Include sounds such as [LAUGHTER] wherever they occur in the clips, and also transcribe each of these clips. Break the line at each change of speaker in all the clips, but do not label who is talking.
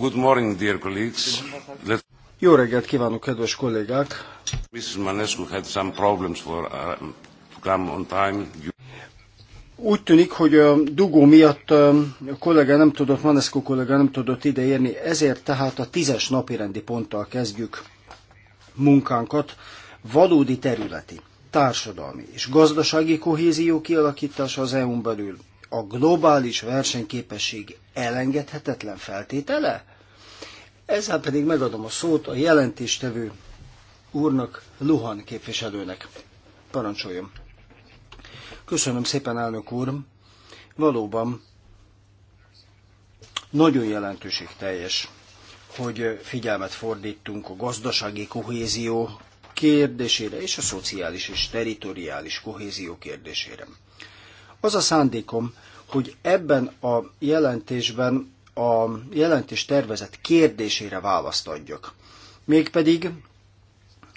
Good morning, dear colleagues. Jó reggelt
kívánok, kedves kollégák!
Mrs. Manescu had some problems for uh, to come on time. You...
Úgy tűnik, hogy a um, dugó miatt um, a kollega nem tudott, Manescu kollega nem tudott ideérni, ezért tehát a tízes napirendi ponttal kezdjük munkánkat. Valódi területi, társadalmi és gazdasági kohézió kialakítása az EU-n belül – a globális versenyképesség elengedhetetlen feltétele? Ezzel pedig megadom a szót a jelentéstevő úrnak, Luhan képviselőnek. Parancsoljon. Köszönöm szépen, elnök úr. Valóban nagyon jelentőségteljes, hogy figyelmet fordítunk a gazdasági kohézió kérdésére és a szociális és teritoriális kohézió kérdésére. Az a szándékom, hogy ebben a jelentésben a jelentés tervezet kérdésére választ adjak. Mégpedig,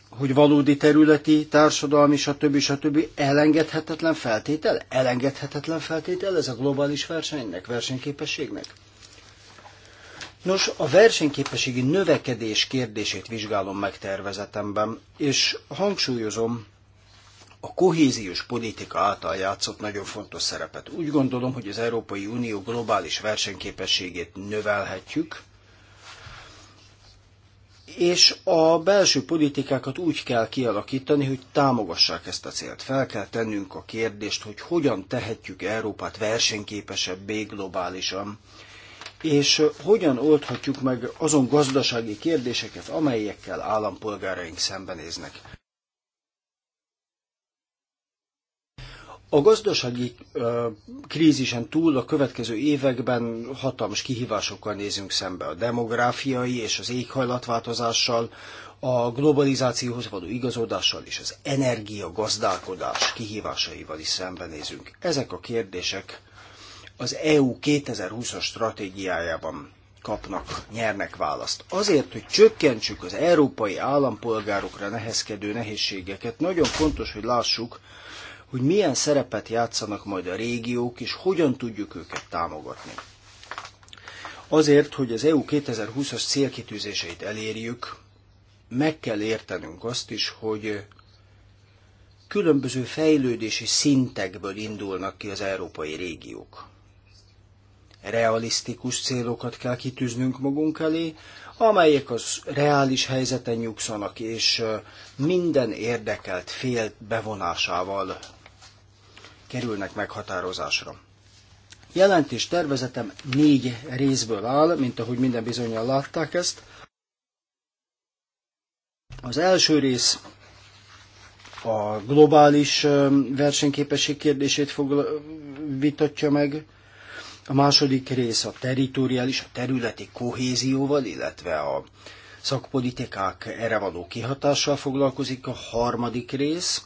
hogy valódi területi, társadalmi, stb. stb. elengedhetetlen feltétel? Elengedhetetlen feltétel ez a globális versenynek, versenyképességnek? Nos, a versenyképességi növekedés kérdését vizsgálom meg tervezetemben, és hangsúlyozom, a kohéziós politika által játszott nagyon fontos szerepet. Úgy gondolom, hogy az Európai Unió globális versenyképességét növelhetjük, és a belső politikákat úgy kell kialakítani, hogy támogassák ezt a célt. Fel kell tennünk a kérdést, hogy hogyan tehetjük Európát versenyképesebbé globálisan, és hogyan oldhatjuk meg azon gazdasági kérdéseket, amelyekkel állampolgáraink szembenéznek. A gazdasági krízisen túl a következő években hatalmas kihívásokkal nézünk szembe a demográfiai és az éghajlatváltozással, a globalizációhoz való igazodással és az energiagazdálkodás kihívásaival is szembenézünk. Ezek a kérdések az EU 2020-as stratégiájában kapnak, nyernek választ. Azért, hogy csökkentsük az európai állampolgárokra nehezkedő nehézségeket, nagyon fontos, hogy lássuk, hogy milyen szerepet játszanak majd a régiók, és hogyan tudjuk őket támogatni. Azért, hogy az EU 2020-as célkitűzéseit elérjük, meg kell értenünk azt is, hogy különböző fejlődési szintekből indulnak ki az európai régiók. Realisztikus célokat kell kitűznünk magunk elé, amelyek az reális helyzeten nyugszanak, és minden érdekelt fél bevonásával kerülnek meghatározásra. Jelentés tervezetem négy részből áll, mint ahogy minden bizonyal látták ezt. Az első rész a globális versenyképesség kérdését fog, vitatja meg, a második rész a teritoriális, a területi kohézióval, illetve a szakpolitikák erre való kihatással foglalkozik, a harmadik rész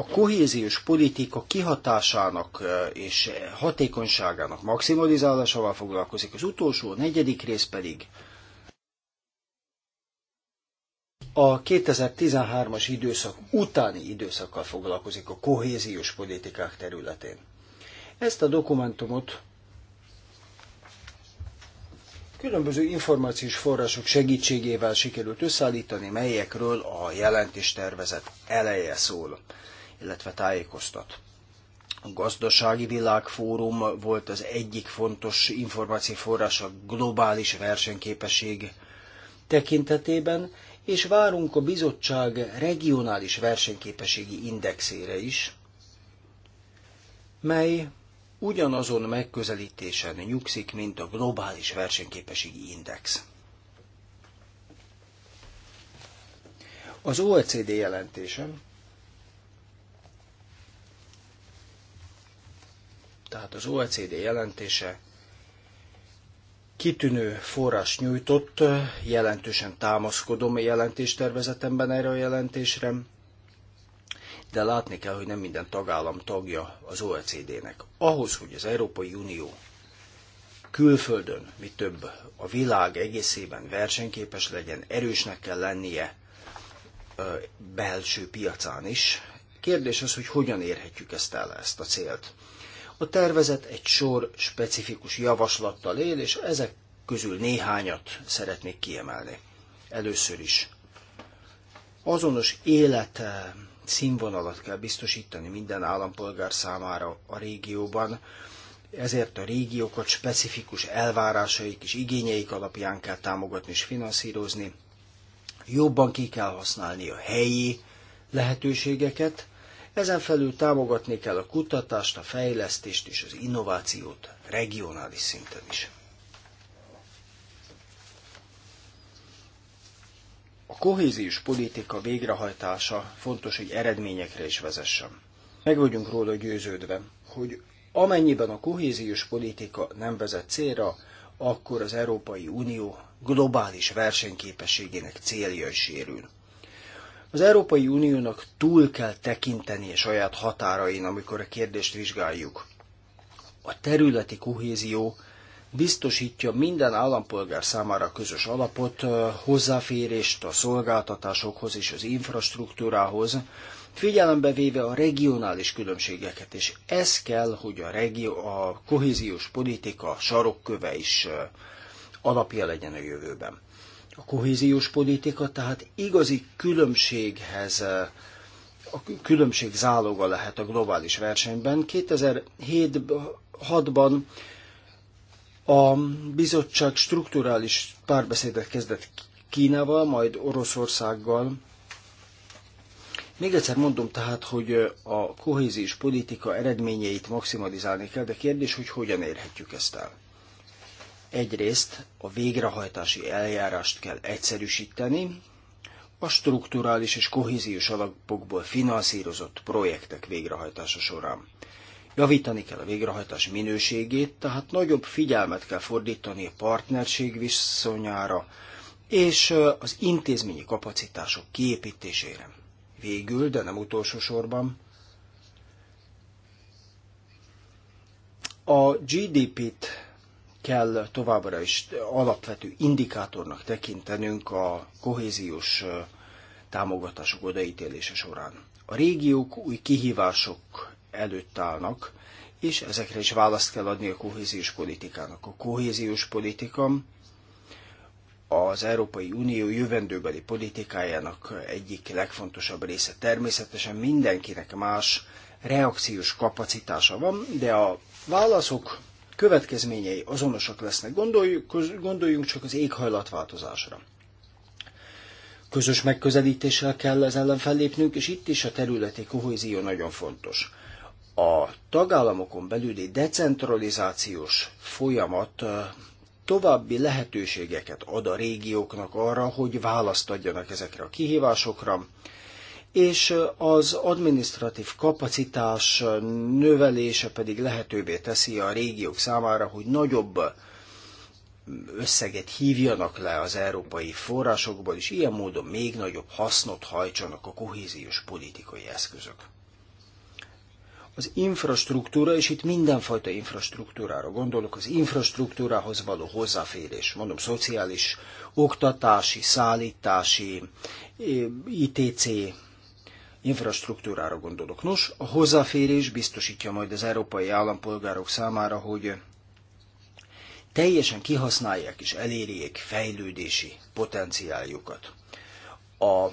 a kohéziós politika kihatásának e, és hatékonyságának maximalizálásával foglalkozik, az utolsó, a negyedik rész pedig a 2013-as időszak utáni időszakkal foglalkozik a kohéziós politikák területén. Ezt a dokumentumot különböző információs források segítségével sikerült összeállítani, melyekről a jelentéstervezet eleje szól illetve tájékoztat. A gazdasági világfórum volt az egyik fontos információforrás a globális versenyképesség tekintetében, és várunk a bizottság regionális versenyképességi indexére is, mely ugyanazon megközelítésen nyugszik, mint a globális versenyképességi index. Az OECD jelentésen. tehát az OECD jelentése kitűnő forrás nyújtott, jelentősen támaszkodom a jelentéstervezetemben erre a jelentésre, de látni kell, hogy nem minden tagállam tagja az OECD-nek. Ahhoz, hogy az Európai Unió külföldön, mi több a világ egészében versenyképes legyen, erősnek kell lennie belső piacán is. Kérdés az, hogy hogyan érhetjük ezt el, ezt a célt. A tervezet egy sor specifikus javaslattal él, és ezek közül néhányat szeretnék kiemelni. Először is azonos élet eh, színvonalat kell biztosítani minden állampolgár számára a régióban, ezért a régiókat specifikus elvárásaik és igényeik alapján kell támogatni és finanszírozni. Jobban ki kell használni a helyi lehetőségeket, ezen felül támogatni kell a kutatást, a fejlesztést és az innovációt regionális szinten is. A kohéziós politika végrehajtása fontos, hogy eredményekre is vezessen. Meg vagyunk róla győződve, hogy amennyiben a kohéziós politika nem vezet célra, akkor az Európai Unió globális versenyképességének célja is sérül. Az Európai Uniónak túl kell tekinteni a saját határain, amikor a kérdést vizsgáljuk. A területi kohézió biztosítja minden állampolgár számára közös alapot, hozzáférést a szolgáltatásokhoz és az infrastruktúrához, figyelembe véve a regionális különbségeket, és ez kell, hogy a, regió, a kohéziós politika sarokköve is alapja legyen a jövőben a kohéziós politika, tehát igazi különbséghez eh, a különbség záloga lehet a globális versenyben. 2007-ban a bizottság strukturális párbeszédet kezdett Kínával, majd Oroszországgal. Még egyszer mondom tehát, hogy eh, a kohéziós politika eredményeit maximalizálni kell, de kérdés, hogy hogyan érhetjük ezt el. Egyrészt a végrehajtási eljárást kell egyszerűsíteni, a strukturális és kohéziós alapokból finanszírozott projektek végrehajtása során. Javítani kell a végrehajtás minőségét, tehát nagyobb figyelmet kell fordítani a partnerség viszonyára és az intézményi kapacitások kiépítésére. Végül, de nem utolsó sorban, a GDP-t kell továbbra is alapvető indikátornak tekintenünk a kohéziós támogatások odaítélése során. A régiók új kihívások előtt állnak, és ezekre is választ kell adni a kohéziós politikának. A kohéziós politika az Európai Unió jövendőbeli politikájának egyik legfontosabb része. Természetesen mindenkinek más reakciós kapacitása van, de a válaszok következményei azonosak lesznek. Gondoljuk, gondoljunk csak az éghajlatváltozásra. Közös megközelítéssel kell ez ellen fellépnünk, és itt is a területi kohézió nagyon fontos. A tagállamokon belüli decentralizációs folyamat további lehetőségeket ad a régióknak arra, hogy választ adjanak ezekre a kihívásokra, és az administratív kapacitás növelése pedig lehetővé teszi a régiók számára, hogy nagyobb összeget hívjanak le az európai forrásokból, és ilyen módon még nagyobb hasznot hajtsanak a kohéziós politikai eszközök. Az infrastruktúra, és itt mindenfajta infrastruktúrára gondolok, az infrastruktúrához való hozzáférés, mondom, szociális, oktatási, szállítási, ITC, infrastruktúrára gondolok. Nos, a hozzáférés biztosítja majd az európai állampolgárok számára, hogy teljesen kihasználják és elérjék fejlődési potenciáljukat. A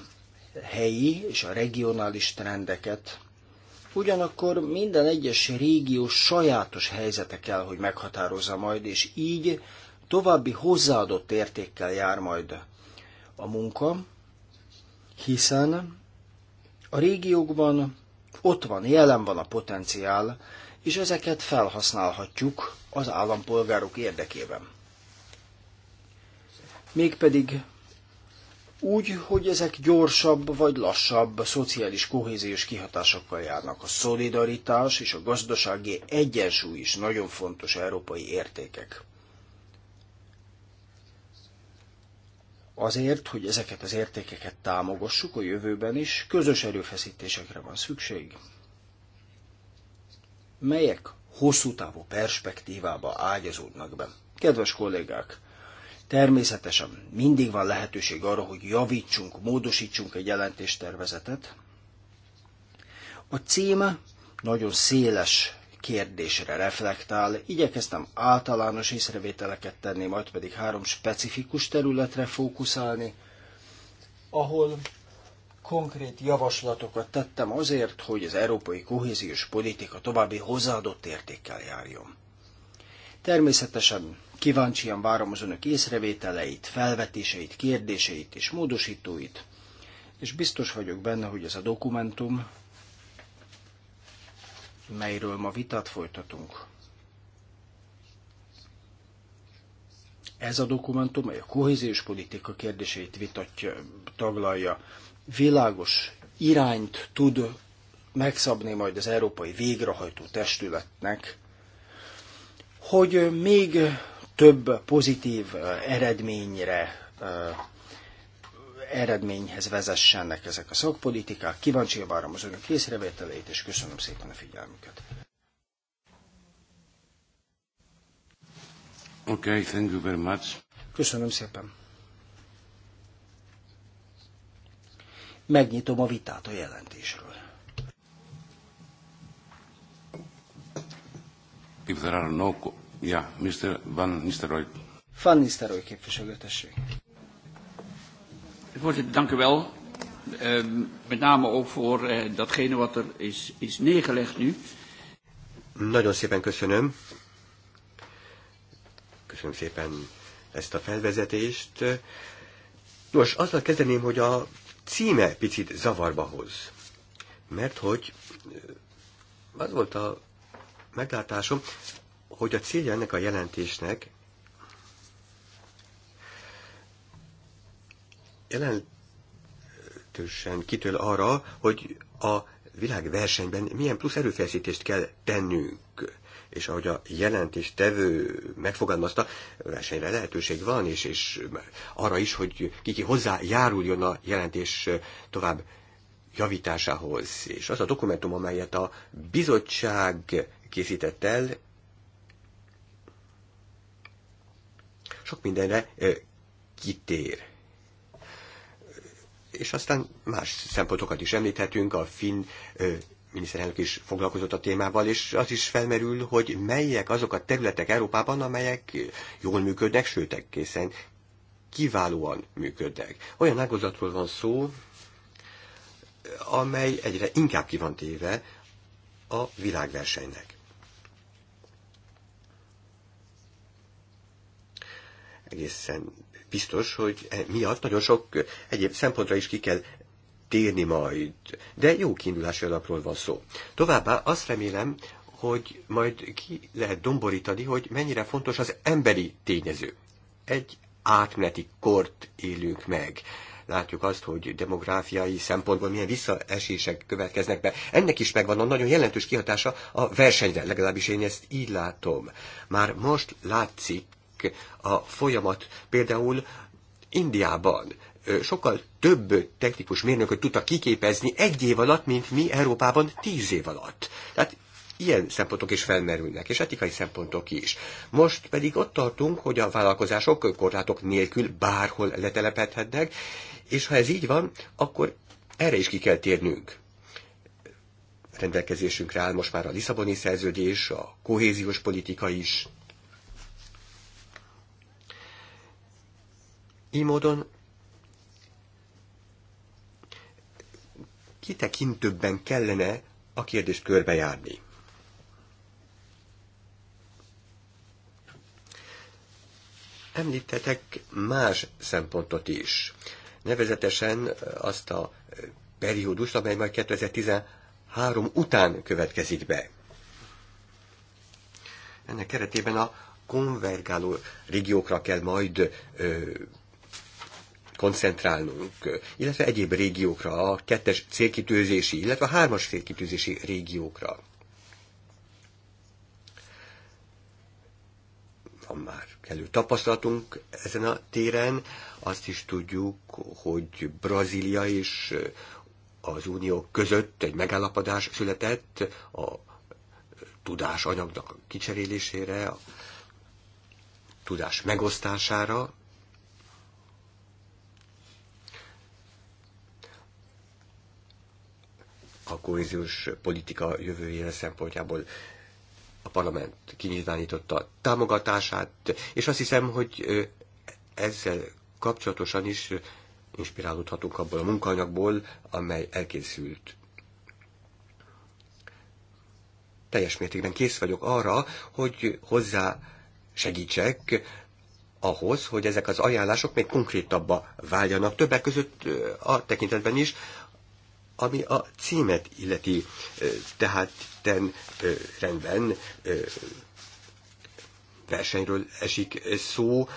helyi és a regionális trendeket, ugyanakkor minden egyes régió sajátos helyzete kell, hogy meghatározza majd, és így további hozzáadott értékkel jár majd a munka, hiszen a régiókban ott van, jelen van a potenciál, és ezeket felhasználhatjuk az állampolgárok érdekében. Mégpedig úgy, hogy ezek gyorsabb vagy lassabb szociális kohéziós kihatásokkal járnak. A szolidaritás és a gazdasági egyensúly is nagyon fontos európai értékek. azért, hogy ezeket az értékeket támogassuk a jövőben is, közös erőfeszítésekre van szükség, melyek hosszú távú perspektívába ágyazódnak be. Kedves kollégák, természetesen mindig van lehetőség arra, hogy javítsunk, módosítsunk egy jelentéstervezetet. A címe nagyon széles kérdésre reflektál. Igyekeztem általános észrevételeket tenni, majd pedig három specifikus területre fókuszálni, ahol konkrét javaslatokat tettem azért, hogy az európai kohéziós politika további hozzáadott értékkel járjon. Természetesen kíváncsian várom az önök észrevételeit, felvetéseit, kérdéseit és módosítóit, és biztos vagyok benne, hogy ez a dokumentum melyről ma vitát folytatunk. Ez a dokumentum, mely a kohéziós politika kérdéseit vitatja, taglalja, világos irányt tud megszabni majd az európai végrehajtó testületnek, hogy még több pozitív eredményre eredményhez vezessenek ezek a szakpolitikák. Kíváncsi várom az önök észrevételeit, és köszönöm szépen a figyelmüket.
Okay, thank you very much.
Köszönöm szépen. Megnyitom a vitát
a jelentésről. If there are no... Yeah, Mr. Van Nistelrooy.
Van Nistelrooy képviselő, Voorzitter, dank u wel. Uh, met name ook voor uh, datgene wat er is, is neergelegd nu.
Nagyon szépen köszönöm. Köszönöm szépen ezt a felvezetést. Nos, azzal kezdeném, hogy a címe picit zavarba hoz. Mert hogy eh, az volt a meglátásom, hogy a célja ennek a jelentésnek jelentősen kitől arra, hogy a világversenyben milyen plusz erőfeszítést kell tennünk. És ahogy a jelentéstevő megfogalmazta, versenyre lehetőség van, és, és arra is, hogy kiki hozzájáruljon a jelentés tovább javításához. És az a dokumentum, amelyet a bizottság készített el, sok mindenre kitér és aztán más szempontokat is említhetünk, a finn miniszterelnök is foglalkozott a témával, és az is felmerül, hogy melyek azok a területek Európában, amelyek jól működnek, sőt, egészen kiválóan működnek. Olyan ágazatról van szó, amely egyre inkább ki van téve a világversenynek. Egészen biztos, hogy miatt nagyon sok egyéb szempontra is ki kell térni majd. De jó kiindulási alapról van szó. Továbbá azt remélem, hogy majd ki lehet domborítani, hogy mennyire fontos az emberi tényező. Egy átmeneti kort élünk meg. Látjuk azt, hogy demográfiai szempontból milyen visszaesések következnek be. Ennek is megvan a nagyon jelentős kihatása a versenyre, legalábbis én ezt így látom. Már most látszik, a folyamat. Például Indiában sokkal több technikus mérnököt tudtak kiképezni egy év alatt, mint mi Európában tíz év alatt. Tehát ilyen szempontok is felmerülnek, és etikai szempontok is. Most pedig ott tartunk, hogy a vállalkozások korlátok nélkül bárhol letelepedhetnek, és ha ez így van, akkor erre is ki kell térnünk. Rendelkezésünkre áll most már a Lisszaboni szerződés, a kohéziós politika is. Így módon kitekintőbben kellene a kérdést körbejárni. Említetek más szempontot is, nevezetesen azt a periódust, amely majd 2013 után következik be. Ennek keretében a konvergáló régiókra kell majd ö, koncentrálnunk, illetve egyéb régiókra, a kettes célkitűzési, illetve a hármas célkitűzési régiókra. Van már kellő tapasztalatunk ezen a téren, azt is tudjuk, hogy Brazília és az unió között egy megállapodás született a tudásanyagnak kicserélésére, a tudás megosztására, a kohéziós politika jövőjére szempontjából a parlament kinyilvánította támogatását, és azt hiszem, hogy ezzel kapcsolatosan is inspirálódhatunk abból a munkanyagból, amely elkészült. Teljes mértékben kész vagyok arra, hogy hozzá segítsek ahhoz, hogy ezek az ajánlások még konkrétabbá váljanak, többek között a tekintetben is, ami a címet illeti. Tehát ten rendben versenyről esik szó,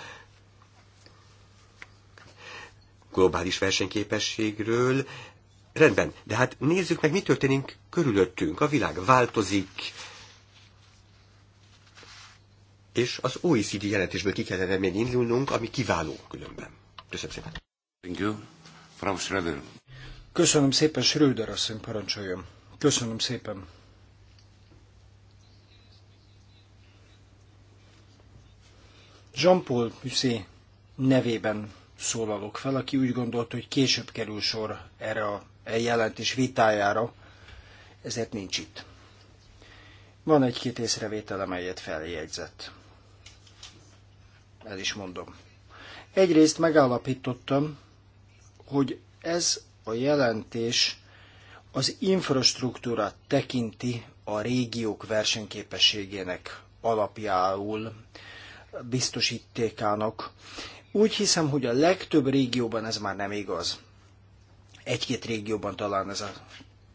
globális versenyképességről, Rendben, de hát nézzük meg, mi történik körülöttünk. A világ változik, és az OECD jelentésből ki kellene még indulnunk, ami kiváló különben. Köszönöm szépen.
Thank you. from Schröder.
Köszönöm szépen, Schröder asszony, parancsoljon. Köszönöm szépen. Jean-Paul Musset nevében szólalok fel, aki úgy gondolta, hogy később kerül sor erre a jelentés vitájára, ezért nincs itt. Van egy-két észrevétel, amelyet feljegyzett. El is mondom. Egyrészt megállapítottam, hogy ez a jelentés az infrastruktúra tekinti a régiók versenyképességének alapjául biztosítékának. Úgy hiszem, hogy a legtöbb régióban ez már nem igaz. Egy-két régióban talán ez a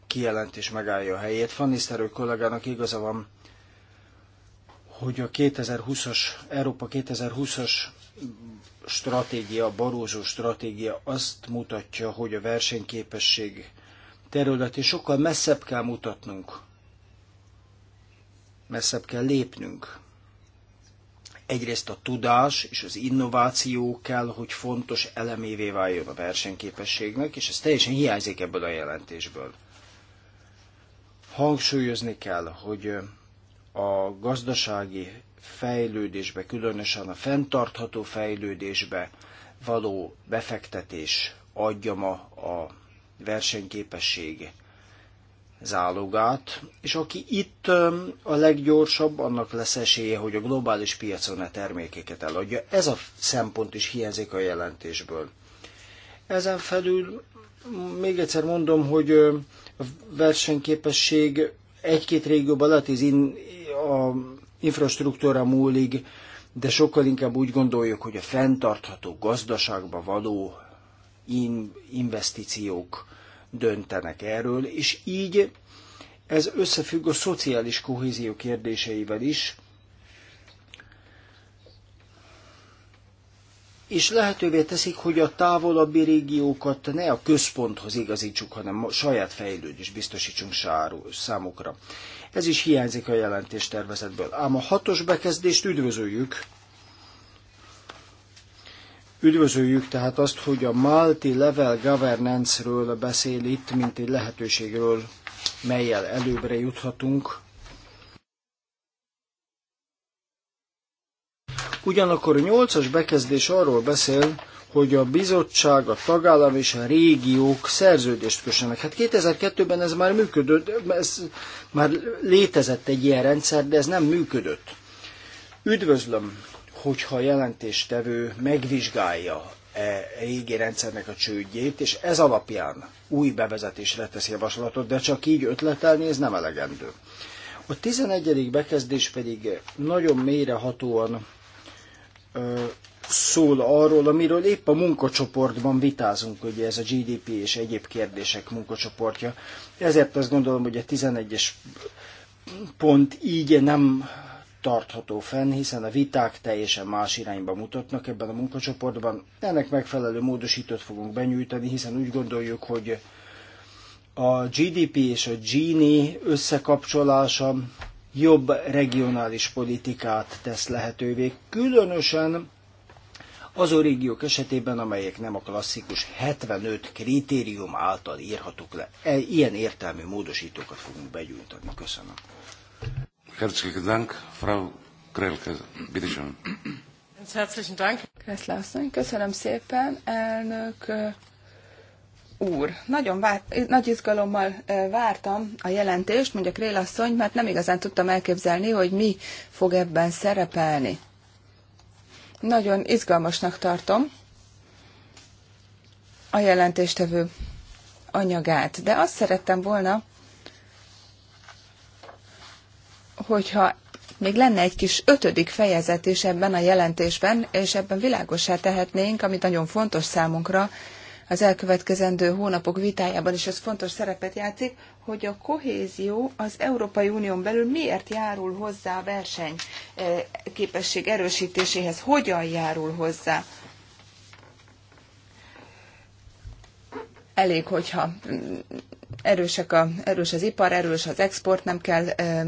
kijelentés megállja a helyét. Fanniszterő kollégának igaza van, hogy a 2020-as, Európa 2020-as stratégia, a Barózsó stratégia azt mutatja, hogy a versenyképesség területi sokkal messzebb kell mutatnunk, messzebb kell lépnünk. Egyrészt a tudás és az innováció kell, hogy fontos elemévé váljon a versenyképességnek, és ez teljesen hiányzik ebből a jelentésből. Hangsúlyozni kell, hogy a gazdasági fejlődésbe, különösen a fenntartható fejlődésbe való befektetés adja ma a versenyképesség zálogát, és aki itt a leggyorsabb, annak lesz esélye, hogy a globális piacon a termékeket eladja. Ez a szempont is hiányzik a jelentésből. Ezen felül még egyszer mondom, hogy a versenyképesség egy-két régióban lehet, az in, a infrastruktúra múlik, de sokkal inkább úgy gondoljuk, hogy a fenntartható gazdaságba való investíciók döntenek erről, és így ez összefügg a szociális kohézió kérdéseivel is, és lehetővé teszik, hogy a távolabbi régiókat ne a központhoz igazítsuk, hanem a saját fejlődést biztosítsunk sáru, számukra. Ez is hiányzik a tervezetből. Ám a hatos bekezdést üdvözöljük. Üdvözöljük tehát azt, hogy a multi-level governance-ről beszél itt, mint egy lehetőségről, melyel előbbre juthatunk, Ugyanakkor a nyolcas bekezdés arról beszél, hogy a bizottság, a tagállam és a régiók szerződést kössenek. Hát 2002-ben ez már működött, ez már létezett egy ilyen rendszer, de ez nem működött. Üdvözlöm, hogyha a jelentéstevő megvizsgálja e régi e rendszernek a csődjét, és ez alapján új bevezetésre tesz javaslatot, de csak így ötletelni ez nem elegendő. A 11. bekezdés pedig nagyon mélyrehatóan szól arról, amiről épp a munkacsoportban vitázunk, ugye ez a GDP és egyéb kérdések munkacsoportja. Ezért azt gondolom, hogy a 11-es pont így nem tartható fenn, hiszen a viták teljesen más irányba mutatnak ebben a munkacsoportban. Ennek megfelelő módosítót fogunk benyújtani, hiszen úgy gondoljuk, hogy a GDP és a Gini összekapcsolása jobb regionális politikát tesz lehetővé, különösen azon régiók esetében, amelyek nem a klasszikus 75 kritérium által írhatók le. E, ilyen értelmű módosítókat fogunk begyújtani.
Köszönöm. Herzlichen Dank, Frau Krelke, bitte schön.
Herzlichen Dank. Köszönöm szépen, elnök úr. Nagyon vár, nagy izgalommal vártam a jelentést, mondja Krél asszony, mert nem igazán tudtam elképzelni, hogy mi fog ebben szerepelni. Nagyon izgalmasnak tartom a jelentéstevő anyagát, de azt szerettem volna, hogyha még lenne egy kis ötödik fejezet is ebben a jelentésben, és ebben világosá tehetnénk, amit nagyon fontos számunkra, az elkövetkezendő hónapok vitájában is ez fontos szerepet játszik, hogy a kohézió az Európai Unión belül miért járul hozzá a versenyképesség eh, erősítéséhez, hogyan járul hozzá. Elég, hogyha erősek a, erős az ipar, erős az export, nem kell eh,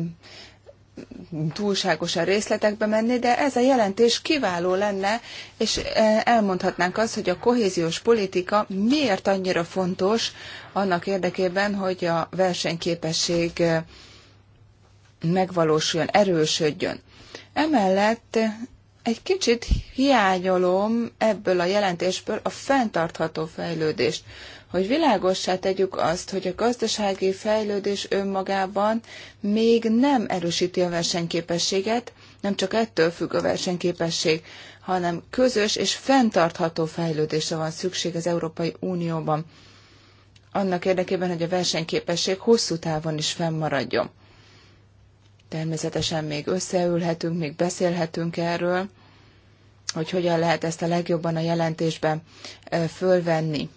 túlságosan részletekbe menni, de ez a jelentés kiváló lenne, és e, elmondhatnánk azt, hogy a kohéziós politika miért annyira fontos annak érdekében, hogy a versenyképesség e, megvalósuljon, erősödjön. Emellett egy kicsit hiányolom ebből a jelentésből a fenntartható fejlődést hogy világossá tegyük azt, hogy a gazdasági fejlődés önmagában még nem erősíti a versenyképességet, nem csak ettől függ a versenyképesség, hanem közös és fenntartható fejlődésre van szükség az Európai Unióban. Annak érdekében, hogy a versenyképesség hosszú távon is fennmaradjon. Természetesen még összeülhetünk, még beszélhetünk erről, hogy hogyan lehet ezt a legjobban a jelentésben fölvenni.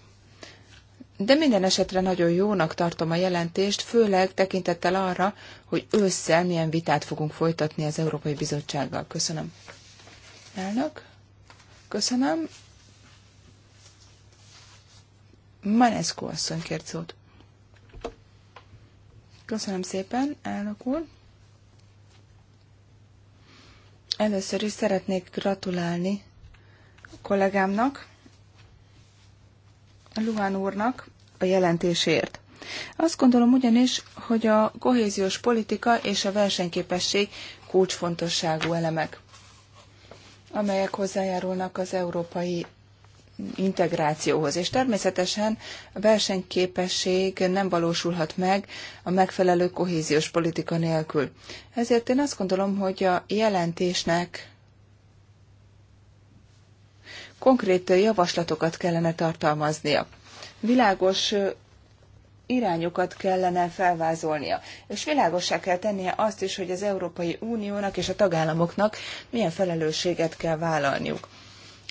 De minden esetre nagyon jónak tartom a jelentést, főleg tekintettel arra, hogy ősszel milyen vitát fogunk folytatni az Európai Bizottsággal. Köszönöm. Elnök, köszönöm. Manesko asszony kért szót. Köszönöm szépen, elnök úr. Először is szeretnék gratulálni a kollégámnak Luhán úrnak a jelentésért. Azt gondolom ugyanis, hogy a kohéziós politika és a versenyképesség kulcsfontosságú elemek, amelyek hozzájárulnak az európai integrációhoz. És természetesen a versenyképesség nem valósulhat meg a megfelelő kohéziós politika nélkül. Ezért én azt gondolom, hogy a jelentésnek konkrét javaslatokat kellene tartalmaznia. Világos irányokat kellene felvázolnia, és világosá kell tennie azt is, hogy az Európai Uniónak és a tagállamoknak milyen felelősséget kell vállalniuk.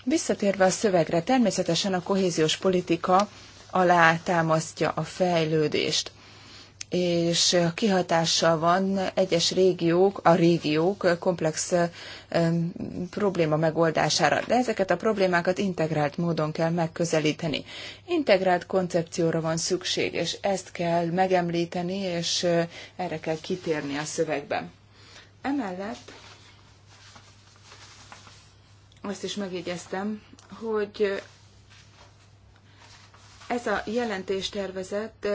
Visszatérve a szövegre, természetesen a kohéziós politika alá támasztja a fejlődést és kihatással van egyes régiók, a régiók komplex probléma megoldására. De ezeket a problémákat integrált módon kell megközelíteni. Integrált koncepcióra van szükség, és ezt kell megemlíteni, és erre kell kitérni a szövegben. Emellett azt is megjegyeztem, hogy ez a jelentéstervezet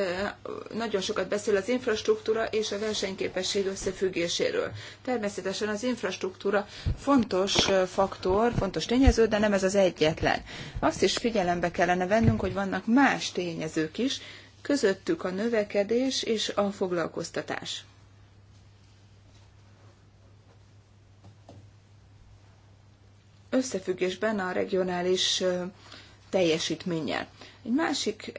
nagyon sokat beszél az infrastruktúra és a versenyképesség összefüggéséről. Természetesen az infrastruktúra fontos faktor, fontos tényező, de nem ez az egyetlen. Azt is figyelembe kellene vennünk, hogy vannak más tényezők is, közöttük a növekedés és a foglalkoztatás. Összefüggésben a regionális teljesítménnyel. Egy másik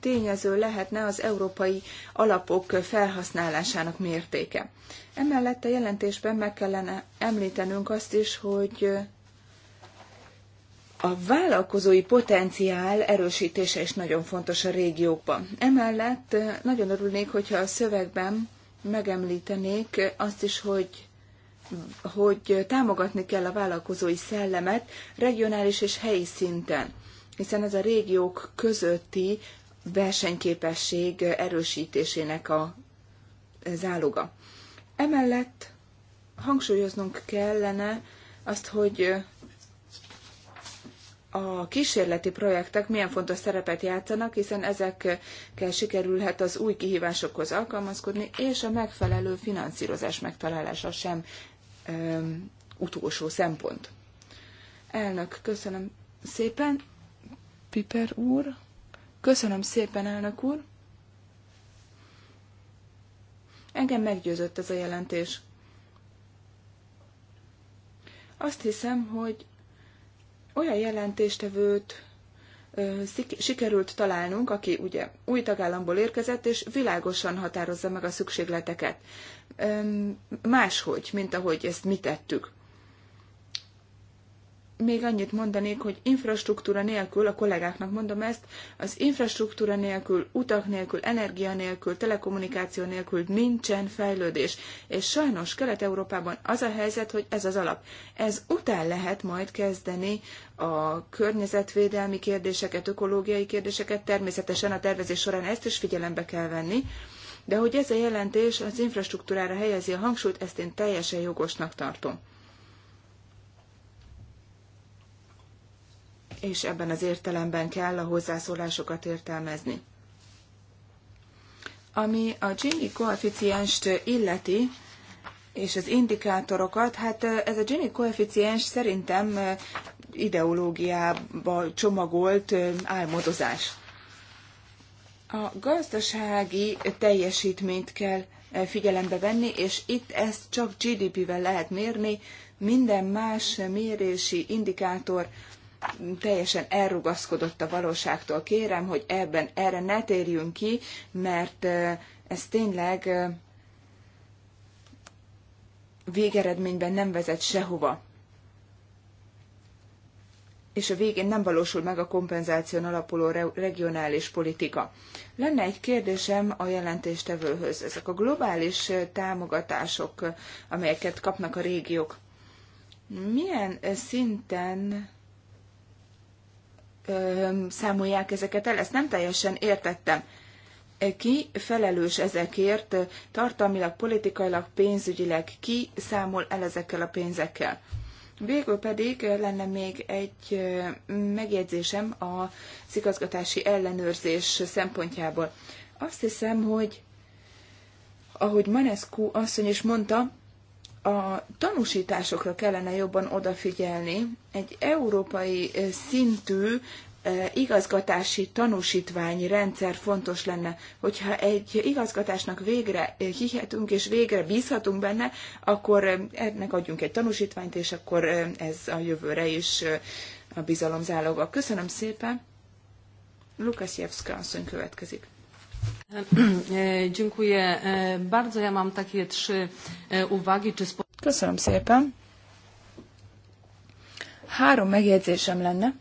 tényező lehetne az európai alapok felhasználásának mértéke. Emellett a jelentésben meg kellene említenünk azt is, hogy a vállalkozói potenciál erősítése is nagyon fontos a régiókban. Emellett nagyon örülnék, hogyha a szövegben megemlítenék azt is, hogy hogy támogatni kell a vállalkozói szellemet regionális és helyi szinten hiszen ez a régiók közötti versenyképesség erősítésének a záloga. Emellett hangsúlyoznunk kellene azt, hogy a kísérleti projektek milyen fontos szerepet játszanak, hiszen ezekkel sikerülhet az új kihívásokhoz alkalmazkodni, és a megfelelő finanszírozás megtalálása sem utolsó szempont. Elnök, köszönöm szépen. Piper úr. Köszönöm szépen, elnök úr. Engem meggyőzött ez a jelentés. Azt hiszem, hogy olyan jelentéstevőt ö, sikerült találnunk, aki ugye új tagállamból érkezett, és világosan határozza meg a szükségleteket. Ö, máshogy, mint ahogy ezt mi tettük még annyit mondanék, hogy infrastruktúra nélkül, a kollégáknak mondom ezt, az infrastruktúra nélkül, utak nélkül, energia nélkül, telekommunikáció nélkül nincsen fejlődés. És sajnos Kelet-Európában az a helyzet, hogy ez az alap. Ez után lehet majd kezdeni a környezetvédelmi kérdéseket, ökológiai kérdéseket, természetesen a tervezés során ezt is figyelembe kell venni. De hogy ez a jelentés az infrastruktúrára helyezi a hangsúlyt, ezt én teljesen jogosnak tartom. és ebben az értelemben kell a hozzászólásokat értelmezni. Ami a Gini koeficienst illeti, és az indikátorokat, hát ez a Gini koeficiens szerintem ideológiába csomagolt álmodozás. A gazdasági teljesítményt kell figyelembe venni, és itt ezt csak GDP-vel lehet mérni, minden más mérési indikátor teljesen elrugaszkodott a valóságtól. Kérem, hogy ebben erre ne térjünk ki, mert ez tényleg végeredményben nem vezet sehova. És a végén nem valósul meg a kompenzáción alapuló regionális politika. Lenne egy kérdésem a jelentéstevőhöz. Ezek a globális támogatások, amelyeket kapnak a régiók, milyen szinten számolják ezeket el, ezt nem teljesen értettem. E, ki felelős ezekért, tartalmilag, politikailag, pénzügyileg, ki számol el ezekkel a pénzekkel? Végül pedig lenne még egy megjegyzésem a igazgatási ellenőrzés szempontjából. Azt hiszem, hogy ahogy Manescu asszony is mondta, a tanúsításokra kellene jobban odafigyelni. Egy európai szintű igazgatási tanúsítványi rendszer fontos lenne. Hogyha egy igazgatásnak végre hihetünk és végre bízhatunk benne, akkor ennek adjunk egy tanúsítványt, és akkor ez a jövőre is a bizalom záloga. Köszönöm szépen. Lukaszjevszka asszony következik. E, e, bardzo. Ja mam takie trzy e, uwagi. Czy Köszönöm szépen. Három megjegyzésem lenne.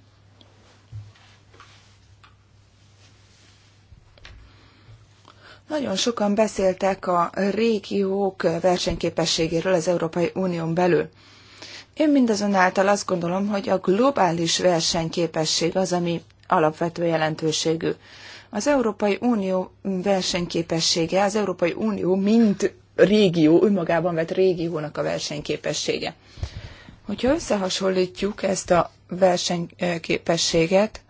Nagyon sokan beszéltek a régiók versenyképességéről az Európai Unión belül. Én mindazonáltal azt gondolom, hogy a globális versenyképesség az, ami alapvető jelentőségű. Az Európai Unió versenyképessége, az Európai Unió mint régió, önmagában vett régiónak a versenyképessége. Hogyha összehasonlítjuk ezt a versenyképességet,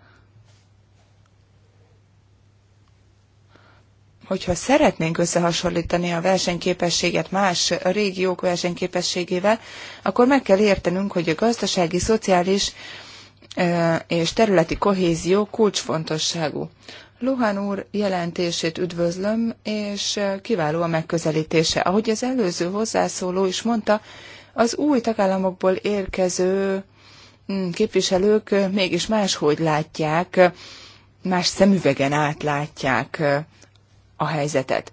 hogyha szeretnénk összehasonlítani a versenyképességet más régiók versenyképességével, akkor meg kell értenünk, hogy a gazdasági, szociális és területi kohézió kulcsfontosságú. Luhán úr jelentését üdvözlöm, és kiváló a megközelítése. Ahogy az előző hozzászóló is mondta, az új tagállamokból érkező mm, képviselők mégis máshogy látják, más szemüvegen átlátják a helyzetet.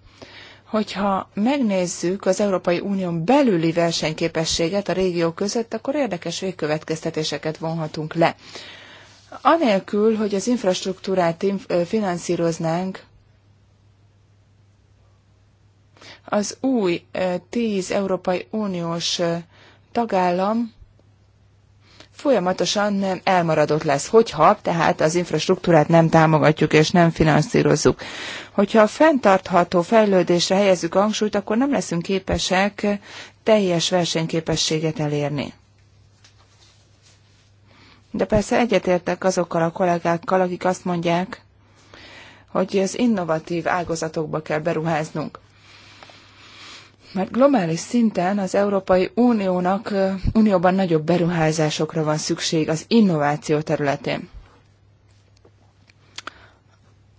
Hogyha megnézzük az Európai Unión belüli versenyképességet a régió között, akkor érdekes végkövetkeztetéseket vonhatunk le. Anélkül, hogy az infrastruktúrát finanszíroznánk, az új tíz Európai Uniós tagállam folyamatosan nem elmaradott lesz, hogyha tehát az infrastruktúrát nem támogatjuk és nem finanszírozzuk. Hogyha a fenntartható fejlődésre helyezzük hangsúlyt, akkor nem leszünk képesek teljes versenyképességet elérni. De persze egyetértek azokkal a kollégákkal, akik azt mondják, hogy az innovatív ágazatokba kell beruháznunk. Mert globális szinten az Európai Uniónak, Unióban nagyobb beruházásokra van szükség az innováció területén.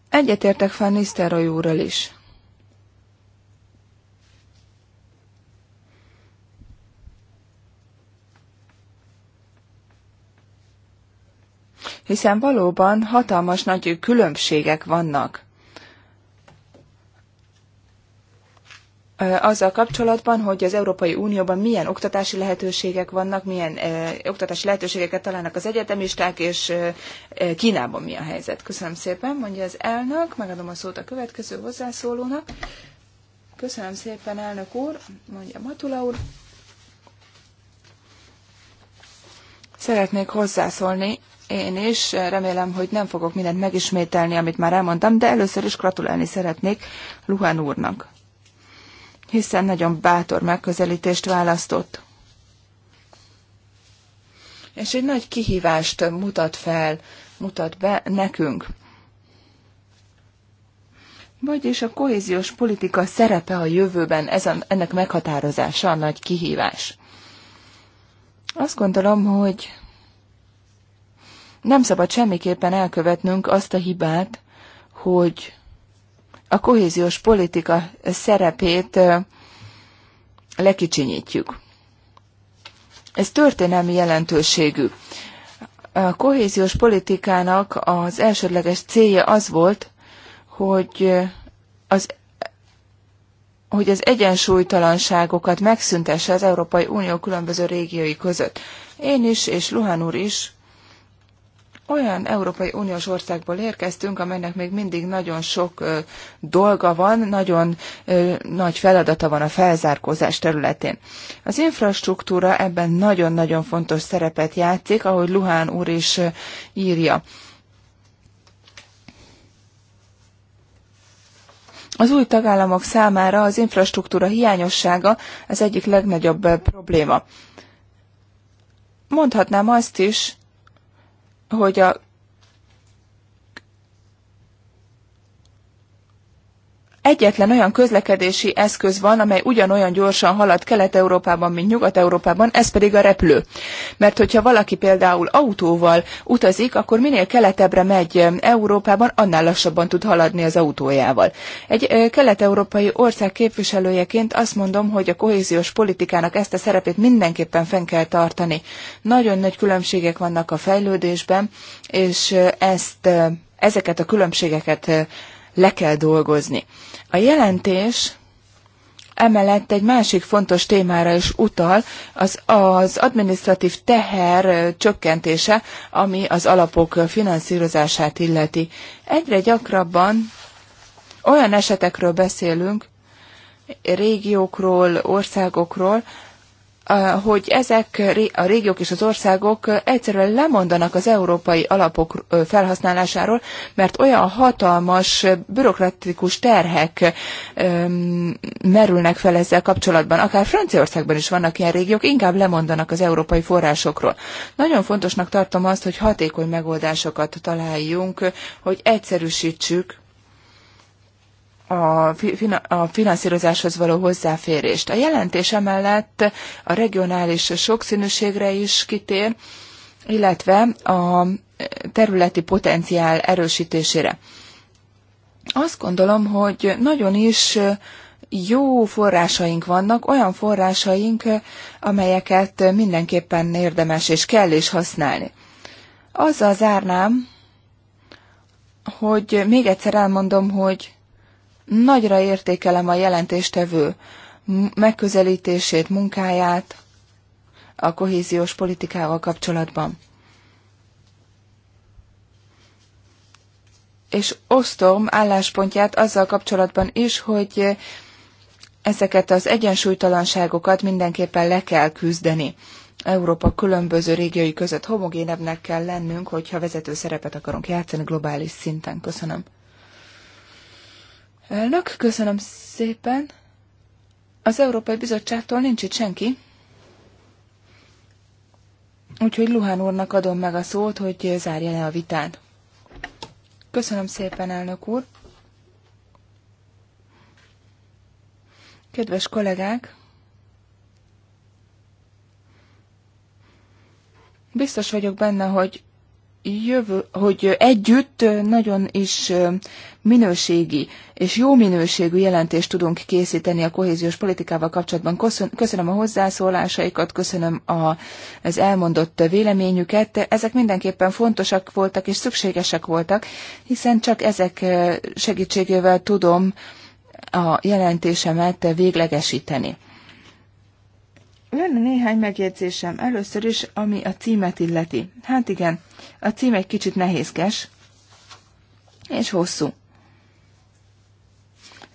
Egyetértek van Nisztelrooy úrral is. hiszen valóban hatalmas nagy különbségek vannak. azzal kapcsolatban, hogy az Európai Unióban milyen oktatási lehetőségek vannak, milyen oktatási lehetőségeket találnak az egyetemisták, és eh, Kínában mi a helyzet. Köszönöm szépen, mondja az elnök, megadom a szót a következő hozzászólónak. Köszönöm szépen, elnök úr, mondja Matula úr. Szeretnék hozzászólni én is. Remélem, hogy nem fogok mindent megismételni, amit már elmondtam, de először is gratulálni szeretnék Luhán úrnak, hiszen nagyon bátor megközelítést választott. És egy nagy kihívást mutat fel, mutat be nekünk. Vagyis a kohéziós politika szerepe a jövőben, ez a, ennek meghatározása a nagy kihívás. Azt gondolom, hogy nem szabad semmiképpen elkövetnünk azt a hibát, hogy a kohéziós politika szerepét lekicsinyítjük. Ez történelmi jelentőségű. A kohéziós politikának az elsődleges célja az volt, hogy az hogy az egyensúlytalanságokat megszüntesse az Európai Unió különböző régiói között. Én is, és Luhán úr is olyan Európai Uniós országból érkeztünk, amelynek még mindig nagyon sok dolga van, nagyon nagy feladata van a felzárkózás területén. Az infrastruktúra ebben nagyon-nagyon fontos szerepet játszik, ahogy Luhán úr is írja. Az új tagállamok számára az infrastruktúra hiányossága az egyik legnagyobb probléma. Mondhatnám azt is, hogy a egyetlen olyan közlekedési eszköz van, amely ugyanolyan gyorsan halad Kelet-Európában, mint Nyugat-Európában, ez pedig a repülő. Mert hogyha valaki például autóval utazik, akkor minél keletebbre megy Európában, annál lassabban tud haladni az autójával. Egy kelet-európai ország képviselőjeként azt mondom, hogy a kohéziós politikának ezt a szerepét mindenképpen fenn kell tartani. Nagyon nagy különbségek vannak a fejlődésben, és ezt ezeket a különbségeket le kell dolgozni. A jelentés emellett egy másik fontos témára is utal, az, az administratív teher csökkentése, ami az alapok finanszírozását illeti. Egyre gyakrabban olyan esetekről beszélünk, régiókról, országokról, hogy ezek a régiók és az országok egyszerűen lemondanak az európai alapok felhasználásáról, mert olyan hatalmas bürokratikus terhek merülnek fel ezzel kapcsolatban. Akár Franciaországban is vannak ilyen régiók, inkább lemondanak az európai forrásokról. Nagyon fontosnak tartom azt, hogy hatékony megoldásokat találjunk, hogy egyszerűsítsük a, a finanszírozáshoz való hozzáférést. A jelentés emellett a regionális sokszínűségre is kitér, illetve a területi potenciál erősítésére. Azt gondolom, hogy nagyon is jó forrásaink vannak, olyan forrásaink, amelyeket mindenképpen érdemes és kell is használni. Azzal zárnám, hogy még egyszer elmondom, hogy Nagyra értékelem a jelentéstevő megközelítését, munkáját a kohéziós politikával kapcsolatban. És osztom álláspontját azzal kapcsolatban is, hogy ezeket az egyensúlytalanságokat mindenképpen le kell küzdeni. Európa különböző régiói között homogénebbnek kell lennünk, hogyha vezető szerepet akarunk játszani globális szinten. Köszönöm. Elnök, köszönöm szépen. Az Európai Bizottságtól nincs itt senki. Úgyhogy Luhán úrnak adom meg a szót, hogy zárja le a vitát. Köszönöm szépen, elnök úr. Kedves kollégák! Biztos vagyok benne, hogy jövő, hogy együtt nagyon is minőségi és jó minőségű jelentést tudunk készíteni a kohéziós politikával kapcsolatban. Köszönöm a hozzászólásaikat, köszönöm a, az elmondott véleményüket. Ezek mindenképpen fontosak voltak és szükségesek voltak, hiszen csak ezek segítségével tudom a jelentésemet véglegesíteni. Lenne néhány megjegyzésem először is, ami a címet illeti. Hát igen, a cím egy kicsit nehézkes, és hosszú.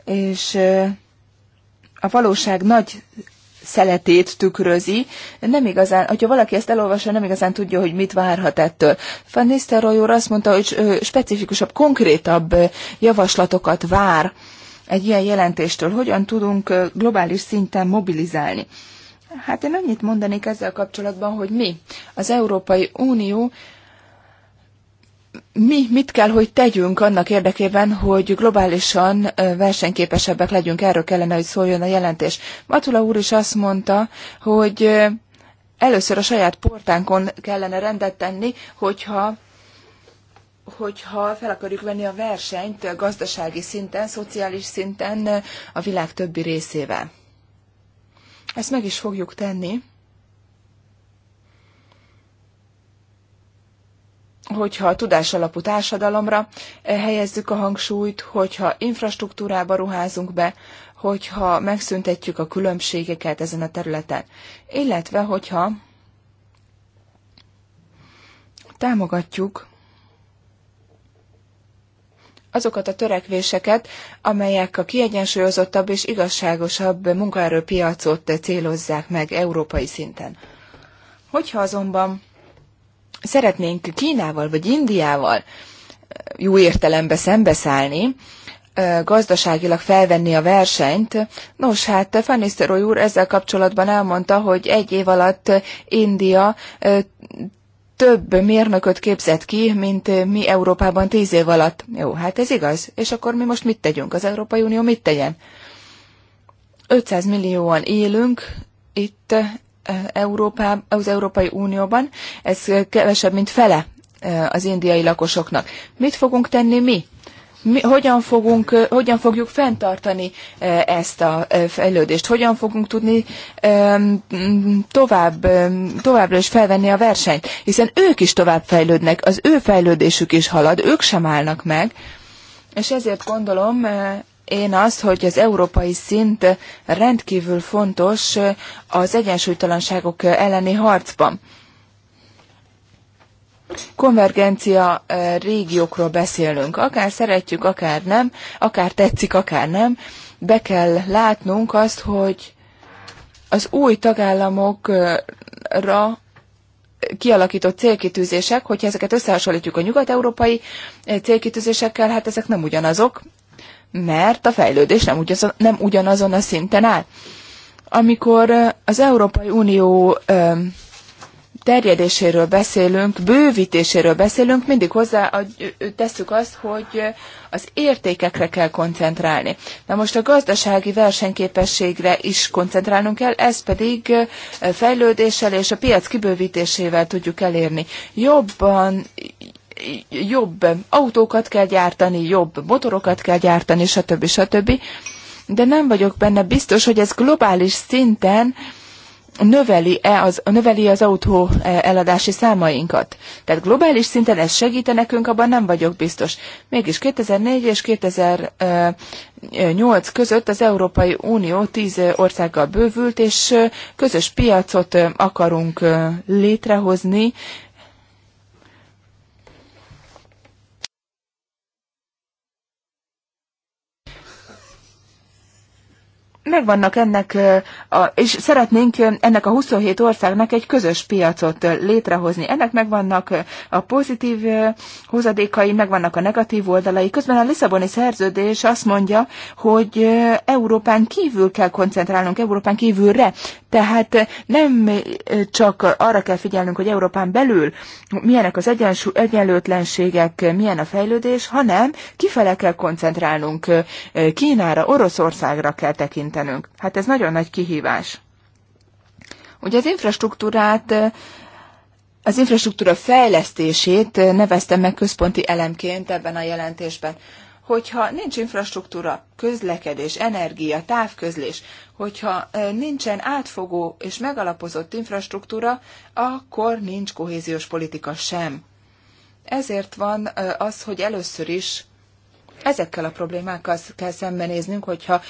És a valóság nagy szeletét tükrözi. Nem igazán, hogyha valaki ezt elolvassa, nem igazán tudja, hogy mit várhat ettől. Van Nistelrooy úr azt mondta, hogy specifikusabb, konkrétabb javaslatokat vár egy ilyen jelentéstől. Hogyan tudunk globális szinten mobilizálni? Hát én annyit mondanék ezzel kapcsolatban, hogy mi, az Európai Unió, mi mit kell, hogy tegyünk annak érdekében, hogy globálisan versenyképesebbek legyünk, erről kellene, hogy szóljon a jelentés. Matula úr is azt mondta, hogy először a saját portánkon kellene rendet tenni, hogyha hogyha fel akarjuk venni a versenyt gazdasági szinten, szociális szinten a világ többi részével. Ezt meg is fogjuk tenni, hogyha a tudásalapú társadalomra eh, helyezzük a hangsúlyt, hogyha infrastruktúrába ruházunk be, hogyha megszüntetjük a különbségeket ezen a területen, illetve hogyha támogatjuk azokat a törekvéseket, amelyek a kiegyensúlyozottabb és igazságosabb munkaerőpiacot célozzák meg európai szinten. Hogyha azonban szeretnénk Kínával vagy Indiával eh, jó értelemben szembeszállni, eh, gazdaságilag felvenni a versenyt. Nos, hát Van Nistelrooy úr ezzel kapcsolatban elmondta, hogy egy év alatt India eh, több mérnököt képzett ki, mint mi Európában tíz év alatt. Jó, hát ez igaz. És akkor mi most mit tegyünk? Az Európai Unió mit tegyen? 500 millióan élünk itt eh, Európában, az Európai Unióban, ez kevesebb, mint fele eh, az indiai lakosoknak. Mit fogunk tenni mi? mi, hogyan, fogunk, hogyan fogjuk fenntartani ezt a fejlődést, hogyan fogunk tudni tovább, továbbra is felvenni a versenyt, hiszen ők is tovább fejlődnek, az ő fejlődésük is halad, ők sem állnak meg, és ezért gondolom, én azt, hogy az európai szint rendkívül fontos az egyensúlytalanságok elleni harcban konvergencia eh, régiókról beszélünk. Akár szeretjük, akár nem, akár tetszik, akár nem, be kell látnunk azt, hogy az új tagállamokra kialakított célkitűzések, hogyha ezeket összehasonlítjuk a nyugat-európai eh, célkitűzésekkel, hát ezek nem ugyanazok, mert a fejlődés nem ugyanazon, nem ugyanazon a szinten áll. Amikor eh, az Európai Unió terjedéséről beszélünk, bővítéséről beszélünk, mindig hozzá tesszük azt, hogy az értékekre kell koncentrálni. Na most a gazdasági versenyképességre is koncentrálnunk kell, ez pedig fejlődéssel és a piac kibővítésével tudjuk elérni. Jobban jobb autókat kell gyártani, jobb motorokat kell gyártani, stb. stb. De nem vagyok benne biztos, hogy ez globális szinten uh, növeli-e az, növeli az autó e, eladási számainkat. Tehát globális szinten ez segíte nekünk, abban nem vagyok biztos. Mégis 2004 és 2008 között az Európai Unió 10 e, országgal bővült, és e, közös piacot akarunk létrehozni, megvannak ennek, és szeretnénk ennek a 27 országnak egy közös piacot létrehozni. Ennek megvannak a pozitív hozadékai, megvannak a negatív oldalai. Közben a Lisszaboni szerződés azt mondja, hogy Európán kívül kell koncentrálnunk, Európán kívülre tehát nem csak arra kell figyelnünk, hogy Európán belül milyenek az egyensú, egyenlőtlenségek, milyen a fejlődés, hanem kifele kell koncentrálnunk, Kínára, Oroszországra kell tekintenünk. Hát ez nagyon nagy kihívás. Ugye az infrastruktúrát az infrastruktúra fejlesztését neveztem meg központi elemként ebben a jelentésben hogyha nincs infrastruktúra, közlekedés, energia, távközlés, hogyha nincsen átfogó és megalapozott infrastruktúra, akkor nincs kohéziós politika sem. Ezért van az, hogy először is ezekkel a problémákkal kell szembenéznünk, hogyha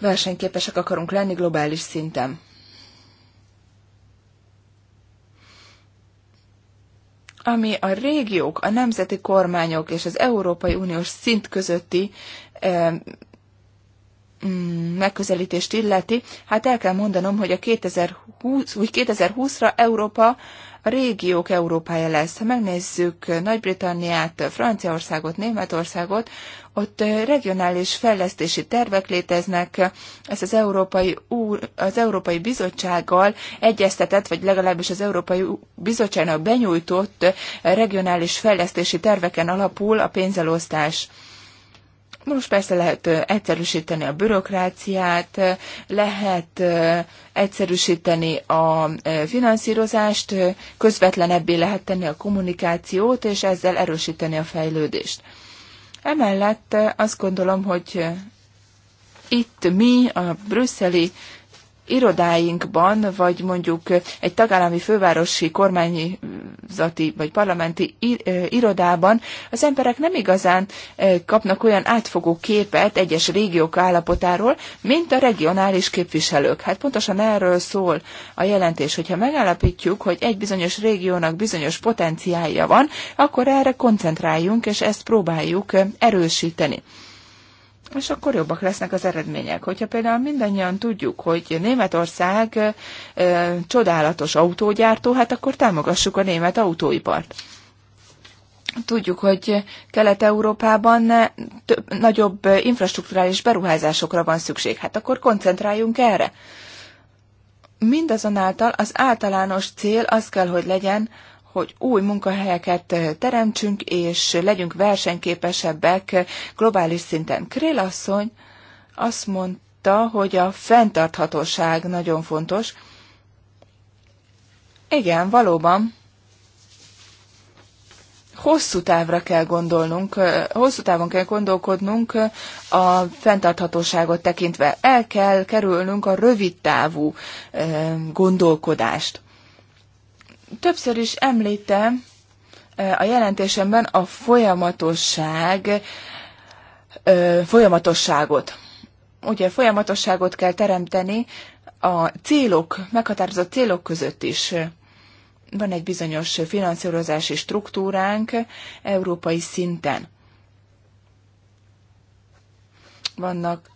versenyképesek akarunk lenni globális szinten. ami a régiók, a nemzeti kormányok és az Európai Uniós szint közötti mm, megközelítést illeti, hát el kell mondanom, hogy a 2020, 2020-ra Európa a régiók Európája lesz. Ha megnézzük Nagy-Britanniát, Franciaországot, Németországot, ott regionális fejlesztési tervek léteznek, ez az Európai, úr, az Európai Bizottsággal egyeztetett, vagy legalábbis az Európai Bizottságnak benyújtott regionális fejlesztési terveken alapul a pénzelosztás. Most persze lehet egyszerűsíteni a bürokráciát, lehet egyszerűsíteni a finanszírozást, közvetlenebbé lehet tenni a kommunikációt, és ezzel erősíteni a fejlődést. Emellett azt gondolom, hogy itt mi, a brüsszeli irodáinkban, vagy mondjuk egy tagállami fővárosi kormányzati vagy parlamenti irodában az emberek nem igazán kapnak olyan átfogó képet egyes régiók állapotáról, mint a regionális képviselők. Hát pontosan erről szól a jelentés, hogyha megállapítjuk, hogy egy bizonyos régiónak bizonyos potenciálja van, akkor erre koncentráljunk, és ezt próbáljuk erősíteni és akkor jobbak lesznek az eredmények. Hogyha például mindannyian tudjuk, hogy Németország e, csodálatos autógyártó, hát akkor támogassuk a német autóipart. Tudjuk, hogy Kelet-Európában nagyobb infrastruktúrális beruházásokra van szükség, hát akkor koncentráljunk erre. Mindazonáltal az általános cél az kell, hogy legyen, hogy új munkahelyeket eh, teremtsünk, és legyünk versenyképesebbek globális szinten. Krél asszony azt mondta, hogy a fenntarthatóság nagyon fontos. Igen, valóban hosszú távra kell gondolnunk, eh, hosszú távon kell gondolkodnunk eh, a fenntarthatóságot tekintve. El kell kerülnünk a rövid távú gondolkodást. Többször is említem a jelentésemben a folyamatosság, folyamatosságot. Ugye folyamatosságot kell teremteni a célok, meghatározott célok között is van egy bizonyos finanszírozási struktúránk európai szinten. Vannak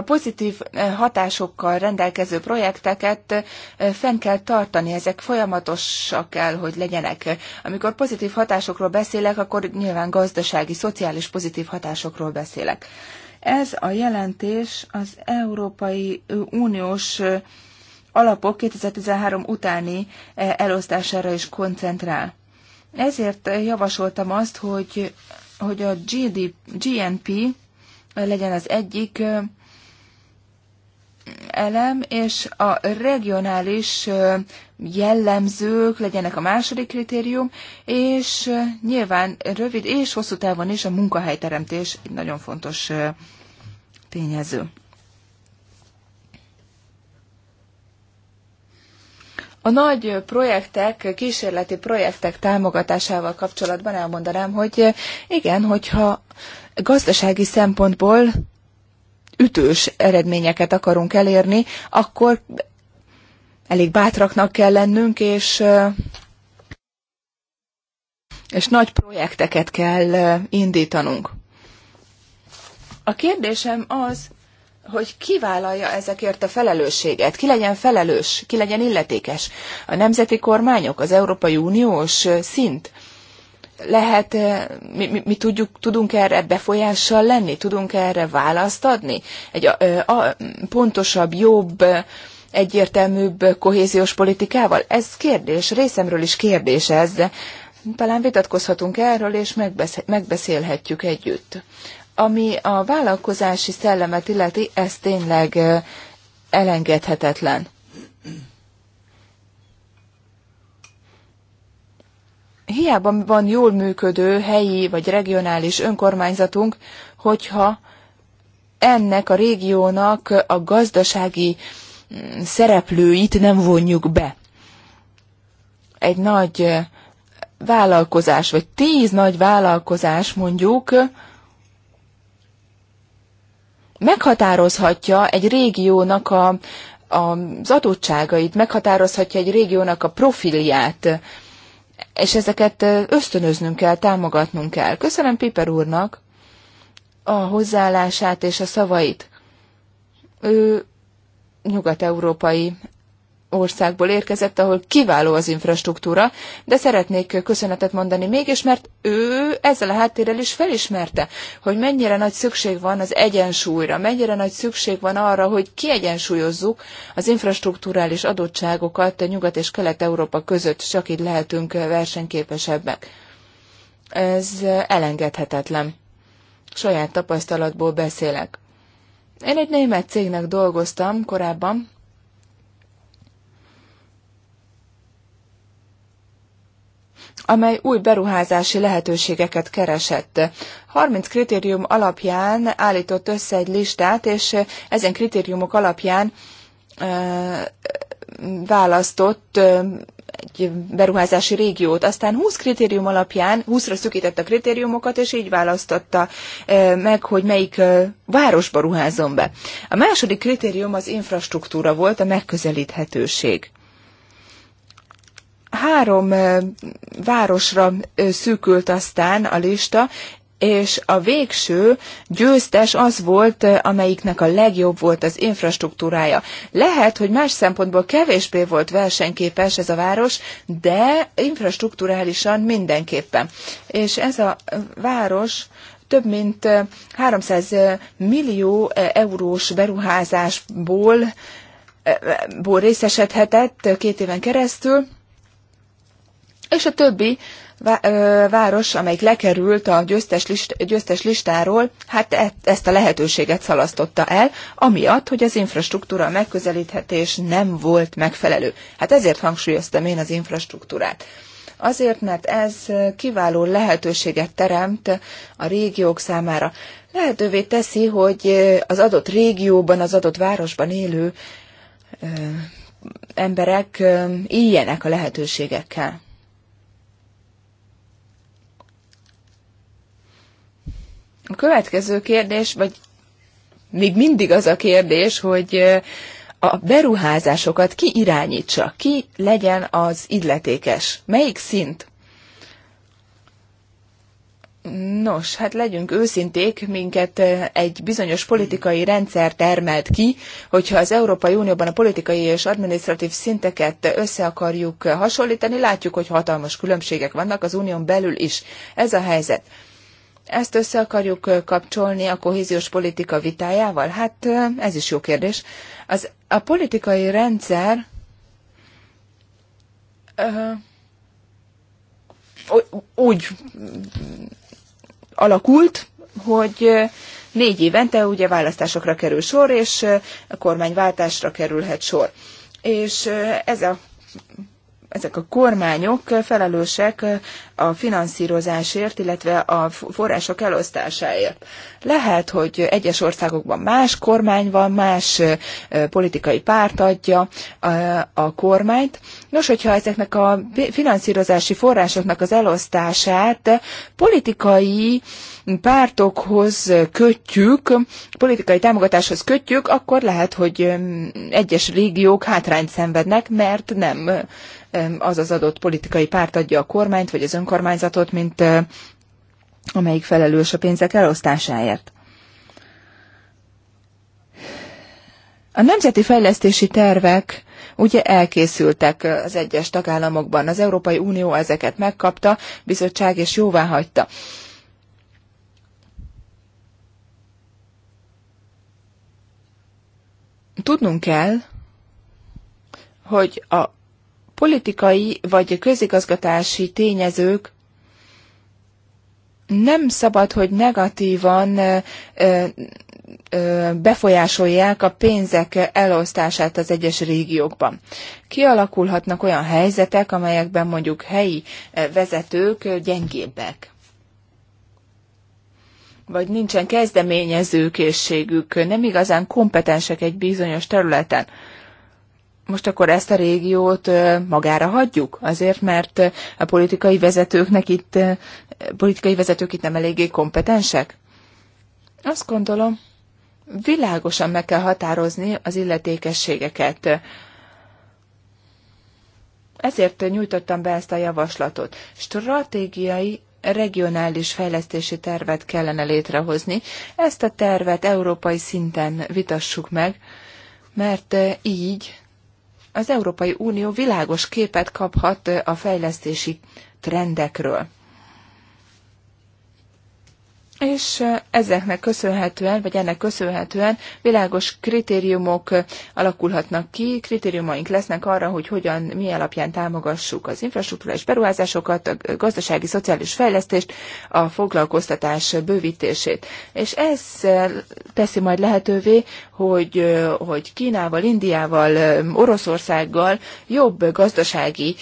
a pozitív eh, hatásokkal rendelkező projekteket eh, fenn kell tartani, ezek folyamatosak kell, hogy legyenek. Amikor pozitív hatásokról beszélek, akkor nyilván gazdasági, szociális pozitív hatásokról beszélek. Ez a jelentés az Európai Uniós eh, alapok 2013 utáni elosztására is koncentrál. Ezért javasoltam azt, hogy, hogy a GDP, GNP legyen az egyik elem, és a regionális jellemzők legyenek a második kritérium, és nyilván rövid és hosszú távon is a munkahelyteremtés egy nagyon fontos tényező. A nagy projektek, kísérleti projektek támogatásával kapcsolatban elmondanám, hogy igen, hogyha gazdasági szempontból ütős eredményeket akarunk elérni, akkor elég bátraknak kell lennünk, és, és nagy projekteket kell indítanunk. A kérdésem az, hogy ki vállalja ezekért a felelősséget, ki legyen felelős, ki legyen illetékes. A nemzeti kormányok, az Európai Uniós szint, lehet, mi, mi, mi tudjuk, tudunk erre befolyással lenni, tudunk erre választ adni? Egy a, a, pontosabb, jobb, egyértelműbb kohéziós politikával? Ez kérdés, részemről is kérdés ez, de talán vitatkozhatunk erről, és megbeszélhetjük együtt. Ami a vállalkozási szellemet illeti, ez tényleg elengedhetetlen. hiába van jól működő helyi vagy regionális önkormányzatunk, hogyha ennek a régiónak a gazdasági mm, szereplőit nem vonjuk be. Egy nagy vállalkozás, vagy tíz nagy vállalkozás mondjuk, meghatározhatja egy régiónak a, a, az adottságait, meghatározhatja egy régiónak a profilját, és ezeket ösztönöznünk kell, támogatnunk kell. Köszönöm Piper úrnak a hozzáállását és a szavait. Ő nyugat-európai országból érkezett, ahol kiváló az infrastruktúra, de szeretnék köszönetet mondani mégis, mert ő ezzel a háttérrel is felismerte, hogy mennyire nagy szükség van az egyensúlyra, mennyire nagy szükség van arra, hogy kiegyensúlyozzuk az infrastruktúrális adottságokat a Nyugat és Kelet-Európa között, csak így lehetünk versenyképesebbek. Ez elengedhetetlen. Saját tapasztalatból beszélek. Én egy német cégnek dolgoztam korábban, amely új beruházási lehetőségeket keresett. 30 kritérium alapján állított össze egy listát, és ezen kritériumok alapján választott egy beruházási régiót. Aztán 20 kritérium alapján, 20-ra szükített a kritériumokat, és így választotta meg, hogy melyik városba ruházom be. A második kritérium az infrastruktúra volt, a megközelíthetőség. Három városra szűkült aztán a lista, és a végső győztes az volt, amelyiknek a legjobb volt az infrastruktúrája. Lehet, hogy más szempontból kevésbé volt versenyképes ez a város, de infrastruktúrálisan mindenképpen. És ez a város több mint 300 millió eurós beruházásból ból részesedhetett két éven keresztül, és a többi város, amelyik lekerült a győztes, list, győztes listáról, hát e-, ezt a lehetőséget szalasztotta el, amiatt, hogy az infrastruktúra megközelíthetés nem volt megfelelő. Hát ezért hangsúlyoztam én az infrastruktúrát. Azért, mert ez kiváló lehetőséget teremt a régiók számára. Lehetővé teszi, hogy az adott régióban, az adott városban élő emberek éljenek a lehetőségekkel. A következő kérdés, vagy még mindig az a kérdés, hogy a beruházásokat ki irányítsa, ki legyen az illetékes, melyik szint? Nos, hát legyünk őszinték, minket egy bizonyos politikai rendszer termelt ki, hogyha az Európai Unióban a politikai és adminisztratív szinteket össze akarjuk hasonlítani, látjuk, hogy hatalmas különbségek vannak az unión belül is. Ez a helyzet. Ezt össze akarjuk kapcsolni a kohéziós politika vitájával? Hát ez is jó kérdés. Az, a politikai rendszer uh, úgy alakult, hogy négy évente ugye választásokra kerül sor, és a kormányváltásra kerülhet sor. És ez a ezek a kormányok felelősek a finanszírozásért, illetve a források elosztásáért. Lehet, hogy egyes országokban más kormány van, más politikai párt adja a kormányt. Nos, hogyha ezeknek a finanszírozási forrásoknak az elosztását politikai pártokhoz kötjük, politikai támogatáshoz kötjük, akkor lehet, hogy egyes régiók hátrányt szenvednek, mert nem az az adott politikai párt adja a kormányt, vagy az önkormányzatot, mint amelyik felelős a pénzek elosztásáért. A nemzeti fejlesztési tervek ugye elkészültek az egyes tagállamokban. Az Európai Unió ezeket megkapta, bizottság és jóvá hagyta. Tudnunk kell, hogy a politikai vagy közigazgatási tényezők nem szabad, hogy negatívan befolyásolják a pénzek elosztását az egyes régiókban. Kialakulhatnak olyan helyzetek, amelyekben mondjuk helyi vezetők gyengébbek vagy nincsen kezdeményezőkészségük, nem igazán kompetensek egy bizonyos területen most akkor ezt a régiót magára hagyjuk? Azért, mert a politikai vezetőknek itt, politikai vezetők itt nem eléggé kompetensek? Azt gondolom, világosan meg kell határozni az illetékességeket. Ezért nyújtottam be ezt a javaslatot. Stratégiai regionális fejlesztési tervet kellene létrehozni. Ezt a tervet európai szinten vitassuk meg, mert így az Európai Unió világos képet kaphat a fejlesztési trendekről és ezeknek köszönhetően, vagy ennek köszönhetően világos kritériumok alakulhatnak ki, kritériumaink lesznek arra, hogy hogyan, mi alapján támogassuk az infrastruktúrás beruházásokat, a gazdasági, szociális fejlesztést, a foglalkoztatás bővítését. És ez teszi majd lehetővé, hogy, hogy Kínával, Indiával, Oroszországgal jobb gazdasági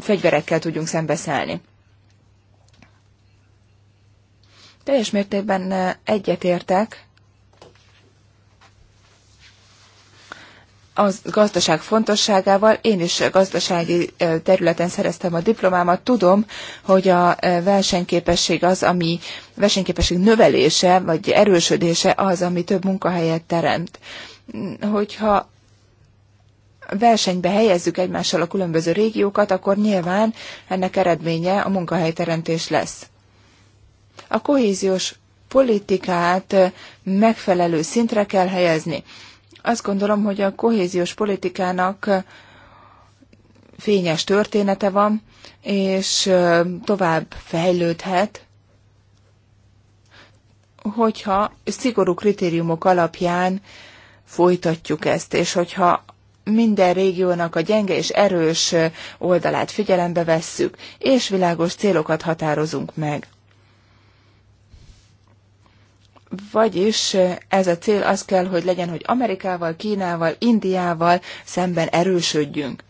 fegyverekkel tudjunk szembeszállni. Teljes mértékben egyetértek az gazdaság fontosságával. Én is gazdasági területen szereztem a diplomámat. Tudom, hogy a versenyképesség az, ami versenyképesség növelése vagy erősödése az, ami több munkahelyet teremt. Hogyha versenybe helyezzük egymással a különböző régiókat, akkor nyilván ennek eredménye a munkahelyteremtés lesz a kohéziós politikát eh, megfelelő szintre kell helyezni. Azt gondolom, hogy a kohéziós politikának eh, fényes története van, és eh, tovább fejlődhet, hogyha szigorú kritériumok alapján folytatjuk ezt, és hogyha minden régiónak a gyenge és erős oldalát figyelembe vesszük, és világos célokat határozunk meg. Vagyis eh, ez a cél az kell, hogy legyen, hogy Amerikával, Kínával, Indiával szemben erősödjünk.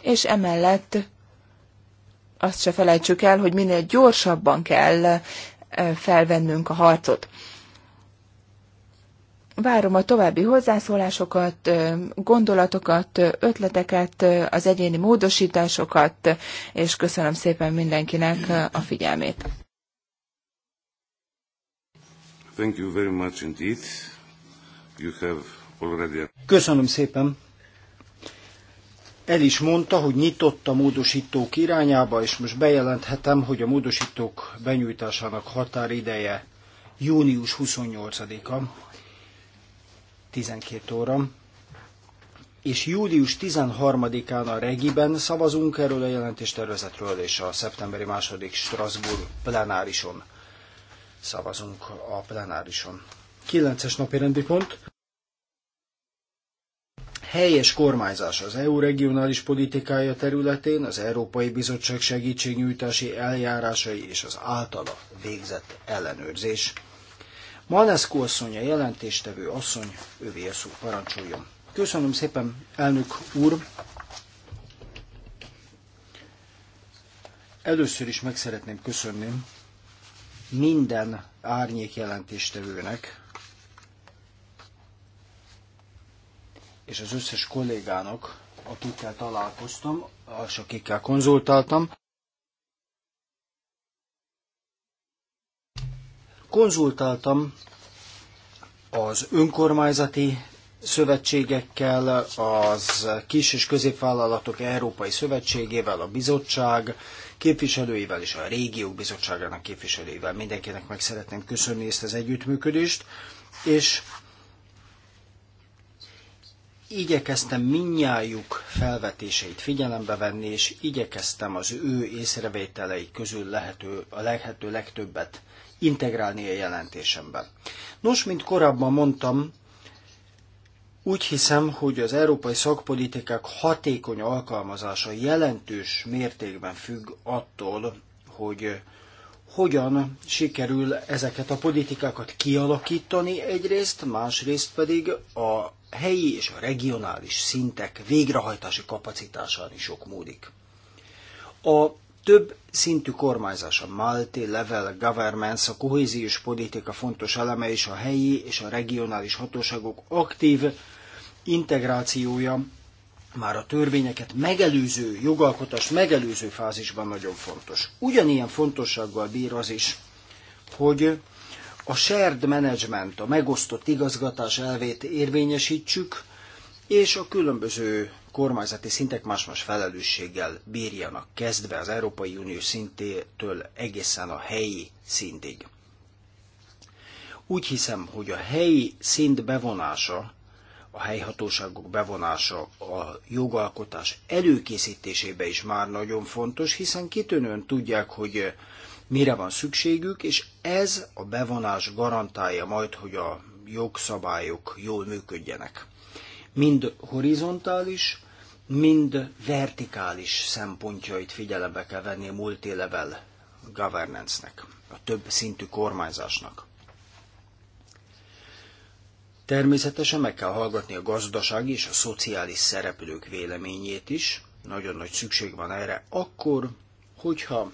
És emellett azt se felejtsük el, hogy minél gyorsabban kell eh, felvennünk a harcot. Várom a további hozzászólásokat, eh, gondolatokat, ötleteket, az egyéni módosításokat, és köszönöm szépen mindenkinek a figyelmét.
Thank you very much indeed. You have already...
Köszönöm szépen. El is mondta, hogy nyitott a módosítók irányába, és most bejelenthetem, hogy a módosítók benyújtásának határideje június 28-a, 12 óra, és július 13-án a Regiben szavazunk erről a jelentéstervezetről és a szeptemberi második Strasbourg plenárison szavazunk a plenárison. 9-es napi rendi pont. Helyes kormányzás az EU regionális politikája területén, az Európai Bizottság segítségnyújtási eljárásai és az általa végzett ellenőrzés. Maneszko Asszonya jelentéstevő asszony, ővé a szó, parancsoljon. Köszönöm szépen, elnök úr! Először is meg szeretném köszönni minden árnyék jelentéstevőnek, és az összes kollégának, akikkel találkoztam, és akikkel konzultáltam. Konzultáltam az önkormányzati szövetségekkel, az kis és középvállalatok Európai Szövetségével, a bizottság képviselőivel és a régiók bizottságának képviselőivel. Mindenkinek meg szeretném köszönni ezt az együttműködést, és igyekeztem minnyájuk felvetéseit figyelembe venni, és igyekeztem az ő észrevételei közül lehető, a lehető legtöbbet integrálni a jelentésemben. Nos, mint korábban mondtam, úgy hiszem, hogy az európai szakpolitikák hatékony alkalmazása jelentős mértékben függ attól, hogy hogyan sikerül ezeket a politikákat kialakítani egyrészt, másrészt pedig a helyi és a regionális szintek végrehajtási kapacitásán is sok múlik. A több szintű kormányzás, a multi-level governments, a kohéziós politika fontos eleme és a helyi és a regionális hatóságok aktív integrációja már a törvényeket megelőző, jogalkotás megelőző fázisban nagyon fontos. Ugyanilyen fontossággal bír az is, hogy a shared management, a megosztott igazgatás elvét érvényesítsük, és a különböző kormányzati szintek más-más felelősséggel bírjanak, kezdve az Európai Unió szintétől egészen a helyi szintig. Úgy hiszem, hogy a helyi szint bevonása a helyhatóságok bevonása a jogalkotás előkészítésébe is már nagyon fontos, hiszen kitűnően tudják, hogy eh, mire van szükségük, és ez a bevonás garantálja majd, hogy a jogszabályok jól működjenek. Mind horizontális, mind vertikális szempontjait figyelembe kell venni a multilevel governance-nek, a több szintű kormányzásnak. Természetesen meg kell hallgatni a gazdasági és a szociális szereplők véleményét is, nagyon nagy szükség van erre, akkor, hogyha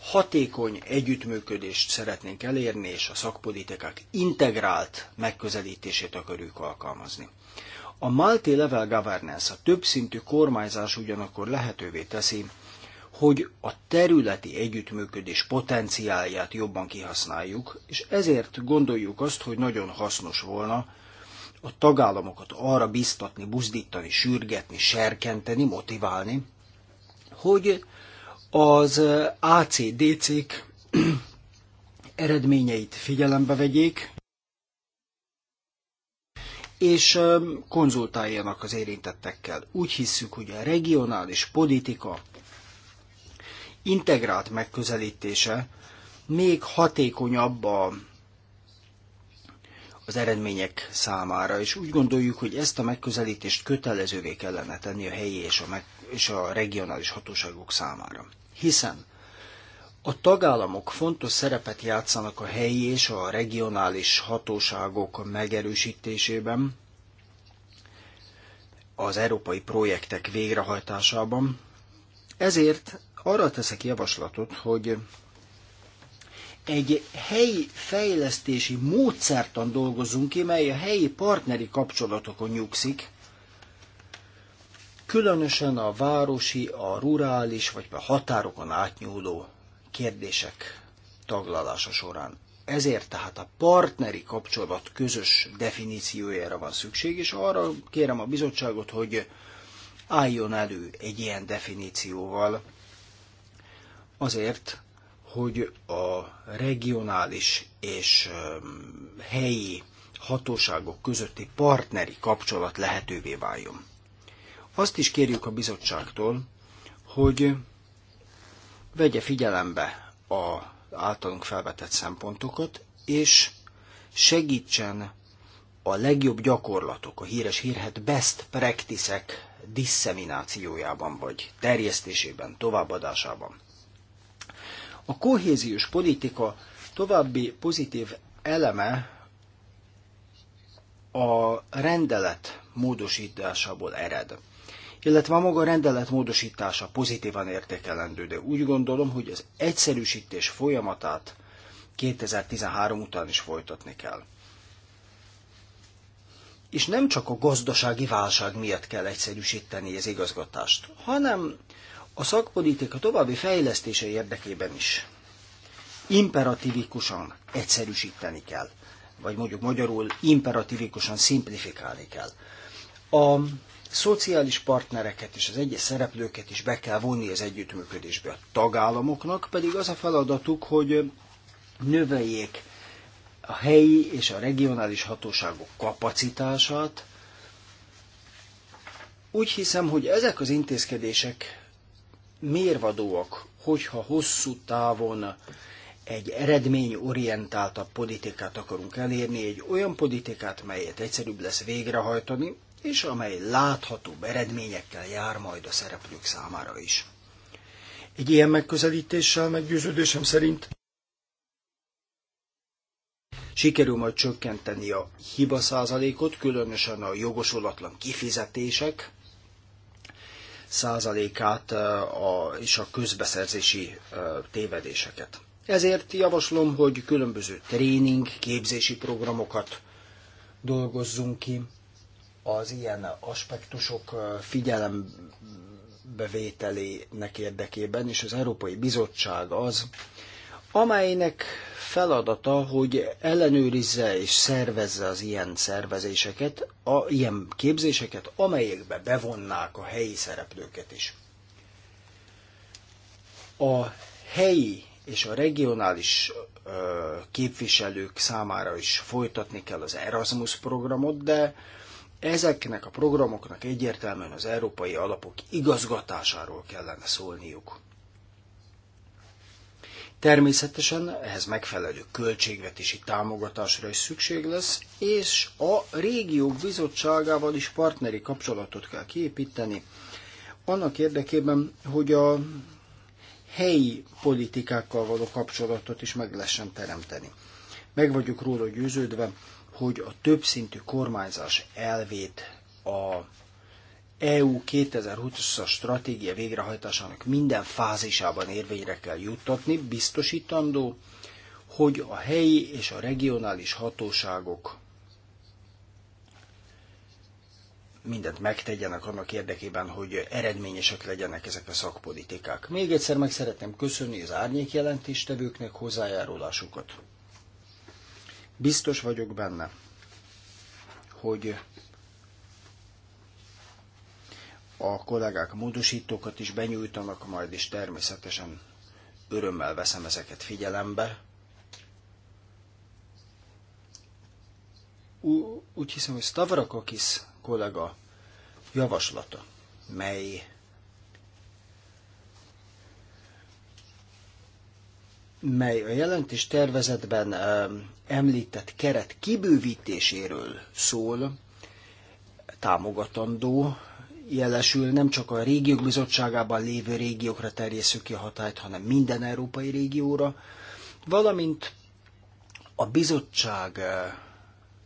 hatékony együttműködést szeretnénk elérni, és a szakpolitikák integrált megközelítését akarjuk alkalmazni. A multi-level governance, a többszintű kormányzás ugyanakkor lehetővé teszi, hogy a területi együttműködés potenciálját jobban kihasználjuk, és ezért gondoljuk azt, hogy nagyon hasznos volna a tagállamokat arra biztatni, buzdítani, sürgetni, serkenteni, motiválni, hogy az ACDC-k [CLEARS THROAT] eredményeit figyelembe vegyék, és um, konzultáljanak az érintettekkel. Úgy hisszük, hogy a regionális politika integrált megközelítése még hatékonyabb a, az eredmények számára, és úgy gondoljuk, hogy ezt a megközelítést kötelezővé kellene tenni a helyi és a, meg, és a regionális hatóságok számára. Hiszen a tagállamok fontos szerepet játszanak a helyi és a regionális hatóságok megerősítésében, az európai projektek végrehajtásában. Ezért arra teszek javaslatot, hogy egy helyi fejlesztési módszertan dolgozunk ki, mely a helyi partneri kapcsolatokon nyugszik, különösen a városi, a rurális vagy a határokon átnyúló kérdések taglalása során. Ezért tehát a partneri kapcsolat közös definíciójára van szükség, és arra kérem a bizottságot, hogy álljon elő egy ilyen definícióval, azért, hogy a regionális és helyi hatóságok közötti partneri kapcsolat lehetővé váljon. Azt is kérjük a bizottságtól, hogy vegye figyelembe a általunk felvetett szempontokat, és segítsen a legjobb gyakorlatok, a híres hírhet best practice-ek disszeminációjában vagy terjesztésében, továbbadásában. A kohéziós politika további pozitív eleme a rendelet módosításából ered illetve a maga rendelet módosítása pozitívan értékelendő, de úgy gondolom, hogy az egyszerűsítés folyamatát 2013 után is folytatni kell. És nem csak a gazdasági válság miatt kell egyszerűsíteni az igazgatást, hanem a szakpolitika további fejlesztése érdekében is imperatívikusan egyszerűsíteni kell, vagy mondjuk magyarul imperatívikusan szimplifikálni kell. A szociális partnereket és az egyes szereplőket is be kell vonni az együttműködésbe. A tagállamoknak pedig az a feladatuk, hogy növeljék a helyi és a regionális hatóságok kapacitását. Úgy hiszem, hogy ezek az intézkedések mérvadóak, hogyha hosszú távon egy eredményorientáltabb politikát akarunk elérni, egy olyan politikát, melyet egyszerűbb lesz végrehajtani, és amely láthatóbb eredményekkel jár majd a szereplők számára is. Egy ilyen megközelítéssel meggyőződésem szerint sikerül majd csökkenteni a hiba százalékot, különösen a jogosulatlan kifizetések százalékát a, és a közbeszerzési tévedéseket. Ezért javaslom, hogy különböző tréning, képzési programokat dolgozzunk ki az ilyen aspektusok figyelembevételének érdekében, és az Európai Bizottság az, amelynek feladata, hogy ellenőrizze és szervezze az ilyen szervezéseket, a, ilyen képzéseket, amelyekbe bevonnák a helyi szereplőket is. A helyi és a regionális ö, képviselők számára is folytatni kell az Erasmus programot, de ezeknek a programoknak egyértelműen az európai alapok igazgatásáról kellene szólniuk. Természetesen ehhez megfelelő költségvetési támogatásra is szükség lesz, és a régiók bizottságával is partneri kapcsolatot kell kiépíteni, annak érdekében, hogy a helyi politikákkal való kapcsolatot is meg lehessen teremteni. Meg vagyok róla győződve, hogy a többszintű kormányzás elvét a EU 2020-as stratégia végrehajtásának minden fázisában érvényre kell juttatni, biztosítandó, hogy a helyi és a regionális hatóságok mindent megtegyenek annak érdekében, hogy eredményesek legyenek ezek a szakpolitikák. Még egyszer meg szeretném köszönni az árnyék jelentéstevőknek hozzájárulásukat. Biztos vagyok benne, hogy a kollégák módosítókat is benyújtanak majd, és természetesen örömmel veszem ezeket figyelembe. Úgy hiszem, hogy Stavrakakis kollega javaslata, mely mely a jelentés tervezetben említett keret kibővítéséről szól, támogatandó, jelesül, nem csak a régiók bizottságában lévő régiókra terjesszük ki a hatályt, hanem minden európai régióra, valamint a bizottság,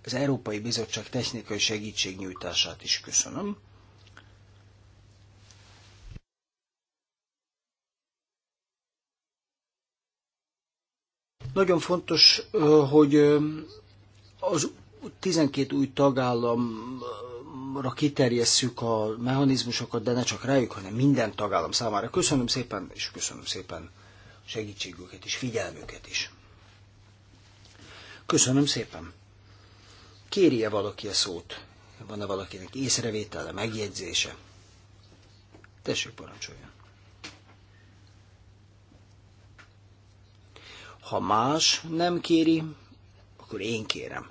az Európai Bizottság technikai segítségnyújtását is köszönöm. Nagyon fontos, hogy az 12 új tagállam kiterjesszük a mechanizmusokat, de ne csak rájuk, hanem minden tagállam számára. Köszönöm szépen, és köszönöm szépen segítségüket és figyelmüket is. Köszönöm szépen. Kérje valaki a szót? Van-e valakinek észrevétele, megjegyzése? Tessék, parancsoljon. Ha más nem kéri, akkor én kérem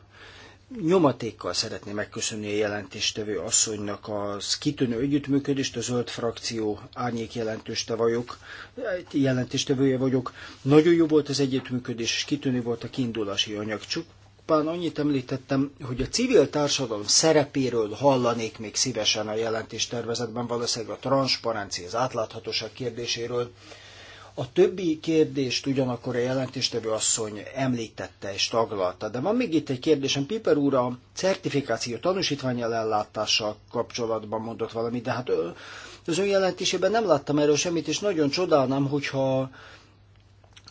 nyomatékkal szeretném megköszönni a jelentéstevő asszonynak a kitűnő együttműködést, a zöld frakció árnyék jelentőste vagyok, jelentéstevője vagyok. Nagyon jó volt az együttműködés, és kitűnő volt a kiindulási anyag. Csupán annyit említettem, hogy a civil társadalom szerepéről hallanék még szívesen a jelentéstervezetben, valószínűleg a transzparencia, az átláthatóság kérdéséről a többi kérdést ugyanakkor a jelentéstevő asszony említette és taglalta, de van még itt egy kérdésem. Piper úr a certifikáció tanúsítványjal ellátással kapcsolatban mondott valamit, de hát az ön jelentésében nem láttam erről semmit, és nagyon csodálnám, hogyha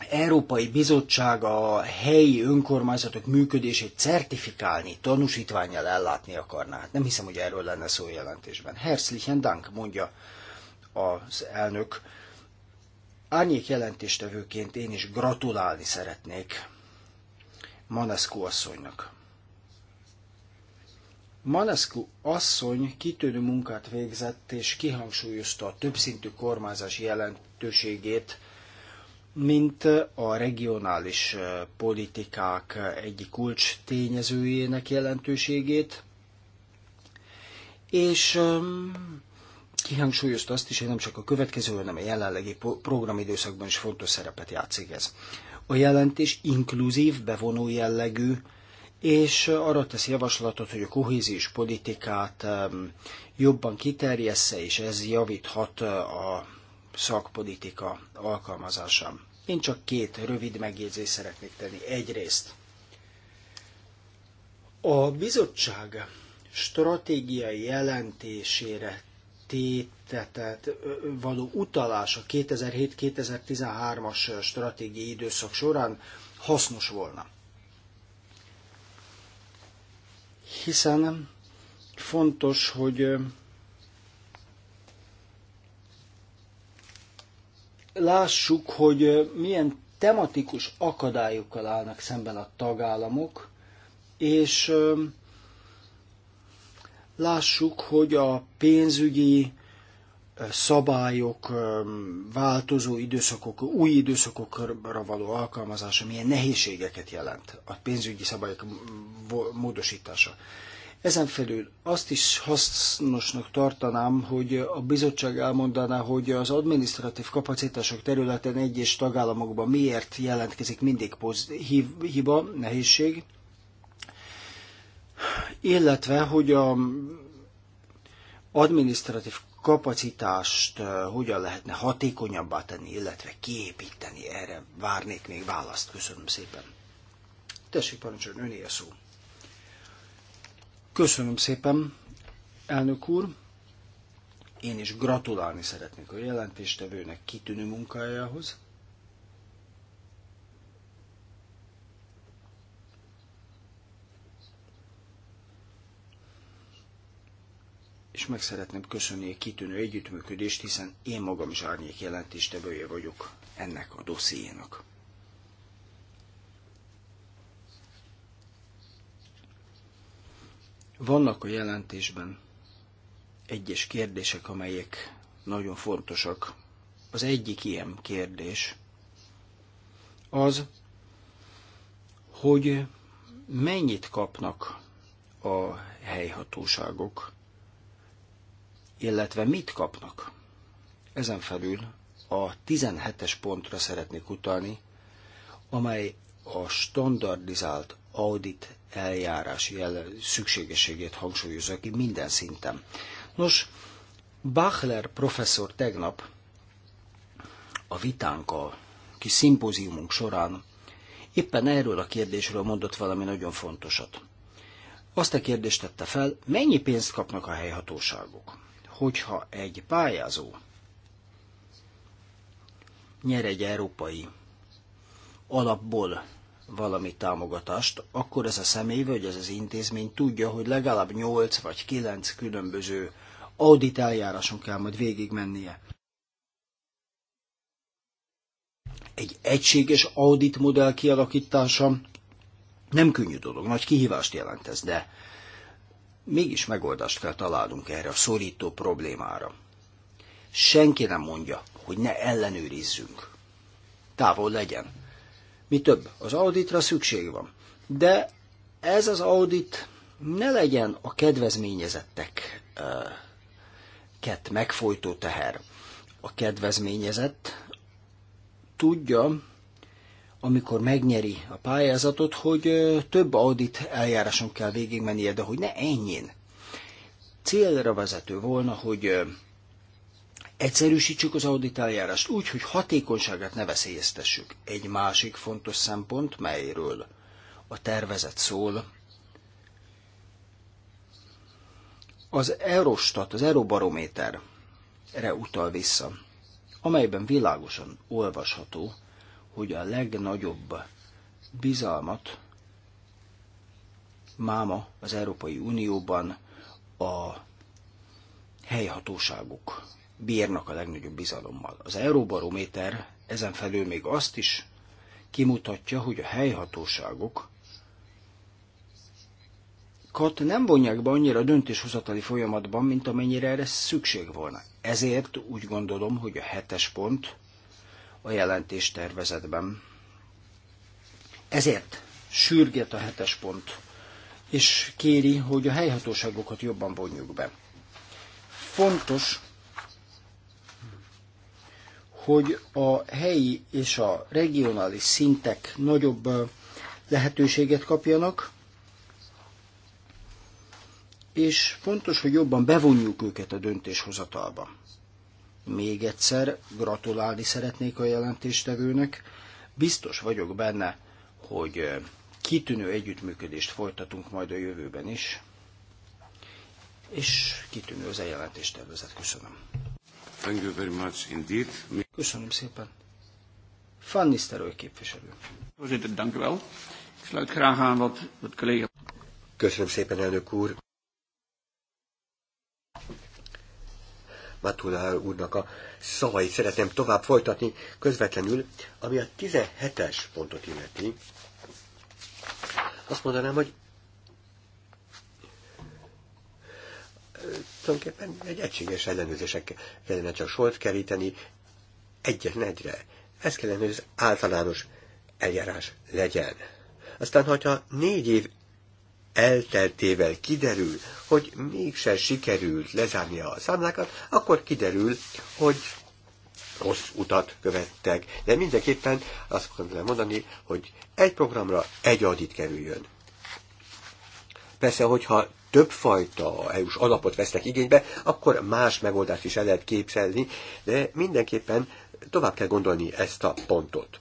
Európai Bizottság a helyi önkormányzatok működését certifikálni, tanúsítványjal ellátni akarná. Hát nem hiszem, hogy erről lenne szó jelentésben. Herzlichen Dank, mondja az elnök. Árnyék jelentéstevőként én is gratulálni szeretnék Manescu asszonynak. Manescu asszony kitűnő munkát végzett és kihangsúlyozta a többszintű kormányzás jelentőségét, mint a regionális politikák egyik kulcs tényezőjének jelentőségét, és kihangsúlyozta azt is, hogy nem csak a következő, hanem a jelenlegi programidőszakban is fontos szerepet játszik ez. A jelentés inkluzív, bevonó jellegű, és arra tesz javaslatot, hogy a kohéziós politikát jobban kiterjessze, és ez javíthat e, a szakpolitika alkalmazásán. Én csak két rövid megjegyzést szeretnék tenni. Egyrészt a bizottság stratégiai jelentésére tétetet való utalás a 2007-2013-as stratégiai időszak során hasznos volna. Hiszen fontos, hogy lássuk, hogy milyen tematikus akadályokkal állnak szemben a tagállamok, és Lássuk, hogy a pénzügyi szabályok, változó időszakok, új időszakokra való alkalmazása milyen nehézségeket jelent a pénzügyi szabályok módosítása. Ezen felül azt is hasznosnak tartanám, hogy a bizottság elmondaná, hogy az administratív kapacitások területen egyes tagállamokban miért jelentkezik mindig hiba, nehézség, illetve hogy a administratív kapacitást hogyan lehetne hatékonyabbá tenni, illetve kiépíteni. Erre várnék még választ. Köszönöm szépen. Tessék, parancsoljon, öné a szó. Köszönöm szépen, elnök úr. Én is gratulálni szeretnék a jelentéstevőnek kitűnő munkájához. és meg szeretném köszönni a kitűnő együttműködést, hiszen én magam is árnyék jelentéstevője vagyok ennek a dossziénak. Vannak a jelentésben egyes kérdések, amelyek nagyon fontosak. Az egyik ilyen kérdés az, hogy mennyit kapnak a helyhatóságok illetve mit kapnak. Ezen felül a 17-es pontra szeretnék utalni, amely a standardizált audit eljárás jel szükségességét hangsúlyozza ki minden szinten. Nos, Bachler professzor tegnap a vitánk, a kis szimpóziumunk során éppen erről a kérdésről mondott valami nagyon fontosat. Azt a kérdést tette fel, mennyi pénzt kapnak a helyhatóságok? hogyha egy pályázó nyer egy európai alapból valami támogatást, akkor ez a személy vagy ez az intézmény tudja, hogy legalább 8 vagy 9 különböző eljáráson kell majd végigmennie. Egy egységes audit modell kialakítása nem könnyű dolog, nagy kihívást jelent ez, de mégis megoldást kell találnunk erre a szorító problémára. Senki nem mondja, hogy ne ellenőrizzünk. Távol legyen. Mi több, az auditra szükség van. De ez az audit ne legyen a kedvezményezettek ket megfojtó teher. A kedvezményezett tudja, amikor megnyeri a pályázatot, hogy több audit eljáráson kell végigmennie, de hogy ne ennyin. Célra vezető volna, hogy egyszerűsítsük az audit eljárást úgy, hogy hatékonyságát ne veszélyeztessük. Egy másik fontos szempont, melyről a tervezet szól, az Eurostat, az Eurobarométerre utal vissza, amelyben világosan olvasható, hogy a legnagyobb bizalmat máma az Európai Unióban a helyhatóságok bírnak a legnagyobb bizalommal. Az Euróbarométer ezen felül még azt is kimutatja, hogy a helyhatóságok kat nem vonják be annyira a döntéshozatali folyamatban, mint amennyire erre szükség volna. Ezért úgy gondolom, hogy a hetes pont a jelentés tervezetben. Ezért sürget a hetes pont, és kéri, hogy a helyhatóságokat jobban vonjuk be. Fontos, hogy a helyi és a regionális szintek nagyobb lehetőséget kapjanak, és fontos, hogy jobban bevonjuk őket a döntéshozatalba. Még egyszer gratulálni szeretnék a jelentéstevőnek. Biztos vagyok benne, hogy kitűnő együttműködést folytatunk majd a jövőben is, és kitűnő az eljelentéstervezet. Köszönöm.
Thank you very much indeed.
Köszönöm szépen. Fanny Steröly képviselő.
Köszönöm szépen,
elnök úr. Matula úrnak a szavait szeretném tovább folytatni közvetlenül, ami a 17-es pontot illeti. Azt mondanám, hogy tulajdonképpen egy egységes ellenőrzések kellene csak sort keríteni egyetlen egyre. Ez kellene, hogy az általános eljárás legyen. Aztán, hogyha négy év elteltével kiderül, hogy mégsem sikerült lezárni a számlákat, akkor kiderül, hogy rossz utat követtek. De mindenképpen azt kell mondani, hogy egy programra egy adit kerüljön. Persze, hogyha többfajta EU-s alapot vesznek igénybe, akkor más megoldást is el lehet képzelni, de mindenképpen tovább kell gondolni ezt a pontot.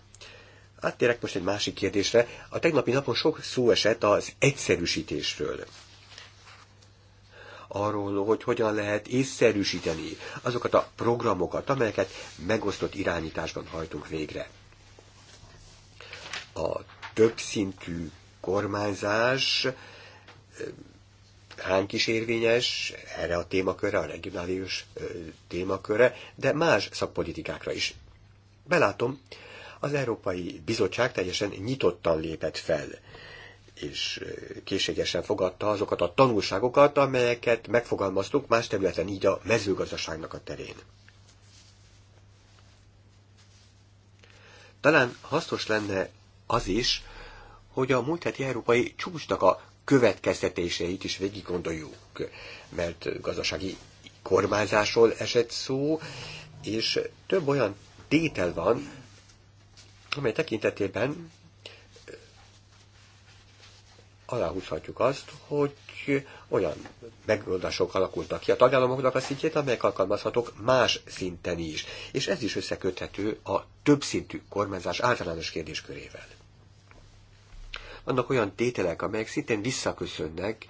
Áttérek most egy másik kérdésre. A tegnapi napon sok szó esett az egyszerűsítésről arról, hogy hogyan lehet észszerűsíteni azokat a programokat, amelyeket megosztott irányításban hajtunk végre. A többszintű kormányzás eh, ránk is érvényes erre a témakörre, a regionális eh, témakörre, de más szakpolitikákra is. Belátom, az Európai Bizottság teljesen nyitottan lépett fel és készségesen fogadta azokat a tanulságokat, amelyeket megfogalmaztuk más területen, így a mezőgazdaságnak a terén. Talán hasznos lenne az is, hogy a múlt heti európai csúcsnak a következtetéseit is végig gondoljuk, mert gazdasági kormányzásról esett szó, és több olyan tétel van, amely tekintetében eh, aláhúzhatjuk azt, hogy olyan megoldások alakultak ki a tagállamoknak a szintjét, amelyek alkalmazhatók más szinten is. És ez is összeköthető a többszintű kormányzás általános kérdéskörével. Vannak olyan tételek, amelyek szintén visszaköszönnek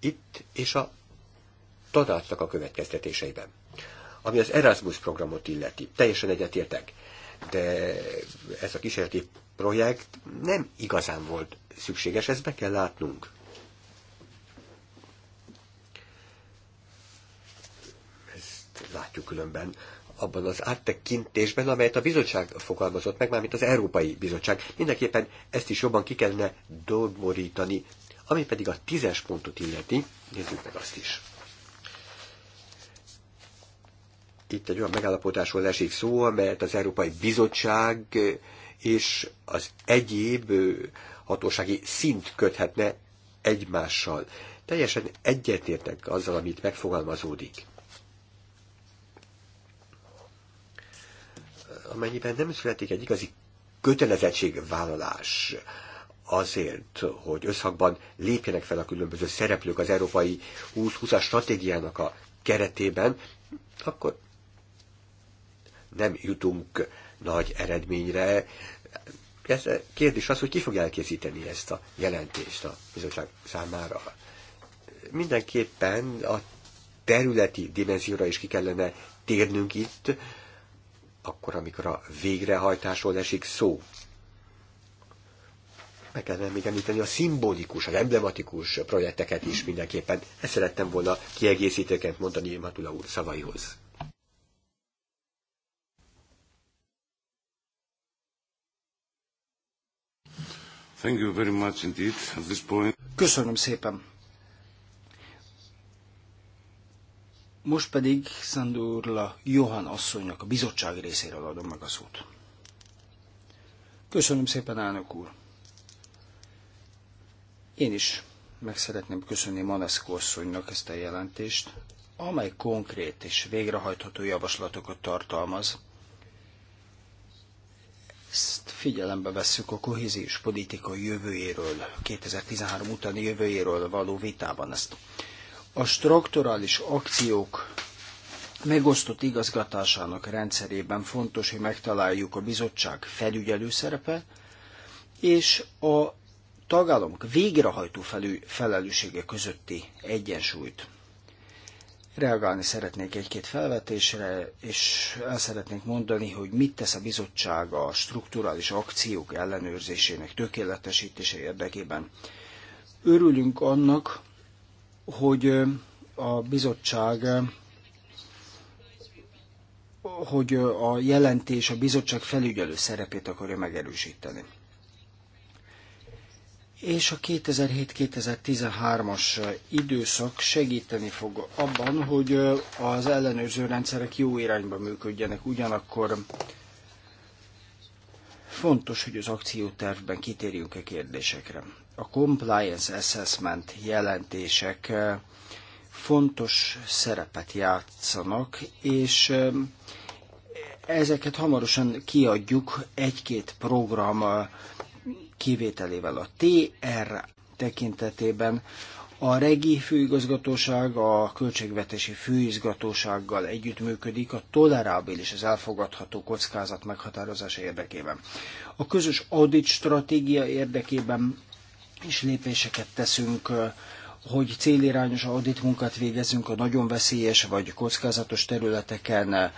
itt és a tanácsnak a következtetéseiben. Ami az Erasmus programot illeti, teljesen egyetértek, de ez a kísérleti projekt nem igazán volt szükséges, ezt be kell látnunk. Ezt látjuk különben abban az áttekintésben, amelyet a bizottság fogalmazott meg, mármint az Európai Bizottság. Mindenképpen ezt is jobban ki kellene domborítani. Ami pedig a tízes pontot illeti, nézzük meg azt is. Itt egy olyan megállapodásról esik szó, amelyet az Európai Bizottság és az egyéb hatósági szint köthetne egymással. Teljesen egyetértek azzal, amit megfogalmazódik. Amennyiben nem születik egy igazi kötelezettségvállalás azért, hogy összhangban lépjenek fel a különböző szereplők az Európai 2020-as stratégiának a keretében, akkor nem jutunk nagy eredményre. Ez kérdés az, hogy ki fog elkészíteni ezt a jelentést a bizottság számára. Mindenképpen a területi dimenzióra is ki kellene térnünk itt, akkor, amikor a végrehajtásról esik szó. Meg kellene még említeni a szimbolikus, az emblematikus projekteket is mindenképpen. Ezt szerettem volna kiegészítőként mondani Matula úr szavaihoz.
Thank you very much indeed at this point. Köszönöm szépen.
Most pedig Szandurla Johan asszonynak a bizottság részéről adom meg a szót. Köszönöm szépen, elnök úr. Én is meg szeretném köszönni Maneszko asszonynak ezt a jelentést, amely konkrét és végrehajtható javaslatokat tartalmaz, ezt figyelembe vesszük a kohéziós politika jövőjéről, 2013 utáni jövőjéről való vitában ezt. A strukturális akciók megosztott igazgatásának rendszerében fontos, hogy megtaláljuk a bizottság felügyelő szerepe, és a tagállamok végrehajtó felelőssége közötti egyensúlyt reagálni szeretnék egy-két felvetésre, és el szeretnék mondani, hogy mit tesz a bizottság a strukturális akciók ellenőrzésének tökéletesítése érdekében. Örülünk annak, hogy a bizottság hogy a jelentés a bizottság felügyelő szerepét akarja megerősíteni és a 2007-2013-as időszak segíteni fog abban, hogy az ellenőrző rendszerek jó irányba működjenek, ugyanakkor fontos, hogy az akciótervben kitérjünk a kérdésekre. A compliance assessment jelentések fontos szerepet játszanak, és ezeket hamarosan kiadjuk egy-két program kivételével a TR tekintetében a regi főigazgatóság a költségvetési főigazgatósággal együttműködik a tolerábilis, az elfogadható kockázat meghatározása érdekében. A közös audit stratégia érdekében is lépéseket teszünk, hogy célirányos audit munkát végezzünk a nagyon veszélyes vagy kockázatos területeken,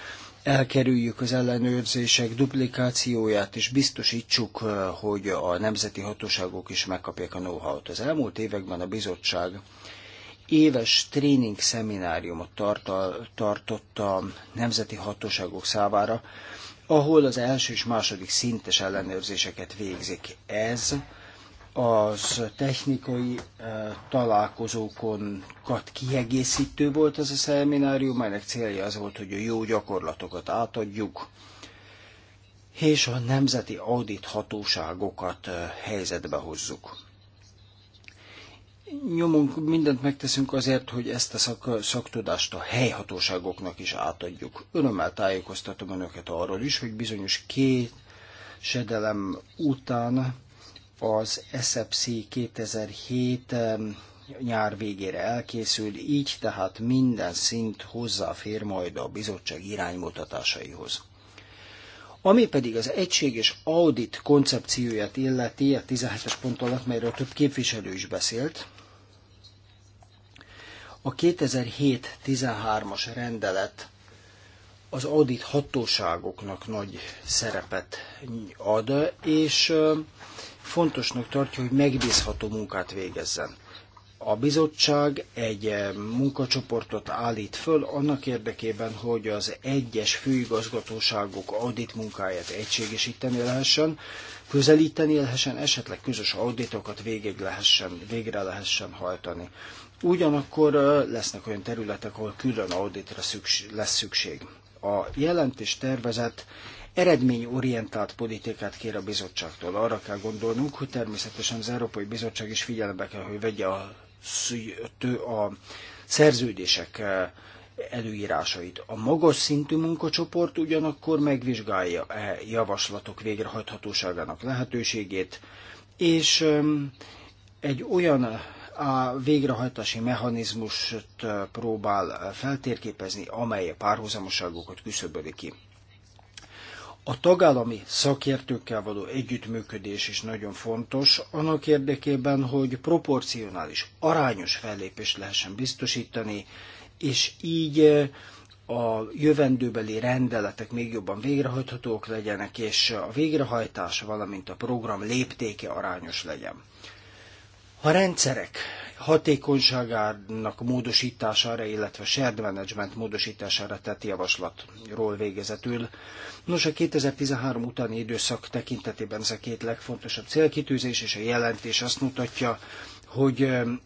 elkerüljük az ellenőrzések duplikációját, és biztosítsuk, eh, hogy a nemzeti hatóságok is megkapják a know-how-t. Az elmúlt években a bizottság éves tréning szemináriumot tartott a nemzeti hatóságok számára, ahol az első és második szintes ellenőrzéseket végzik. Ez az technikai eh, találkozókon kiegészítő volt ez a szeminárium, melynek célja az volt, hogy a jó gyakorlatokat átadjuk, és a nemzeti audithatóságokat eh, helyzetbe hozzuk. Nyomunk, mindent megteszünk azért, hogy ezt a szak, szaktudást a helyhatóságoknak is átadjuk. Örömmel tájékoztatom önöket arról is, hogy bizonyos két sedelem után az SFC 2007 nyár végére elkészül, így tehát minden szint hozzáfér majd a bizottság iránymutatásaihoz. Ami pedig az egységes audit koncepcióját illeti, a 17-es pont alatt, melyről több képviselő is beszélt, a 2007-13-as rendelet az audit hatóságoknak nagy szerepet ad, és fontosnak tartja, hogy megbízható munkát végezzen. A bizottság egy eh, munkacsoportot állít föl annak érdekében, hogy az egyes főigazgatóságok audit munkáját egységesíteni lehessen, közelíteni lehessen, esetleg közös auditokat végig lehessen, végre lehessen hajtani. Ugyanakkor eh, lesznek olyan területek, ahol külön auditra szükség, lesz szükség. A jelentés tervezet eredményorientált politikát kér a bizottságtól. Arra kell gondolnunk, hogy természetesen az Európai Bizottság is figyelembe kell, hogy vegye a, a szerződések eh, előírásait. A magas szintű munkacsoport ugyanakkor megvizsgálja e javaslatok végrehajthatóságának lehetőségét, és egy olyan a eh, végrehajtási mechanizmust próbál feltérképezni, amely a párhuzamoságokat küszöböli ki. A tagállami szakértőkkel való együttműködés is nagyon fontos, annak érdekében, hogy proporcionális, arányos fellépést lehessen biztosítani, és így eh, a jövendőbeli rendeletek még jobban végrehajthatók legyenek, és a végrehajtás, valamint a program léptéke arányos legyen. A rendszerek hatékonyságának módosítására, illetve shared management módosítására tett javaslatról végezetül. Nos, a 2013 utáni időszak tekintetében ez a két legfontosabb célkitűzés, és a jelentés azt mutatja, hogy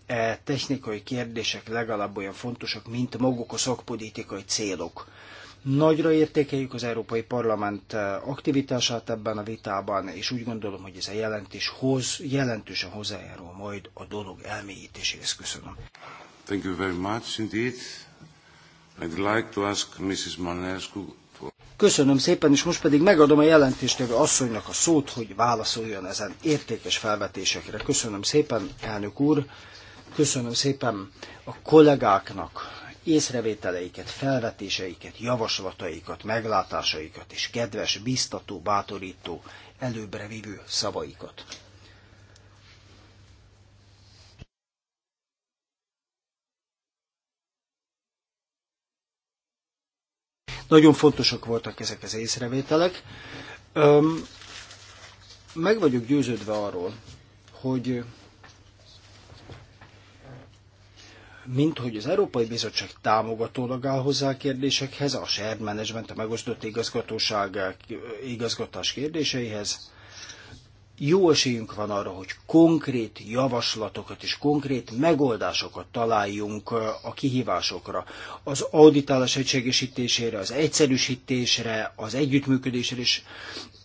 e technikai kérdések legalább olyan fontosak, mint maguk a szakpolitikai célok. Nagyra értékeljük az Európai Parlament eh, aktivitását ebben a vitában, és úgy gondolom, hogy ez a jelentés hoz, jelentősen hozzájárul majd a dolog elmélyítéséhez. Köszönöm.
Thank you very much indeed. I'd like to ask Mrs. Manescu for...
Köszönöm szépen, és most pedig megadom a jelentéstevő asszonynak a szót, hogy válaszoljon ezen értékes felvetésekre. Köszönöm szépen, elnök úr, köszönöm szépen a kollégáknak, észrevételeiket, felvetéseiket, javaslataikat, meglátásaikat és kedves, biztató, bátorító, előbbre vívő szavaikat. Nagyon fontosak voltak ezek az észrevételek. Öm, meg vagyok győződve arról, hogy mint hogy az Európai Bizottság támogatólag áll hozzá a kérdésekhez, a shared management, a megosztott igazgatóság igazgatás kérdéseihez, jó esélyünk van arra, hogy konkrét javaslatokat és konkrét megoldásokat találjunk a kihívásokra. Az auditálás egységesítésére, az egyszerűsítésre, az együttműködésre és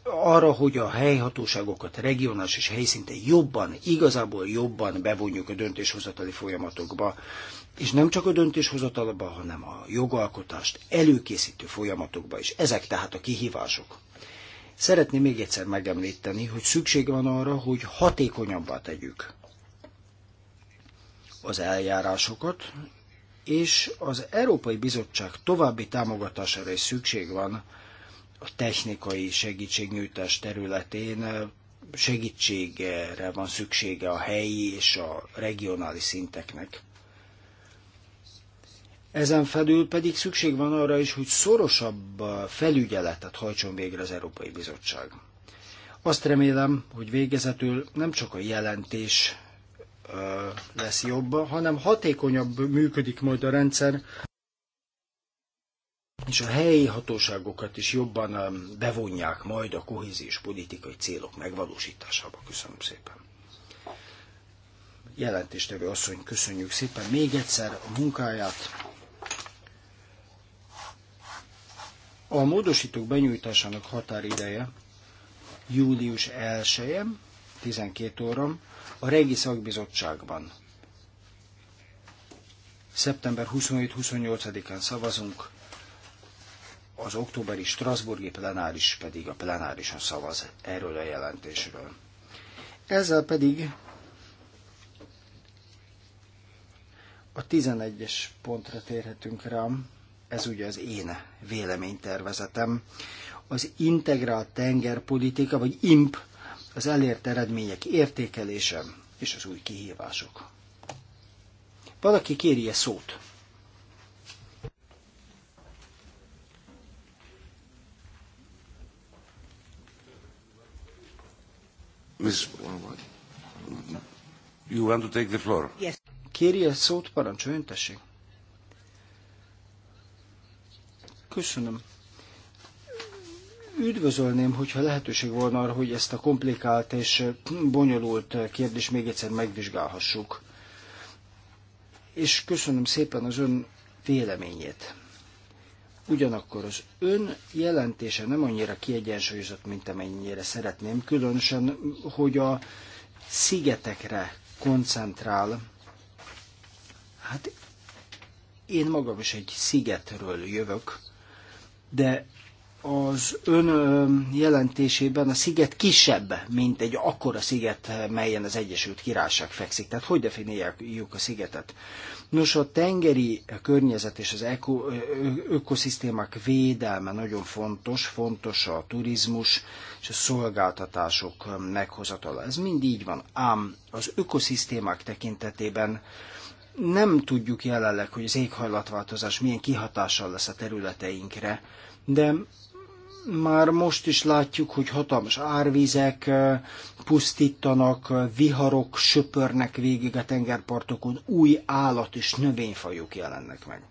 arra, hogy a helyhatóságokat regionális és helyszinte jobban, igazából jobban bevonjuk a döntéshozatali folyamatokba, és nem csak a döntéshozatalba, hanem a jogalkotást előkészítő folyamatokba is. Ezek tehát a kihívások. Szeretném még egyszer megemlíteni, hogy szükség van arra, hogy hatékonyabbá tegyük az eljárásokat, és az Európai Bizottság további támogatására is szükség van a technikai segítségnyújtás területén, segítségre van szüksége a helyi és a regionális szinteknek. Ezen felül pedig szükség van arra is, hogy szorosabb felügyeletet hajtson végre az Európai Bizottság. Azt remélem, hogy végezetül nem csak a jelentés lesz jobb, hanem hatékonyabb működik majd a rendszer, és a helyi hatóságokat is jobban bevonják majd a kohéziós politikai célok megvalósításába. Köszönöm szépen. Jelentéstevő asszony, köszönjük szépen még egyszer a munkáját. A módosítók benyújtásának határideje július 1 12 óra, a Régi Szakbizottságban. Szeptember 27-28-án szavazunk, az októberi Strasburgi plenáris pedig a plenárison szavaz erről a jelentésről. Ezzel pedig a 11-es pontra térhetünk rám ez ugye az én véleménytervezetem, az integrált tengerpolitika, vagy IMP, az elért eredmények értékelése és az új kihívások. Valaki kérje szót.
Miss, You want to take the floor? Yes. Kérje
szót, parancsoljon, tessék. Köszönöm. Üdvözölném, hogyha lehetőség volna arra, hogy ezt a komplikált és bonyolult kérdést még egyszer megvizsgálhassuk. És köszönöm szépen az ön véleményét. Ugyanakkor az ön jelentése nem annyira kiegyensúlyozott, mint amennyire szeretném, különösen, hogy a szigetekre koncentrál. Hát én magam is egy szigetről jövök, de az ön jelentésében a sziget kisebb, mint egy akkora sziget, melyen az Egyesült Királyság fekszik. Tehát hogy definiáljuk a szigetet? Nos, a tengeri környezet és az eko, ökoszisztémák védelme nagyon fontos, fontos a turizmus és a szolgáltatások meghozatala. Ez mind így van, ám az ökoszisztémák tekintetében nem tudjuk jelenleg, hogy az éghajlatváltozás milyen kihatással lesz a területeinkre, de már most is látjuk, hogy hatalmas árvizek pusztítanak, viharok söpörnek végig a tengerpartokon, új állat és növényfajok jelennek meg.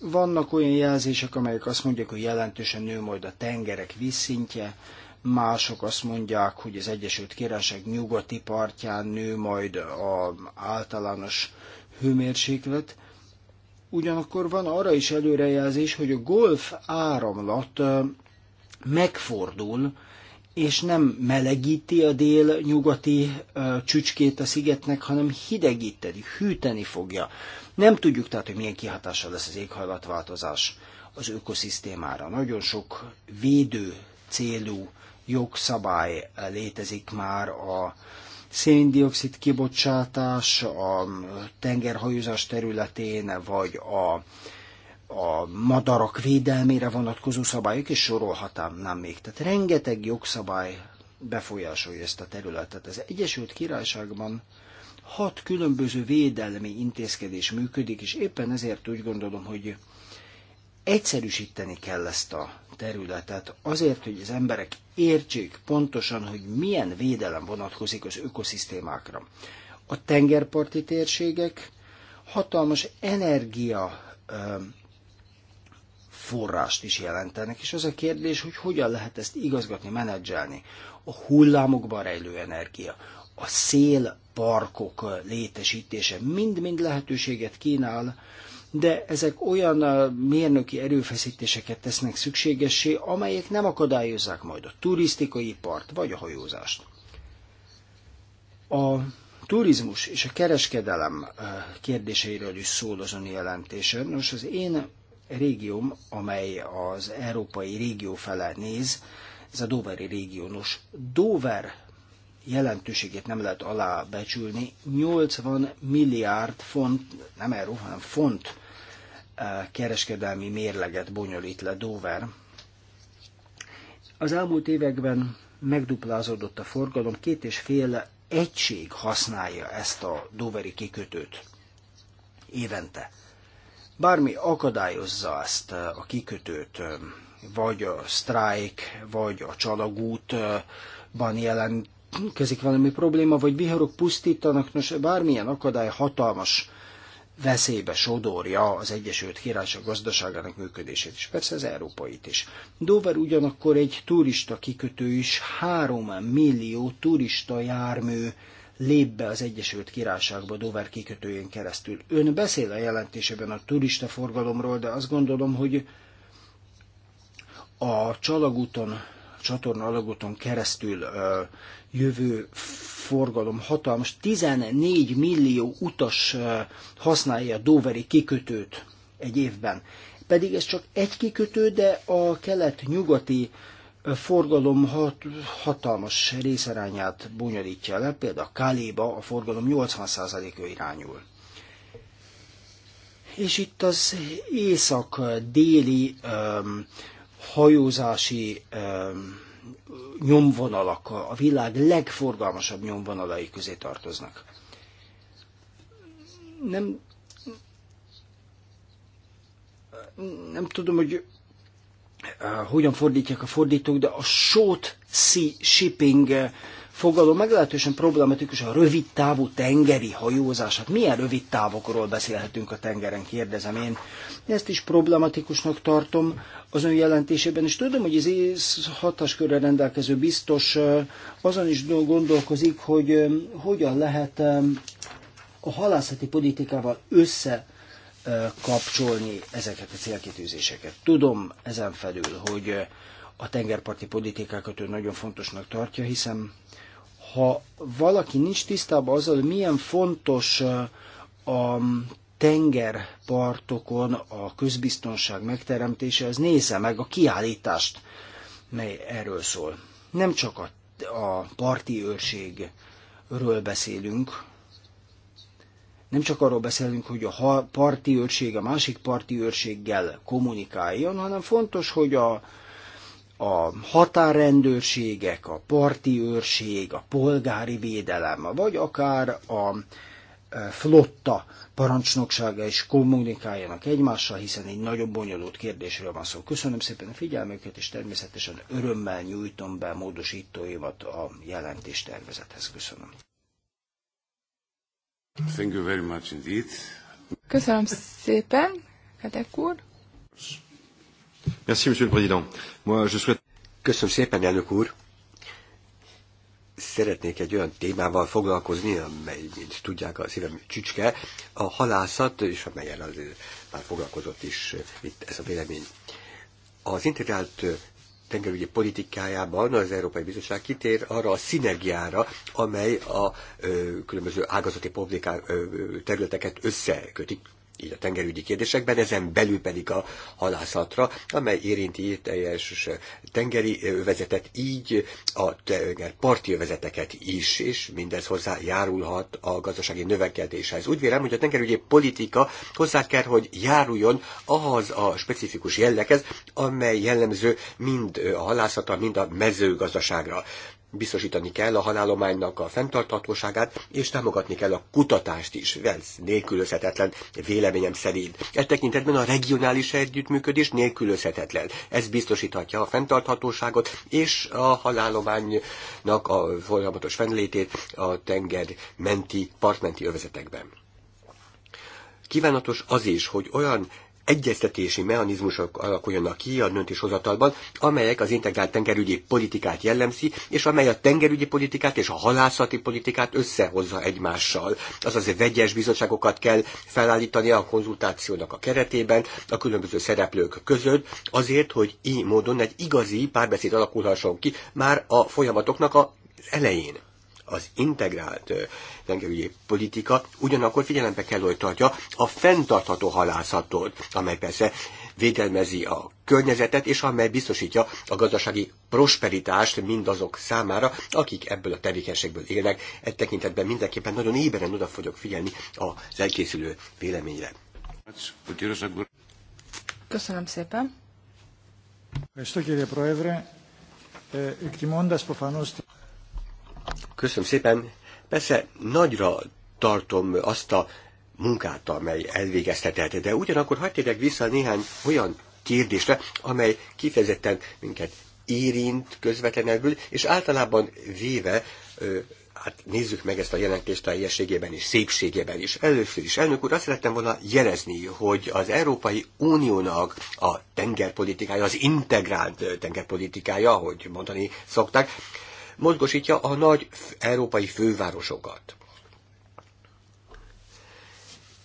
Vannak olyan jelzések, amelyek azt mondják, hogy jelentősen nő majd a tengerek vízszintje, mások azt mondják, hogy az Egyesült Királyság nyugati partján nő majd a általános hőmérséklet. Ugyanakkor van arra is előrejelzés, hogy a golf áramlat megfordul, és nem melegíti a dél-nyugati csücskét a szigetnek, hanem hidegíteni, hűteni fogja. Nem tudjuk tehát, hogy milyen kihatással lesz az éghajlatváltozás az ökoszisztémára. Nagyon sok védő célú jogszabály létezik már a széndiokszid kibocsátás a tengerhajózás területén, vagy a, a madarak védelmére vonatkozó szabályok, és nem még. Tehát rengeteg jogszabály befolyásolja ezt a területet. Az Egyesült Királyságban hat különböző védelmi intézkedés működik, és éppen ezért úgy gondolom, hogy egyszerűsíteni kell ezt a területet, azért, hogy az emberek értsék pontosan, hogy milyen védelem vonatkozik az ökoszisztémákra. A tengerparti térségek hatalmas energia forrást is jelentenek, és az a kérdés, hogy hogyan lehet ezt igazgatni, menedzselni. A hullámokban rejlő energia, a szélparkok létesítése mind-mind lehetőséget kínál de ezek olyan mérnöki erőfeszítéseket tesznek szükségessé, amelyek nem akadályozzák majd a turisztikai ipart vagy a hajózást. A turizmus és a kereskedelem kérdéseiről is szól azon jelentése. Nos, az én régióm, amely az európai régió fele néz, ez a Doveri régió. Nos, Dover jelentőségét nem lehet alábecsülni. 80 milliárd font, nem euró, hanem font kereskedelmi mérleget bonyolít le Dover. Az elmúlt években megduplázódott a forgalom, két és fél egység használja ezt a Doveri kikötőt évente. Bármi akadályozza ezt a kikötőt, vagy a sztrájk, vagy a csalagútban jelentkezik valami probléma, vagy viharok pusztítanak, nos bármilyen akadály hatalmas veszélybe sodorja az Egyesült Királyság gazdaságának működését, és persze az európait is. Dover ugyanakkor egy turista kikötő is, három millió turista jármű lép be az Egyesült Királyságba Dover kikötőjén keresztül. Ön beszél a jelentésében a turista forgalomról, de azt gondolom, hogy a csalagúton csatorna alagoton keresztül jövő forgalom hatalmas. 14 millió utas használja a Doveri kikötőt egy évben. Pedig ez csak egy kikötő, de a kelet-nyugati forgalom hat, hatalmas részarányát bonyolítja le, például a Kaléba a forgalom 80%-a irányul. És itt az észak-déli um, hajózási nyomvonalak, a világ legforgalmasabb nyomvonalai közé tartoznak. Nem, nem tudom, hogy hogyan fordítják a fordítók, de a short sea shipping fogalom meglehetősen problematikus a rövid távú tengeri hajózás. Hát milyen rövid távokról beszélhetünk a tengeren, kérdezem én. Ezt is problematikusnak tartom az ön jelentésében, és tudom, hogy az ész hatáskörre rendelkező biztos azon is gondolkozik, hogy hogyan lehet a halászati politikával össze kapcsolni ezeket a célkitűzéseket. Tudom ezen felül, hogy a tengerparti politikákat ő nagyon fontosnak tartja, hiszen ha valaki nincs tisztában azzal, hogy milyen fontos a tengerpartokon a közbiztonság megteremtése, az nézze meg a kiállítást, mely erről szól. Nem csak a, a parti őrségről beszélünk, nem csak arról beszélünk, hogy a parti őrség a másik parti őrséggel kommunikáljon, hanem fontos, hogy a, a határrendőrségek, a parti őrség, a polgári védelem, vagy akár a e, flotta parancsnoksága is kommunikáljanak egymással, hiszen egy nagyon bonyolult kérdésről van szó. Köszönöm szépen a figyelmüket, és természetesen örömmel nyújtom be módosítóimat a jelentés
tervezethez. Köszönöm. Thank you very much indeed.
Köszönöm szépen, Fedek úr.
Merci, Monsieur
le
Président. Moi, je souhait...
Köszönöm szépen, elnök úr! Szeretnék egy olyan témával foglalkozni, amely, mint tudják, a szívem csücske, a halászat, és amelyen az, már foglalkozott is eh, itt ez a vélemény. Az integrált eh, tengerügyi politikájában az Európai Bizottság kitér arra a szinergiára, amely a ö, eh, különböző ágazati publiká, ö, területeket összekötik így a tengerügyi kérdésekben, ezen belül pedig a halászatra, amely érinti teljes tengeri övezetet, így a tenger parti övezeteket is, és mindez hozzá járulhat a gazdasági növekedéshez. Úgy vélem, hogy a tengerügyi politika hozzá kell, hogy járuljon ahhoz a specifikus jelleghez, amely jellemző mind a halászatra, mind a mezőgazdaságra biztosítani kell a halálománynak a fenntarthatóságát, és támogatni kell a kutatást is, ez nélkülözhetetlen véleményem szerint. E tekintetben a regionális együttműködés nélkülözhetetlen. Ez biztosíthatja a fenntarthatóságot és a halálománynak a folyamatos fennlétét a tenger menti, partmenti övezetekben. Kívánatos az is, hogy olyan egyeztetési mechanizmusok alakuljanak ki a döntéshozatalban, amelyek az integrált tengerügyi politikát jellemzi, és amely a tengerügyi politikát és a halászati politikát összehozza egymással. Azaz vegyes bizottságokat kell felállítani a konzultációnak a keretében, a különböző szereplők között, azért, hogy így módon egy igazi párbeszéd alakulhasson ki már a folyamatoknak a elején az integrált tengerügyi politika, ugyanakkor figyelembe kell, hogy tartja a fenntartható halászatot, amely persze védelmezi a környezetet, és amely biztosítja a gazdasági prosperitást mindazok számára, akik ebből a tevékenységből élnek. Egy tekintetben mindenképpen nagyon éberen oda fogok figyelni az elkészülő
véleményre. Köszönöm szépen. Eh,
Köszönöm szépen.
Köszönöm szépen. Persze nagyra tartom azt a munkát, amely elvégeztetett, de ugyanakkor hagyd térjek vissza néhány olyan kérdésre, amely kifejezetten minket érint közvetlenül és általában véve hát nézzük meg ezt a jelentést teljességében és szépségében is. Először is, elnök úr, azt szerettem volna jelezni, hogy az Európai Uniónak a tengerpolitikája, az integrált tengerpolitikája, ahogy mondani szokták, mozgosítja a nagy európai fővárosokat.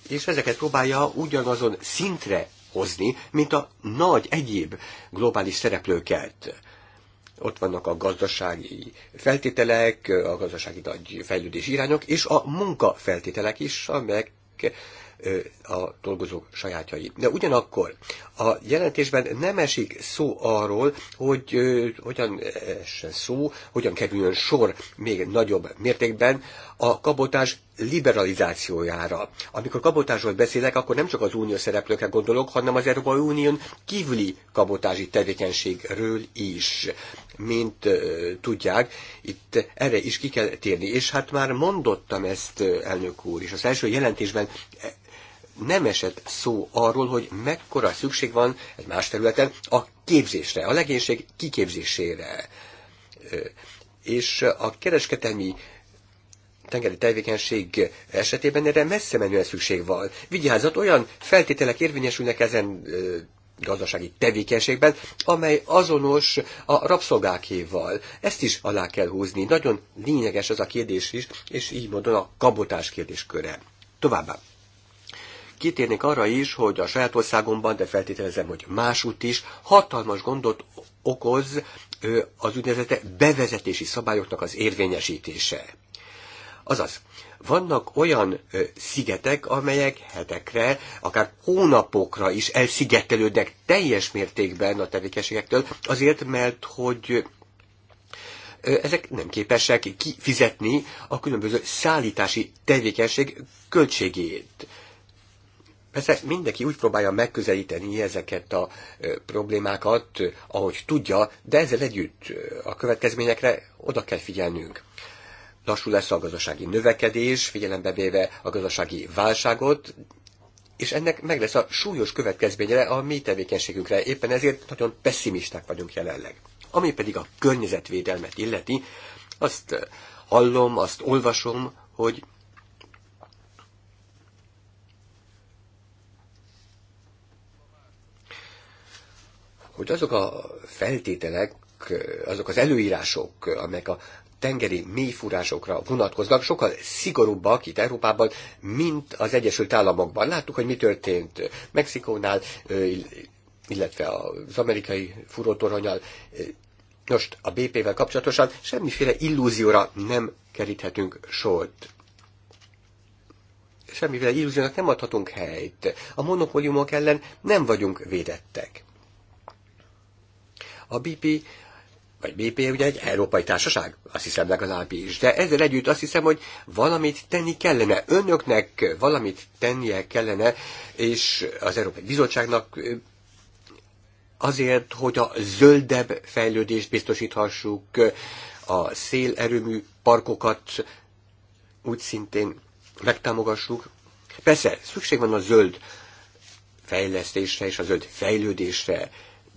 És ezeket próbálja ugyanazon szintre hozni, mint a nagy egyéb globális szereplőket ott vannak a gazdasági feltételek, a gazdasági nagy fejlődés irányok, és a munkafeltételek is, amelyek a dolgozók sajátjai. De ugyanakkor a jelentésben nem esik szó arról, hogy hogyan essen szó, hogyan kerüljön sor még nagyobb mértékben a kabotás liberalizációjára. Amikor kabotásról beszélek, akkor nem csak az unió szereplőkre gondolok, hanem az Európai Unión kívüli kabotási tevékenységről is. Mint tudják, itt erre is ki kell térni. És hát már mondottam ezt, elnök úr, és az első jelentésben nem esett szó arról, hogy mekkora szükség van egy más területen a képzésre, a legénység kiképzésére. És a kereskedelmi tengeri tevékenység esetében erre messze menően szükség van. Vigyázat, olyan feltételek érvényesülnek ezen gazdasági tevékenységben, amely azonos a rabszolgákéval. Ezt is alá kell húzni. Nagyon lényeges ez a kérdés is, és így módon a kabotás kérdésköre. Továbbá kitérnék arra is, hogy a saját országomban, de feltételezem, hogy másút is, hatalmas gondot okoz az úgynevezett bevezetési szabályoknak az érvényesítése. Azaz, vannak olyan ö, szigetek, amelyek hetekre, akár hónapokra is elszigetelődnek teljes mértékben a tevékenységektől, azért, mert hogy ö, ezek nem képesek kifizetni a különböző szállítási tevékenység költségét. Persze mindenki úgy próbálja megközelíteni ezeket a problémákat, ahogy tudja, de ezzel együtt a következményekre oda kell figyelnünk. Lassú lesz a gazdasági növekedés, figyelembe véve a gazdasági válságot, és ennek meg lesz a súlyos következménye a mi tevékenységünkre. Éppen ezért nagyon pessimisták vagyunk jelenleg. Ami pedig a környezetvédelmet illeti, azt hallom, azt olvasom, hogy hogy azok a feltételek, azok az előírások, amelyek a tengeri mélyfúrásokra vonatkoznak, sokkal szigorúbbak itt Európában, mint az Egyesült Államokban. Láttuk, hogy mi történt Mexikónál, illetve az amerikai furótoronyal. Most a BP-vel kapcsolatosan semmiféle illúzióra nem keríthetünk sort. Semmiféle illúziónak nem adhatunk helyt. A monopóliumok ellen nem vagyunk védettek. A BP vagy BP ugye egy európai társaság, azt hiszem legalább is. De ezzel együtt azt hiszem, hogy valamit tenni kellene. Önöknek valamit tennie kellene, és az Európai Bizottságnak azért, hogy a zöldebb fejlődést biztosíthassuk, a szélerőmű parkokat úgy szintén megtámogassuk. Persze, szükség van a zöld fejlesztésre és a zöld fejlődésre,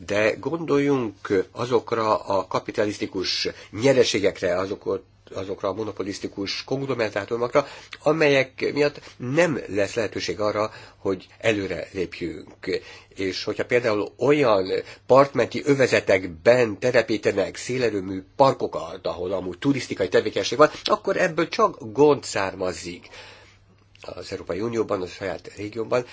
de gondoljunk azokra a kapitalisztikus nyereségekre, azokat azokra a monopolisztikus konglomerátumokra, amelyek miatt nem lesz lehetőség arra, hogy előre lépjünk. És hogyha például olyan partmenti övezetekben terepítenek szélerőmű parkokat, ahol amúgy turisztikai tevékenység van, akkor ebből csak gond származik az Európai Unióban, a saját régióban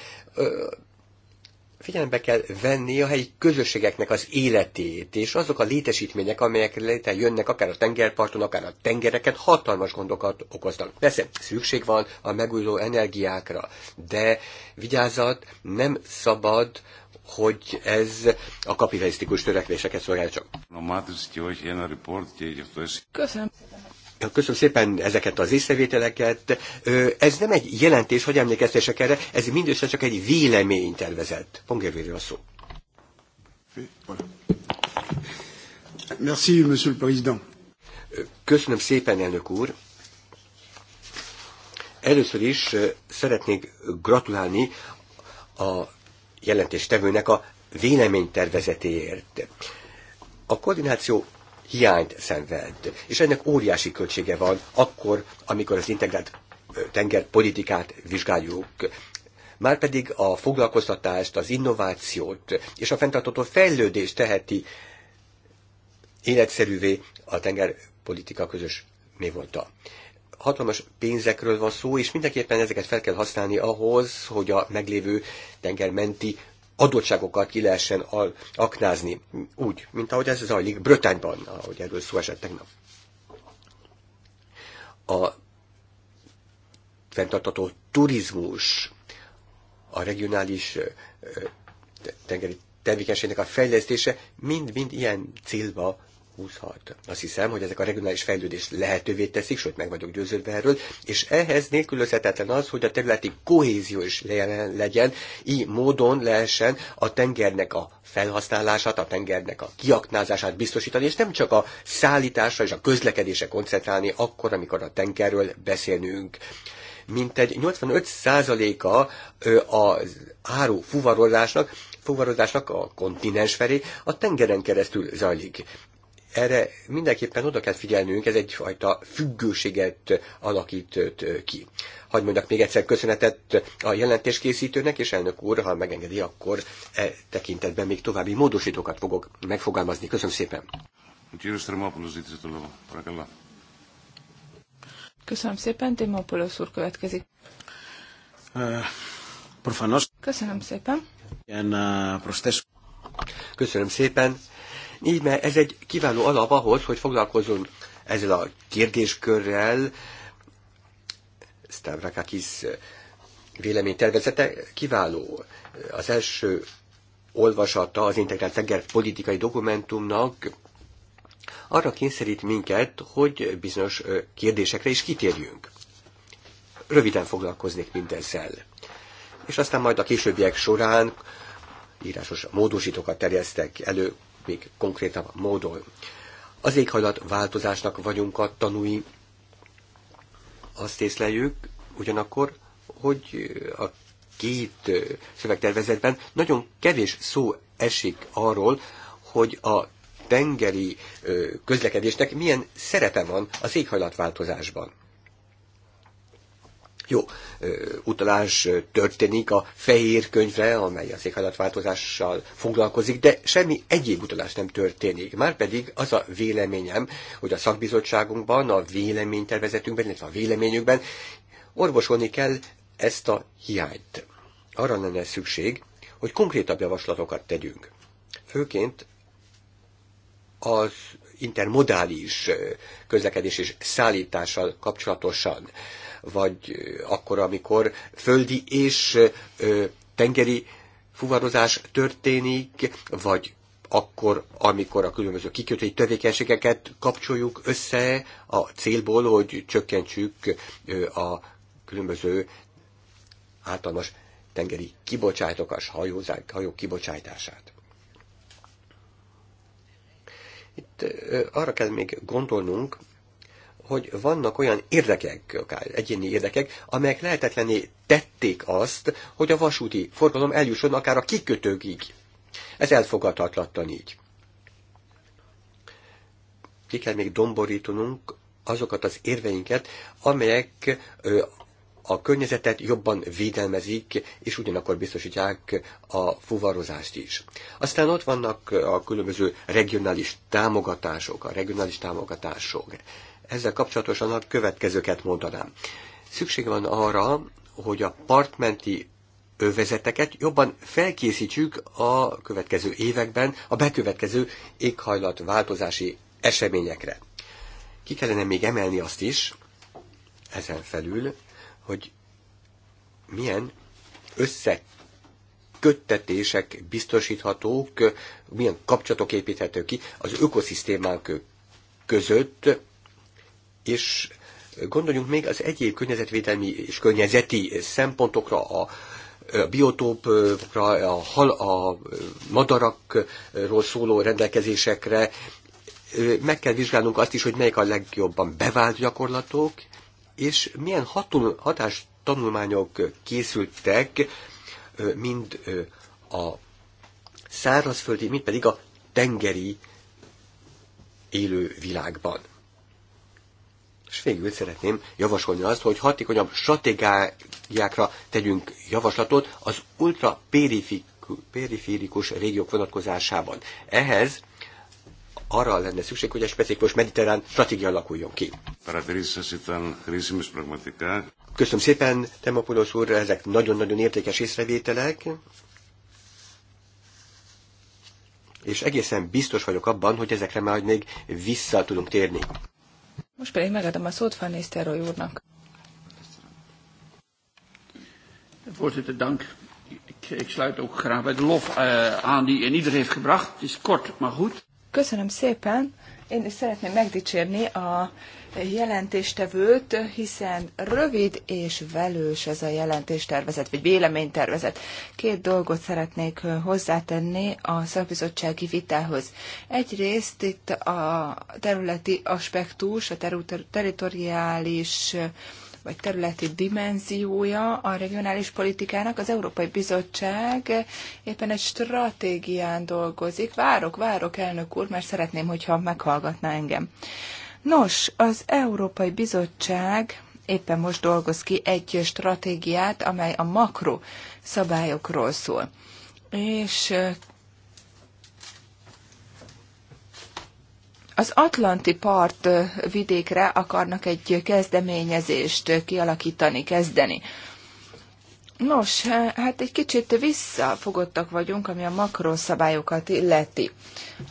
figyelembe kell venni a helyi közösségeknek az életét, és azok a létesítmények, amelyek jönnek akár a tengerparton, akár a tengereket, hatalmas gondokat okoznak. Persze, szükség van a megújuló energiákra, de vigyázat, nem szabad, hogy ez a kapitalisztikus törekvéseket szolgálja csak. Köszönöm Köszönöm szépen ezeket az észrevételeket. Ez nem egy jelentés, hogy emlékeztessek erre, ez mindössze csak egy tervezett. Pongérvédő a szó.
Merci, monsieur le président.
Köszönöm szépen, elnök úr. Először is szeretnék gratulálni a jelentéstevőnek a véleménytervezetéért. A koordináció hiányt szenved. És ennek óriási költsége van akkor, amikor az integrált tengerpolitikát vizsgáljuk. Márpedig a foglalkoztatást, az innovációt és a fenntartató fejlődést teheti életszerűvé a tengerpolitika közös mi volta hatalmas pénzekről van szó, és mindenképpen ezeket fel kell használni ahhoz, hogy a meglévő tengermenti adottságokat ki lehessen aknázni. Úgy, mint ahogy ez zajlik Brötányban, ahogy erről szó esett tegnap. A fenntartató turizmus, a regionális tengeri tevékenységnek a fejlesztése mind-mind ilyen célba 26. Azt hiszem, hogy ezek a regionális fejlődést lehetővé teszik, sőt meg vagyok győződve erről, és ehhez nélkülözhetetlen az, hogy a területi kohézió is legyen, így módon lehessen a tengernek a felhasználását, a tengernek a kiaknázását biztosítani, és nem csak a szállításra és a közlekedésre koncentrálni akkor, amikor a tengerről beszélünk mintegy 85%-a az áru fuvarolásnak, fuvarozásnak a kontinens felé a tengeren keresztül zajlik. Erre mindenképpen oda kell figyelnünk, ez egyfajta függőséget alakít ki. Hagy mondjak még egyszer köszönetet a jelentéskészítőnek, és elnök úr, ha megengedi, akkor e tekintetben még további módosítókat fogok
megfogalmazni. Köszönöm szépen!
Köszönöm szépen, Timopoulos úr következik.
Köszönöm szépen. Köszönöm szépen. Így mert ez egy kiváló alap ahhoz, hogy foglalkozunk ezzel a kérdéskörrel. Stavrakakis véleménytervezete kiváló. Az első olvasata az integrált tenger politikai dokumentumnak arra kényszerít minket, hogy bizonyos kérdésekre is kitérjünk. Röviden foglalkoznék mindezzel. És aztán majd a későbbiek során írásos módosítókat terjesztek elő még konkrétabb módon. Az éghajlat változásnak vagyunk a tanúi, azt észleljük, ugyanakkor, hogy a két szövegtervezetben nagyon kevés szó esik arról, hogy a tengeri közlekedésnek milyen szerepe van az éghajlatváltozásban. Jó, utalás történik a fehér könyvre, amely az éghajlatváltozással foglalkozik, de semmi egyéb utalás nem történik. Márpedig az a véleményem, hogy a szakbizottságunkban, a véleménytervezetünkben, illetve a véleményükben orvosolni kell ezt a hiányt. Arra lenne szükség, hogy konkrétabb javaslatokat tegyünk. Főként az intermodális közlekedés és szállítással kapcsolatosan vagy akkor, amikor földi és tengeri fuvarozás történik, vagy akkor, amikor a különböző kikötői tevékenységeket kapcsoljuk össze a célból, hogy csökkentsük a különböző általános tengeri kibocsátokas hajózák, hajók kibocsátását. Itt arra kell még gondolnunk, hogy vannak olyan érdekek, akár egyéni érdekek, amelyek lehetetlené tették azt, hogy a vasúti forgalom eljusson akár a kikötőkig. Ez elfogadhatatlan így. Ki kell még domborítanunk azokat az érveinket, amelyek a környezetet jobban védelmezik, és ugyanakkor biztosítják a fuvarozást is. Aztán ott vannak a különböző regionális támogatások, a regionális támogatások. Ezzel kapcsolatosan a következőket mondanám. Szükség van arra, hogy a partmenti övezeteket jobban felkészítsük a következő években a bekövetkező éghajlatváltozási eseményekre. Ki kellene még emelni azt is, ezen felül, hogy milyen összeköttetések biztosíthatók, milyen kapcsolatok építhetők ki az ökoszisztémák között, és gondoljunk még az egyéb környezetvédelmi és környezeti szempontokra, a, a a, hal, a madarakról szóló rendelkezésekre. Meg kell vizsgálnunk azt is, hogy melyik a legjobban bevált gyakorlatok, és milyen hatul, hatás tanulmányok készültek, mind a szárazföldi, mind pedig a tengeri élővilágban. És végül szeretném javasolni azt, hogy hatékonyabb stratégiákra tegyünk javaslatot az ultraperiférikus régiók vonatkozásában. Ehhez arra lenne szükség, hogy egy specifikus mediterrán stratégia alakuljon ki. Köszönöm szépen, Temopulos úr, ezek nagyon-nagyon értékes észrevételek, és egészen biztos vagyok abban, hogy ezekre majd még vissza tudunk térni.
Most pedig megadom a szót Van Nisztelrooy úrnak.
Voorzitter, dank. Ik, ik sluit ook graag bij de lof uh, aan die in ieder heeft gebracht. Het is kort, maar goed.
Köszönöm szépen. Én is szeretném megdicsérni a jelentéstevőt, hiszen rövid és velős ez a jelentéstervezet, vagy véleménytervezet. Két dolgot szeretnék hozzátenni a szakbizottsági vitához. Egyrészt itt a területi aspektus, a ter- territoriális vagy területi dimenziója a regionális politikának. Az Európai Bizottság éppen egy stratégián dolgozik. Várok, várok, elnök úr, mert szeretném, hogyha meghallgatná engem. Nos, az Európai Bizottság éppen most dolgoz ki egy stratégiát, amely a makro szabályokról szól. És az Atlanti part vidékre akarnak egy kezdeményezést kialakítani, kezdeni. Nos, hát egy kicsit visszafogottak vagyunk, ami a makroszabályokat illeti.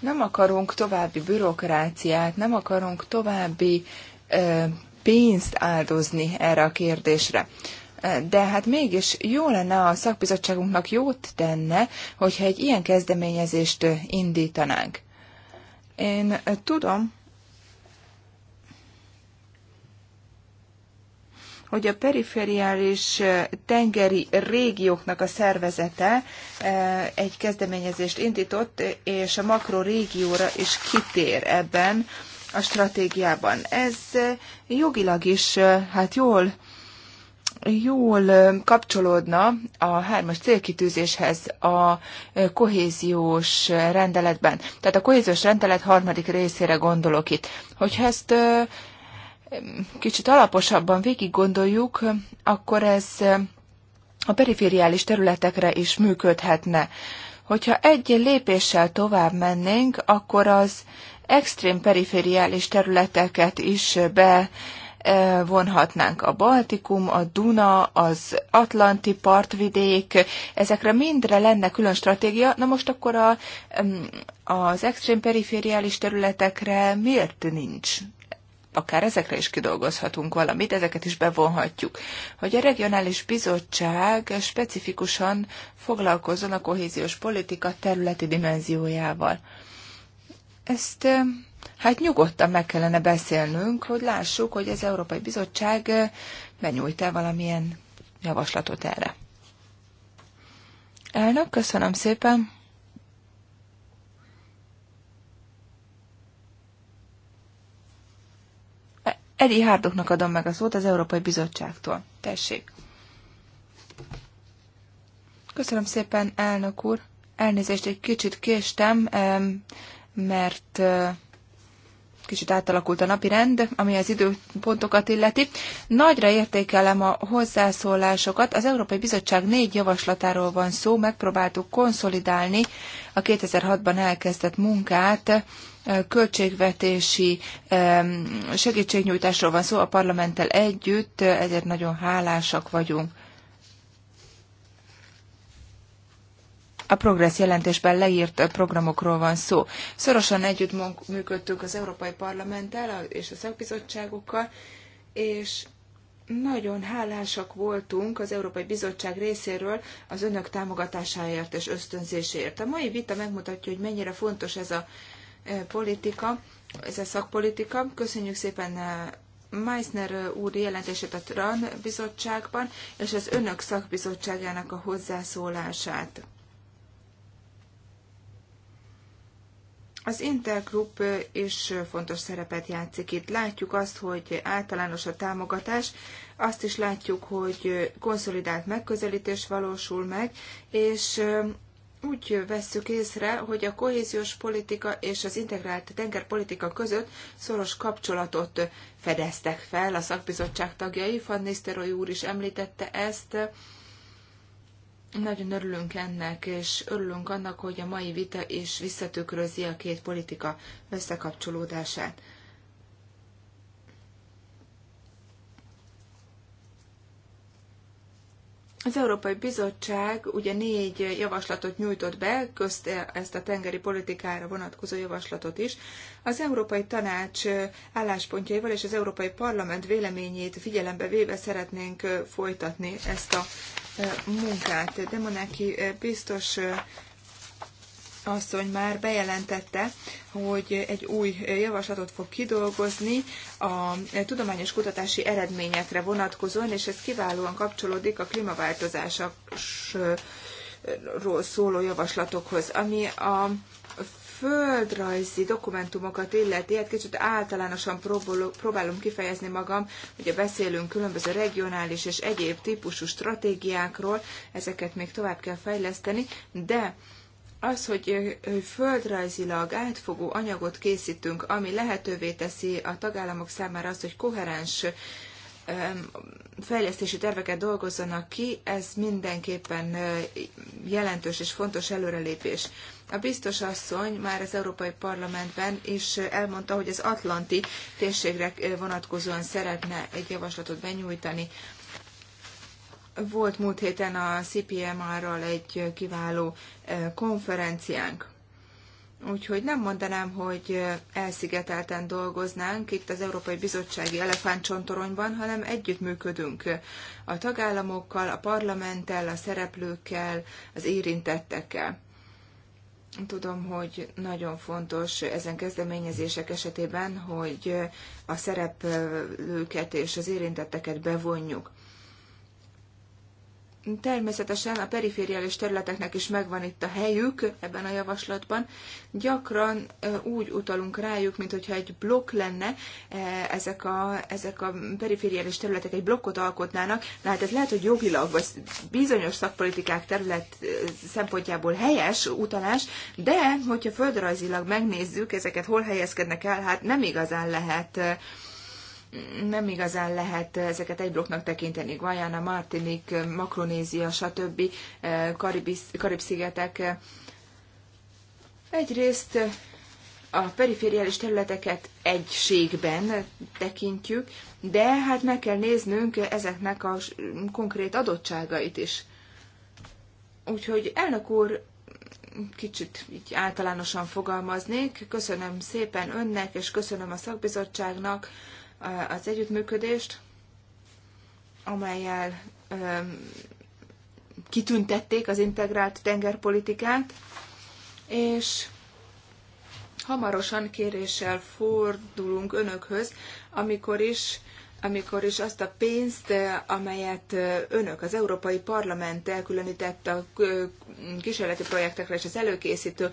Nem akarunk további bürokráciát, nem akarunk további ö, pénzt áldozni erre a kérdésre. De hát mégis jó lenne a szakbizottságunknak jót tenne, hogyha egy ilyen kezdeményezést indítanánk. Én tudom, hogy a perifériális tengeri régióknak a szervezete egy kezdeményezést indított, és a makrorégióra is kitér ebben a stratégiában. Ez jogilag is, hát jól jól kapcsolódna a hármas célkitűzéshez a kohéziós rendeletben. Tehát a kohéziós rendelet harmadik részére gondolok itt. Hogyha ezt kicsit alaposabban végig gondoljuk, akkor ez a perifériális területekre is működhetne. Hogyha egy lépéssel tovább mennénk, akkor az extrém perifériális területeket is be vonhatnánk a Baltikum, a Duna, az Atlanti partvidék, ezekre mindre lenne külön stratégia. Na most akkor a, mm, az extrém perifériális területekre miért nincs akár ezekre is kidolgozhatunk valamit, ezeket is bevonhatjuk, hogy a regionális bizottság specifikusan foglalkozzon a kohéziós politika területi dimenziójával. Ezt hát nyugodtan meg kellene beszélnünk, hogy lássuk, hogy az Európai Bizottság benyújt-e valamilyen javaslatot erre. Elnök, köszönöm szépen! Edi Hárdoknak adom meg a szót az Európai Bizottságtól. Tessék. Köszönöm szépen, elnök úr. Elnézést, egy kicsit késtem, mert kicsit átalakult a napi rend, ami az időpontokat illeti. Nagyra értékelem a hozzászólásokat. Az Európai Bizottság négy javaslatáról van szó, megpróbáltuk konszolidálni a 2006-ban elkezdett munkát költségvetési segítségnyújtásról van szó a parlamenttel együtt, ezért nagyon hálásak vagyunk. A progressz jelentésben leírt programokról van szó. Szorosan együtt működtünk az Európai Parlamenttel és a szakbizottságokkal, és nagyon hálásak voltunk az Európai Bizottság részéről az önök támogatásáért és ösztönzéséért. A mai vita megmutatja, hogy mennyire fontos ez a Eh, politika, ez a szakpolitika. Köszönjük szépen eh, Meissner eh, úr jelentését a TRAN bizottságban, és az önök szakbizottságának a hozzászólását. Az Intergroup is fontos szerepet játszik itt. Látjuk azt, hogy általános a támogatás, azt is látjuk, hogy konszolidált megközelítés valósul meg, és úgy vesszük észre, hogy a kohéziós politika és az integrált tengerpolitika között szoros kapcsolatot fedeztek fel a szakbizottság tagjai. Van Nisztelrooy úr is említette ezt. Nagyon örülünk ennek, és örülünk annak, hogy a mai vita is visszatükrözi a két politika összekapcsolódását. Az Európai Bizottság ugye négy javaslatot nyújtott be, közt ezt a tengeri politikára vonatkozó javaslatot is. Az Európai Tanács álláspontjaival és az Európai Parlament véleményét figyelembe véve szeretnénk folytatni ezt a munkát. Demonáki biztos asszony már bejelentette, hogy egy új javaslatot fog kidolgozni a tudományos kutatási eredményekre vonatkozóan, és ez kiválóan kapcsolódik a klímaváltozásról szóló javaslatokhoz, ami a földrajzi dokumentumokat illeti, hát kicsit általánosan próbálom kifejezni magam, ugye beszélünk különböző regionális és egyéb típusú stratégiákról, ezeket még tovább kell fejleszteni, de az, hogy földrajzilag átfogó anyagot készítünk, ami lehetővé teszi a tagállamok számára azt, hogy koherens fejlesztési terveket dolgozzanak ki, ez mindenképpen jelentős és fontos előrelépés. A biztos asszony már az Európai Parlamentben is elmondta, hogy az Atlanti térségre vonatkozóan szeretne egy javaslatot benyújtani. Volt múlt héten a CPMR-ral egy kiváló konferenciánk. Úgyhogy nem mondanám, hogy elszigetelten dolgoznánk itt az Európai Bizottsági Elefántcsontoronyban, hanem együttműködünk a tagállamokkal, a parlamenttel, a szereplőkkel, az érintettekkel. Tudom, hogy nagyon fontos ezen kezdeményezések esetében, hogy a szereplőket és az érintetteket bevonjuk. Természetesen a perifériális területeknek is megvan itt a helyük ebben a javaslatban. Gyakran úgy utalunk rájuk, mint egy blokk lenne, ezek a, ezek a perifériális területek egy blokkot alkotnának. Na hát ez lehet, hogy jogilag, vagy bizonyos szakpolitikák terület szempontjából helyes utalás, de hogyha földrajzilag megnézzük, ezeket hol helyezkednek el, hát nem igazán lehet nem igazán lehet ezeket egy blokknak tekinteni. Guayana, Martinik, Makronézia, stb. Eh, Karib-szigetek. Eh, egyrészt eh, a perifériális területeket egységben tekintjük, de hát meg kell néznünk ezeknek a konkrét adottságait is. Úgyhogy elnök úr, kicsit így általánosan fogalmaznék. Köszönöm szépen önnek, és köszönöm a szakbizottságnak, az együttműködést, amelyel kitüntették az integrált tengerpolitikát, és hamarosan kéréssel fordulunk önökhöz, amikor is amikor is azt a pénzt, eh, amelyet eh, önök, az Európai Parlament elkülönített a eh, kísérleti projektekre és az előkészítő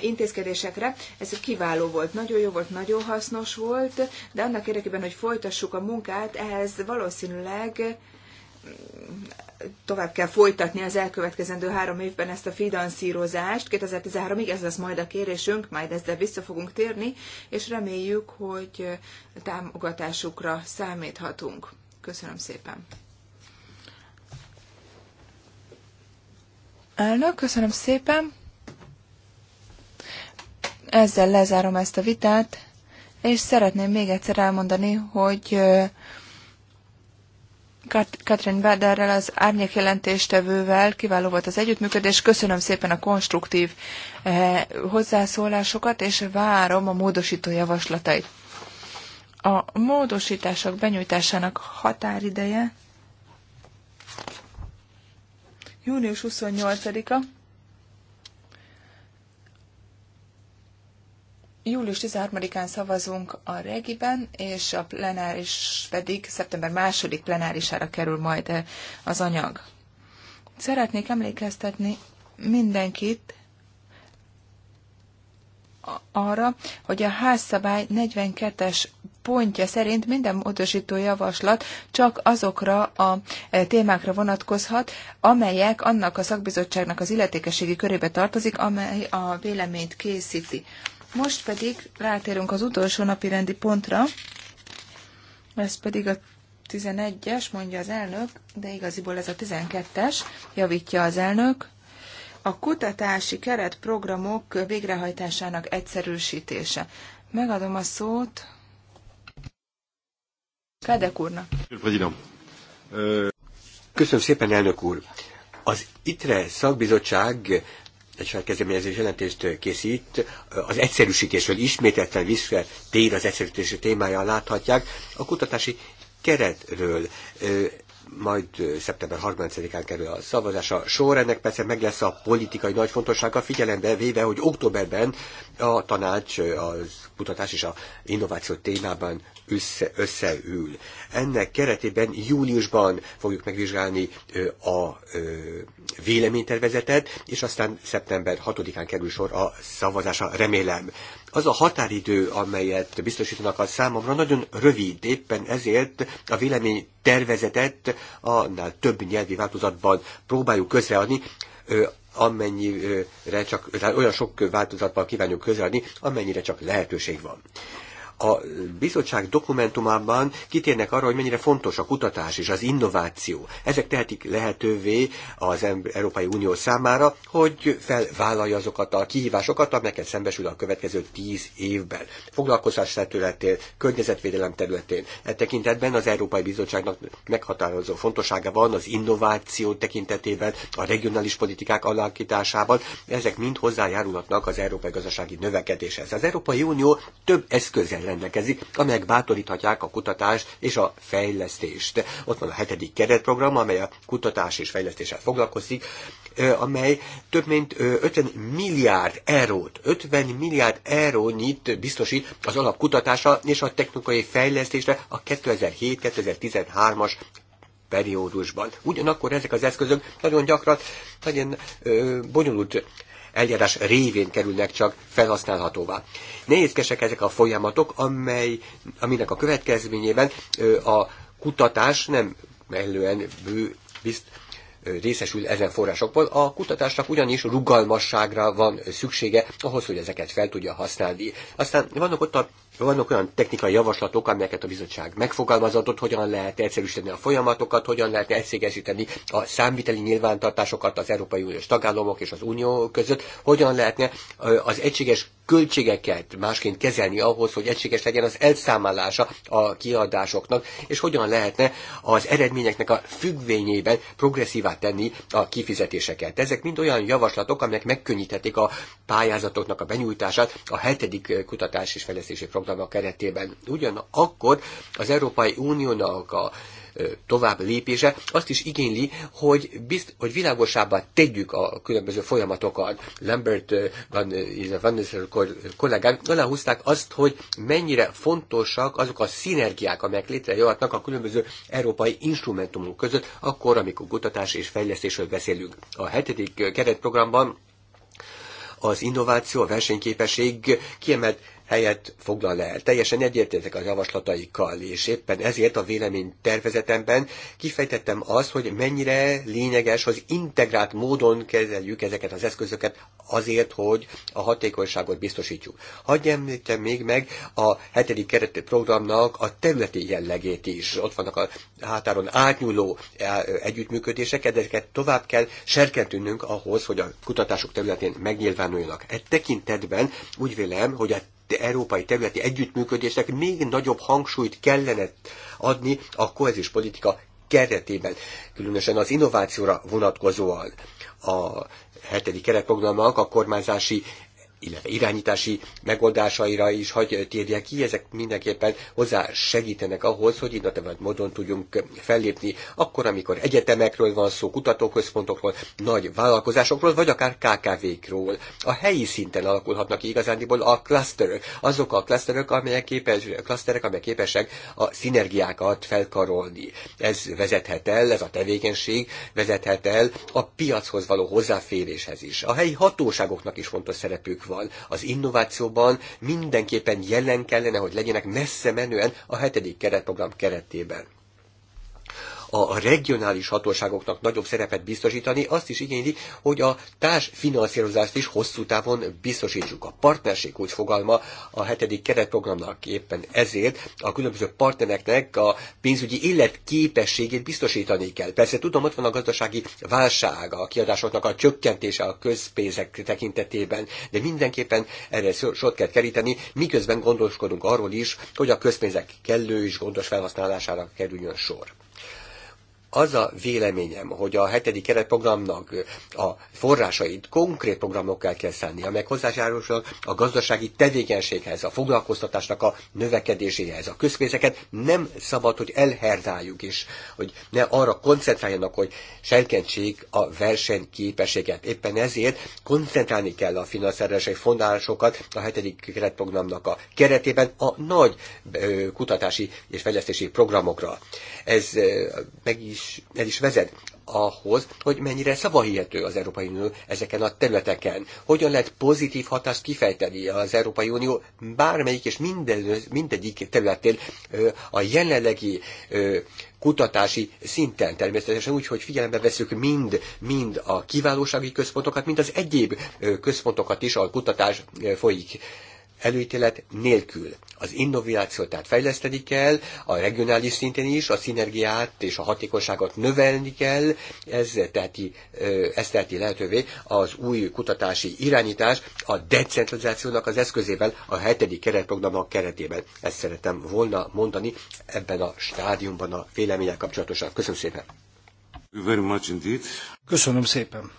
intézkedésekre, ez kiváló volt, nagyon jó volt, nagyon hasznos volt, de annak érdekében, hogy folytassuk a munkát, ehhez valószínűleg tovább kell folytatni az elkövetkezendő három évben ezt a finanszírozást. 2013-ig ez lesz majd a kérésünk, majd ezzel vissza fogunk térni, és reméljük, hogy támogatásukra számíthatunk. Köszönöm szépen. Elnök, köszönöm szépen. Ezzel lezárom ezt a vitát, és szeretném még egyszer elmondani, hogy Katrin Baderrel, az árnyék jelentéstevővel kiváló volt az együttműködés. Köszönöm szépen a konstruktív eh, hozzászólásokat, és várom a módosító javaslatait. A módosítások benyújtásának határideje június 28-a. Július 13-án szavazunk a regiben, és a plenáris pedig szeptember második plenárisára kerül majd eh, az anyag. Szeretnék emlékeztetni mindenkit arra, hogy a házszabály 42-es pontja szerint minden módosító javaslat csak azokra a eh, témákra vonatkozhat, amelyek annak a szakbizottságnak az illetékességi körébe tartozik, amely a véleményt készíti. Most pedig rátérünk az utolsó napi rendi pontra, ez pedig a 11-es, mondja az elnök, de igaziból ez a 12-es, javítja az elnök. A kutatási keretprogramok végrehajtásának egyszerűsítése. Megadom a szót Kedek úrnak.
Köszönöm szépen, elnök úr! Az ITRE szakbizottság egy saját kezdeményezés jelentést készít, az egyszerűsítésről ismételten vissza tér az egyszerűsítési témája, láthatják, a kutatási keretről majd szeptember 30-án kerül a szavazás. A sorrendnek persze meg lesz a politikai nagy fontossága, figyelembe véve, hogy októberben a tanács a kutatás és a innováció témában össze, összeül. Ennek keretében júniusban fogjuk megvizsgálni a véleménytervezetet, és aztán szeptember 6-án kerül sor a szavazása, remélem. Az a határidő, amelyet biztosítanak a számomra, nagyon rövid, éppen ezért a vélemény tervezetet annál több nyelvi változatban próbáljuk közreadni, amennyire csak, olyan sok változatban kívánjuk közreadni, amennyire csak lehetőség van a bizottság dokumentumában kitérnek arra, hogy mennyire fontos a kutatás és az innováció. Ezek tehetik lehetővé az Európai Unió számára, hogy felvállalja azokat a kihívásokat, amelyeket szembesül a következő tíz évben. Foglalkozás területén, környezetvédelem területén. E tekintetben az Európai Bizottságnak meghatározó fontossága van az innováció tekintetében, a regionális politikák alakításában. Ezek mind hozzájárulhatnak az európai gazdasági növekedéshez. Az Európai Unió több eszközzel rendelkezik, amelyek bátoríthatják a kutatást és a fejlesztést. Ott van a hetedik keretprogram, amely a kutatás és fejlesztéssel foglalkozik, amely több mint 50 milliárd eurót, 50 milliárd eurónyit biztosít az alapkutatásra és a technikai fejlesztésre a 2007-2013-as periódusban. Ugyanakkor ezek az eszközök nagyon gyakran nagyon ö, bonyolult eljárás révén kerülnek csak felhasználhatóvá. Nehézkesek ezek a folyamatok, amely, aminek a következményében a kutatás nem mellően bő, bizt, részesül ezen forrásokból, a kutatásnak ugyanis rugalmasságra van szüksége ahhoz, hogy ezeket fel tudja használni. Aztán vannak ott a vannak olyan technikai javaslatok, amelyeket a bizottság megfogalmazott, hogyan lehet egyszerűsíteni a folyamatokat, hogyan lehet egységesíteni a számviteli nyilvántartásokat az Európai Uniós tagállamok és az Unió között, hogyan lehetne az egységes költségeket másként kezelni ahhoz, hogy egységes legyen az elszámolása a kiadásoknak, és hogyan lehetne az eredményeknek a függvényében progresszívá tenni a kifizetéseket. Ezek mind olyan javaslatok, amelyek megkönnyíthetik a pályázatoknak a benyújtását a hetedik kutatás és fejlesztési program programa keretében. Ugyanakkor az Európai Uniónak a tovább lépése azt is igényli, hogy, bizt, hogy világosabbá tegyük a különböző folyamatokat. Lambert van, van kollégán aláhúzták azt, hogy mennyire fontosak azok a szinergiák, amelyek létrejöhetnek a különböző európai instrumentumok között, akkor, amikor kutatás és fejlesztésről beszélünk. A hetedik keretprogramban az innováció, a versenyképesség kiemelt helyet foglal el. Teljesen egyértelműek a javaslataikkal, és éppen ezért a vélemény tervezetemben kifejtettem azt, hogy mennyire lényeges, hogy integrált módon kezeljük ezeket az eszközöket azért, hogy a hatékonyságot biztosítjuk. Hagyj említem még meg a hetedik keret programnak a területi jellegét is. Ott vannak a hátáron átnyúló e, együttműködések, ezeket tovább kell serkentőnünk ahhoz, hogy a kutatások területén megnyilvánuljanak. Egy tekintetben úgy vélem, hogy a európai területi együttműködésnek még nagyobb hangsúlyt kellene adni a kohezis politika keretében, különösen az innovációra vonatkozóan. A hetedik keretprogramnak a kormányzási illetve irányítási megoldásaira is hagy térje ki, ezek mindenképpen hozzá segítenek ahhoz, hogy innovatív módon tudjunk fellépni, akkor, amikor egyetemekről van szó, kutatóközpontokról, nagy vállalkozásokról, vagy akár KKV-król. A helyi szinten alakulhatnak ki igazándiból a klaszterök, azok a klaszterök, amelyek, képes, klaszterek, amelyek képesek a szinergiákat felkarolni. Ez vezethet el, ez a tevékenység vezethet el a piachoz való hozzáféréshez is. A helyi hatóságoknak is fontos szerepük van. az innovációban mindenképpen jelen kellene, hogy legyenek messze menően a hetedik keretprogram keretében a regionális hatóságoknak nagyobb szerepet biztosítani, azt is igényli, hogy a társfinanszírozást is hosszú távon biztosítsuk. A partnerség úgy fogalma a hetedik keretprogramnak éppen ezért a különböző partnereknek a pénzügyi életképességét biztosítani kell. Persze tudom, ott van a gazdasági válság, a kiadásoknak a csökkentése a közpénzek tekintetében, de mindenképpen erre sort kell keríteni, miközben gondoskodunk arról is, hogy a közpénzek kellő és gondos felhasználására kerüljön sor az a véleményem, hogy a hetedik keretprogramnak a forrásait konkrét programokkal kell szállni, amelyek hozzájárulnak a gazdasági tevékenységhez, a foglalkoztatásnak a növekedéséhez. A közpénzeket nem szabad, hogy elherdáljuk, is, hogy ne arra koncentráljanak, hogy serkentsék a versenyképességet. Éppen ezért koncentrálni kell a finanszírozási fondásokat a hetedik keretprogramnak a keretében a nagy kutatási és fejlesztési programokra. Ez meg is is, el is vezet ahhoz, hogy mennyire szavahihető az Európai Unió ezeken a területeken. Hogyan lehet pozitív hatást kifejteni az Európai Unió bármelyik és minden, mindegyik területén a jelenlegi kutatási szinten természetesen úgy, hogy figyelembe veszük mind, mind a kiválósági központokat, mind az egyéb központokat is, a kutatás folyik előítélet nélkül. Az innovációt tehát fejleszteni kell, a regionális szinten is a szinergiát és a hatékonyságot növelni kell, ez teheti, ez teheti lehetővé az új kutatási irányítás a decentralizációnak az eszközével a hetedik keretprogram keretében. Ezt szeretem volna mondani ebben a stádiumban a vélemények
kapcsolatosan. Köszönöm szépen!
Köszönöm szépen!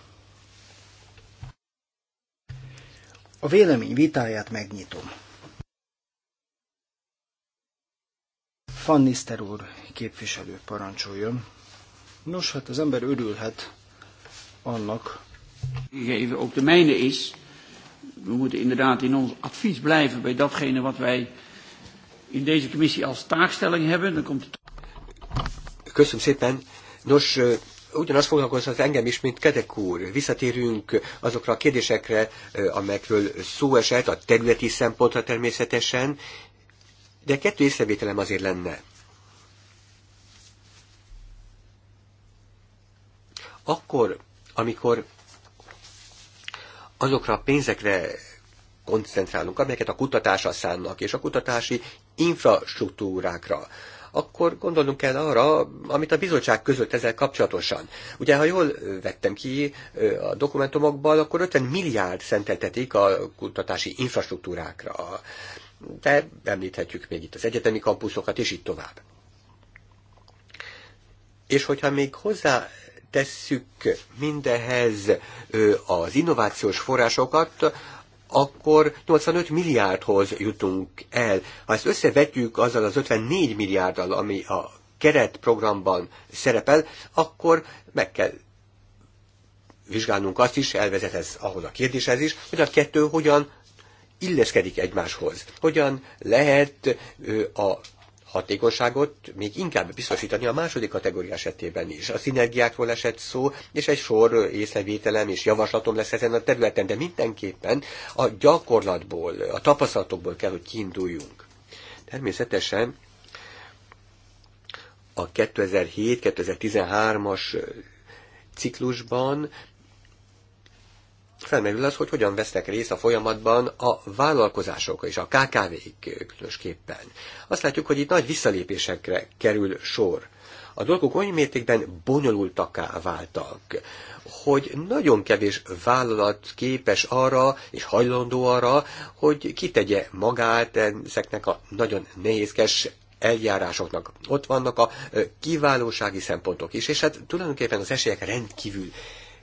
A vélemény vitáját megnyitom.
Fannister úr képviselő parancsoljon. Nos, hát az ember örülhet annak. Geven ook de mijne is. We moeten inderdaad in ons advies blijven bij datgene wat wij in deze commissie als taakstelling hebben. Dan komt het...
Köszönöm szépen. Nos, ugyanaz foglalkoztat engem is, mint Kedek úr. Visszatérünk azokra a kérdésekre, eh, amelyekről szó esett, a területi szempontra természetesen, de kettő észrevételem azért lenne. Akkor, amikor azokra a pénzekre koncentrálunk, amelyeket a kutatásra szánnak, és a kutatási infrastruktúrákra, akkor gondolnunk kell arra, amit a bizottság között ezzel kapcsolatosan. Ugye, ha jól vettem ki a dokumentumokból, akkor 50 milliárd szenteltetik a kutatási infrastruktúrákra. De említhetjük még itt az egyetemi kampuszokat, és így tovább. És hogyha még hozzá tesszük mindehez az innovációs forrásokat, akkor 85 milliárdhoz jutunk el. Ha ezt összevetjük azzal az 54 milliárddal, ami a keretprogramban szerepel, akkor meg kell vizsgálnunk azt is, elvezet ez ahhoz a kérdéshez is, hogy a kettő hogyan illeszkedik egymáshoz. Hogyan lehet a hatékonyságot még inkább biztosítani a második kategória esetében is. A szinergiákról esett szó, és egy sor észrevételem és javaslatom lesz ezen a területen, de mindenképpen a gyakorlatból, a tapasztalatokból kell, hogy kiinduljunk. Természetesen a 2007-2013-as ciklusban felmerül az, hogy hogyan vesznek részt a folyamatban a vállalkozások és a KKV-k különösképpen. Azt látjuk, hogy itt nagy visszalépésekre kerül sor. A dolgok oly mértékben bonyolultaká váltak, hogy nagyon kevés vállalat képes arra, és hajlandó arra, hogy kitegye magát ezeknek a nagyon nehézkes eljárásoknak. Ott vannak a kiválósági szempontok is, és hát tulajdonképpen az esélyek rendkívül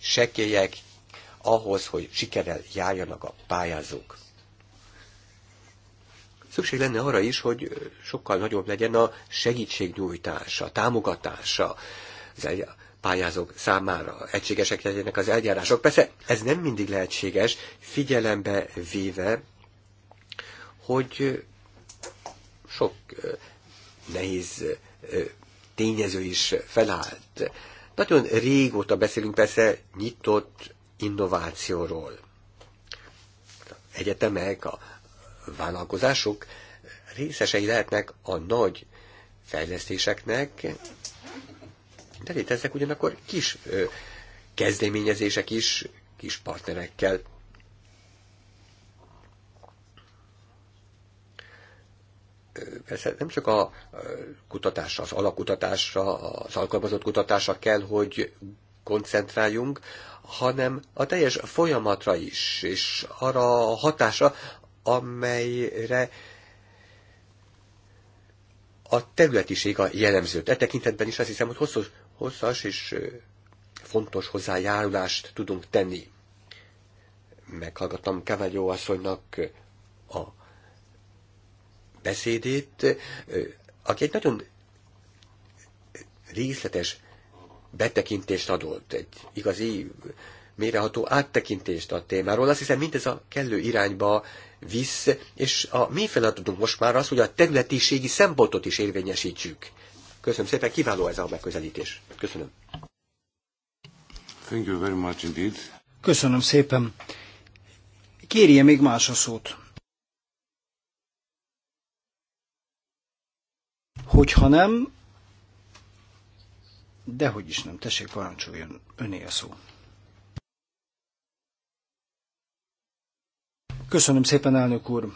sekélyek, ahhoz, hogy sikerrel járjanak a pályázók. Szükség lenne arra is, hogy sokkal nagyobb legyen a segítségnyújtása, a támogatása az pályázók számára, egységesek legyenek az eljárások. Persze ez nem mindig lehetséges, figyelembe véve, hogy sok nehéz tényező is felállt. Nagyon régóta beszélünk persze nyitott innovációról. Egyetemek, a vállalkozások részesei lehetnek a nagy fejlesztéseknek, de léteznek ugyanakkor kis kezdeményezések is, kis partnerekkel. Persze nem csak a kutatásra, az alakutatásra, az alkalmazott kutatásra kell, hogy koncentráljunk, hanem a teljes folyamatra is, és arra a hatásra, amelyre a területiség a jellemző. E tekintetben is azt hiszem, hogy hosszos, hosszas és fontos hozzájárulást tudunk tenni. Meghallgattam Cavaglio asszonynak a beszédét, aki egy nagyon részletes betekintést adott, egy igazi méreható áttekintést a témáról. Azt hiszem, mindez a kellő irányba visz, és a mi feladatunk most már az, hogy a területiségi szempontot is érvényesítsük. Köszönöm szépen, kiváló ez a
megközelítés. Köszönöm. Thank you very much indeed.
Köszönöm szépen. Kérje még más a szót. Hogyha nem, Dehogy is nem, tessék, parancsoljon, öné a szó. Köszönöm szépen, elnök úr!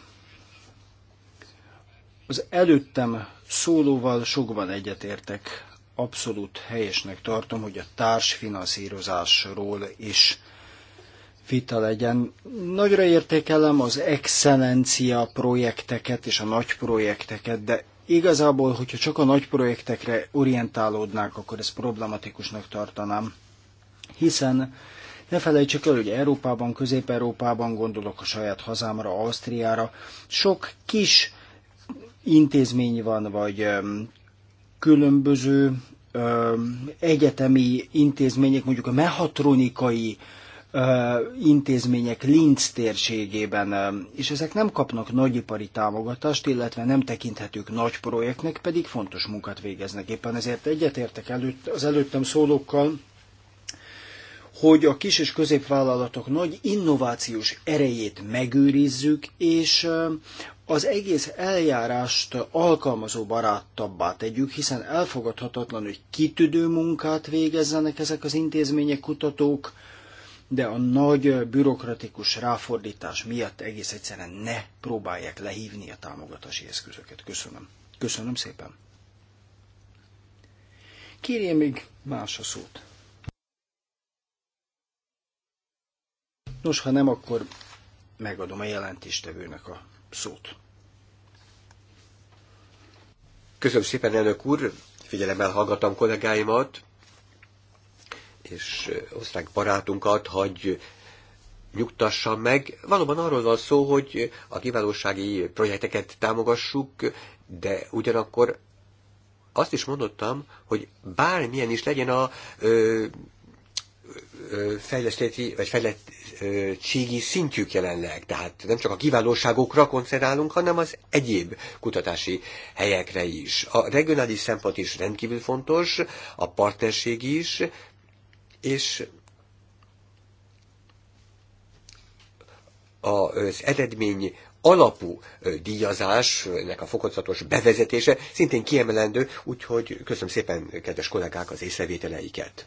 Az előttem szólóval sokban egyetértek. Abszolút helyesnek tartom, hogy a társfinanszírozásról is vita legyen. Nagyra értékelem az excellencia projekteket és a nagy projekteket, de Igazából, hogyha csak a nagy projektekre orientálódnánk, akkor ezt problematikusnak tartanám, hiszen ne felejtsük el, hogy Európában, Közép-Európában, gondolok a saját hazámra, Ausztriára, sok kis intézmény van, vagy különböző egyetemi intézmények, mondjuk a mehatronikai intézmények Linz térségében, és ezek nem kapnak nagyipari támogatást, illetve nem tekinthetők nagy projektnek, pedig fontos munkát végeznek. Éppen ezért egyetértek előtt, az előttem szólókkal, hogy a kis és középvállalatok nagy innovációs erejét megőrizzük, és az egész eljárást alkalmazó baráttabbá tegyük, hiszen elfogadhatatlan, hogy kitüdő munkát végezzenek ezek az intézmények, kutatók, de a nagy bürokratikus ráfordítás miatt egész egyszerűen ne próbálják lehívni a támogatási eszközöket. Köszönöm. Köszönöm szépen. Kérjél még más a szót. Nos, ha nem, akkor megadom a jelentéstevőnek a szót.
Köszönöm szépen, elnök úr! Figyelemmel hallgatom kollégáimat és osztrák barátunkat, hogy nyugtassa meg. Valóban arról van szó, hogy a kiválósági projekteket támogassuk, de ugyanakkor azt is mondottam, hogy bármilyen is legyen a ö, ö, fejlesztési vagy fejlettségi szintjük jelenleg. Tehát nem csak a kiválóságokra koncentrálunk, hanem az egyéb kutatási helyekre is. A regionális szempont is rendkívül fontos, a partnerség is, és az eredmény alapú díjazás, ennek a fokozatos bevezetése szintén kiemelendő, úgyhogy köszönöm szépen, kedves kollégák, az észrevételeiket.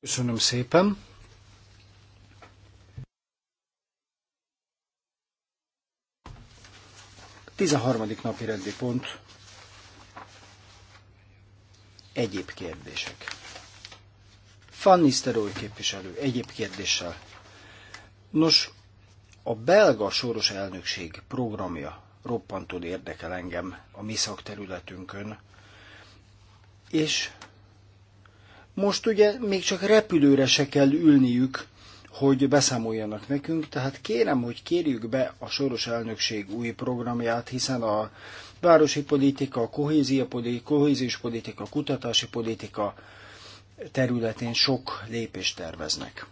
Köszönöm szépen.
Tizenharmadik napi rendi pont. Egyéb kérdések. Van Nisztelrooy képviselő, egyéb kérdéssel. Nos, a belga soros elnökség programja roppantól érdekel engem a mi szakterületünkön, és most ugye még csak repülőre se kell ülniük, hogy beszámoljanak nekünk, tehát kérem, hogy kérjük be a soros elnökség új programját, hiszen a városi politika, a kohézia politika, kohéziós politika, a kutatási politika, területén sok lépést terveznek.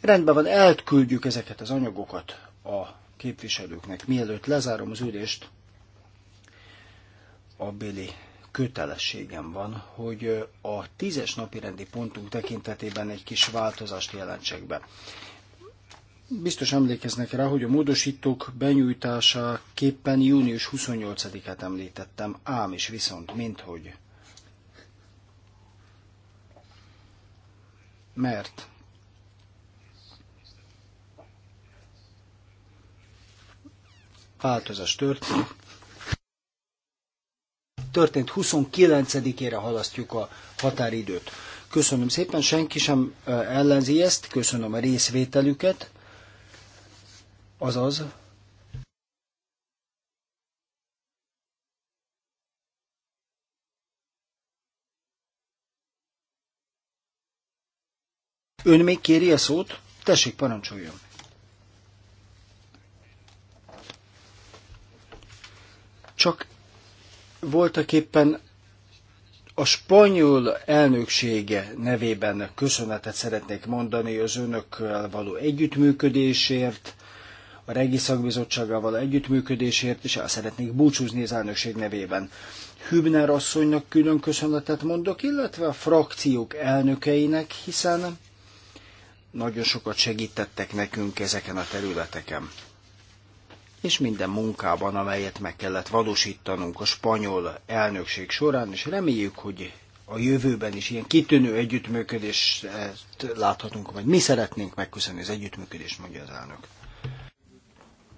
Rendben van, elküldjük ezeket az anyagokat a képviselőknek. Mielőtt lezárom az ülést, a Béli kötelességem van, hogy a tízes napi rendi pontunk tekintetében egy kis változást jelentsek be. Biztos emlékeznek rá, hogy a módosítók benyújtása képpen június 28-át említettem, ám is viszont, mint hogy mert változás történt. Történt 29-ére halasztjuk a határidőt. Köszönöm szépen, senki sem ellenzi ezt, köszönöm a részvételüket, azaz Ön még kéri a szót? Tessék, parancsoljon. Csak voltak éppen a spanyol elnöksége nevében köszönetet szeretnék mondani az önökkel való együttműködésért, a Regi Szakbizottsággal való együttműködésért, és el szeretnék búcsúzni az elnökség nevében. Hübner asszonynak külön köszönetet mondok, illetve a frakciók elnökeinek, hiszen nagyon sokat segítettek nekünk ezeken a területeken. És minden munkában, amelyet meg kellett valósítanunk a spanyol elnökség során, és reméljük, hogy a jövőben is ilyen kitűnő együttműködést eh, láthatunk, vagy mi szeretnénk megköszönni az együttműködést, mondja az elnök.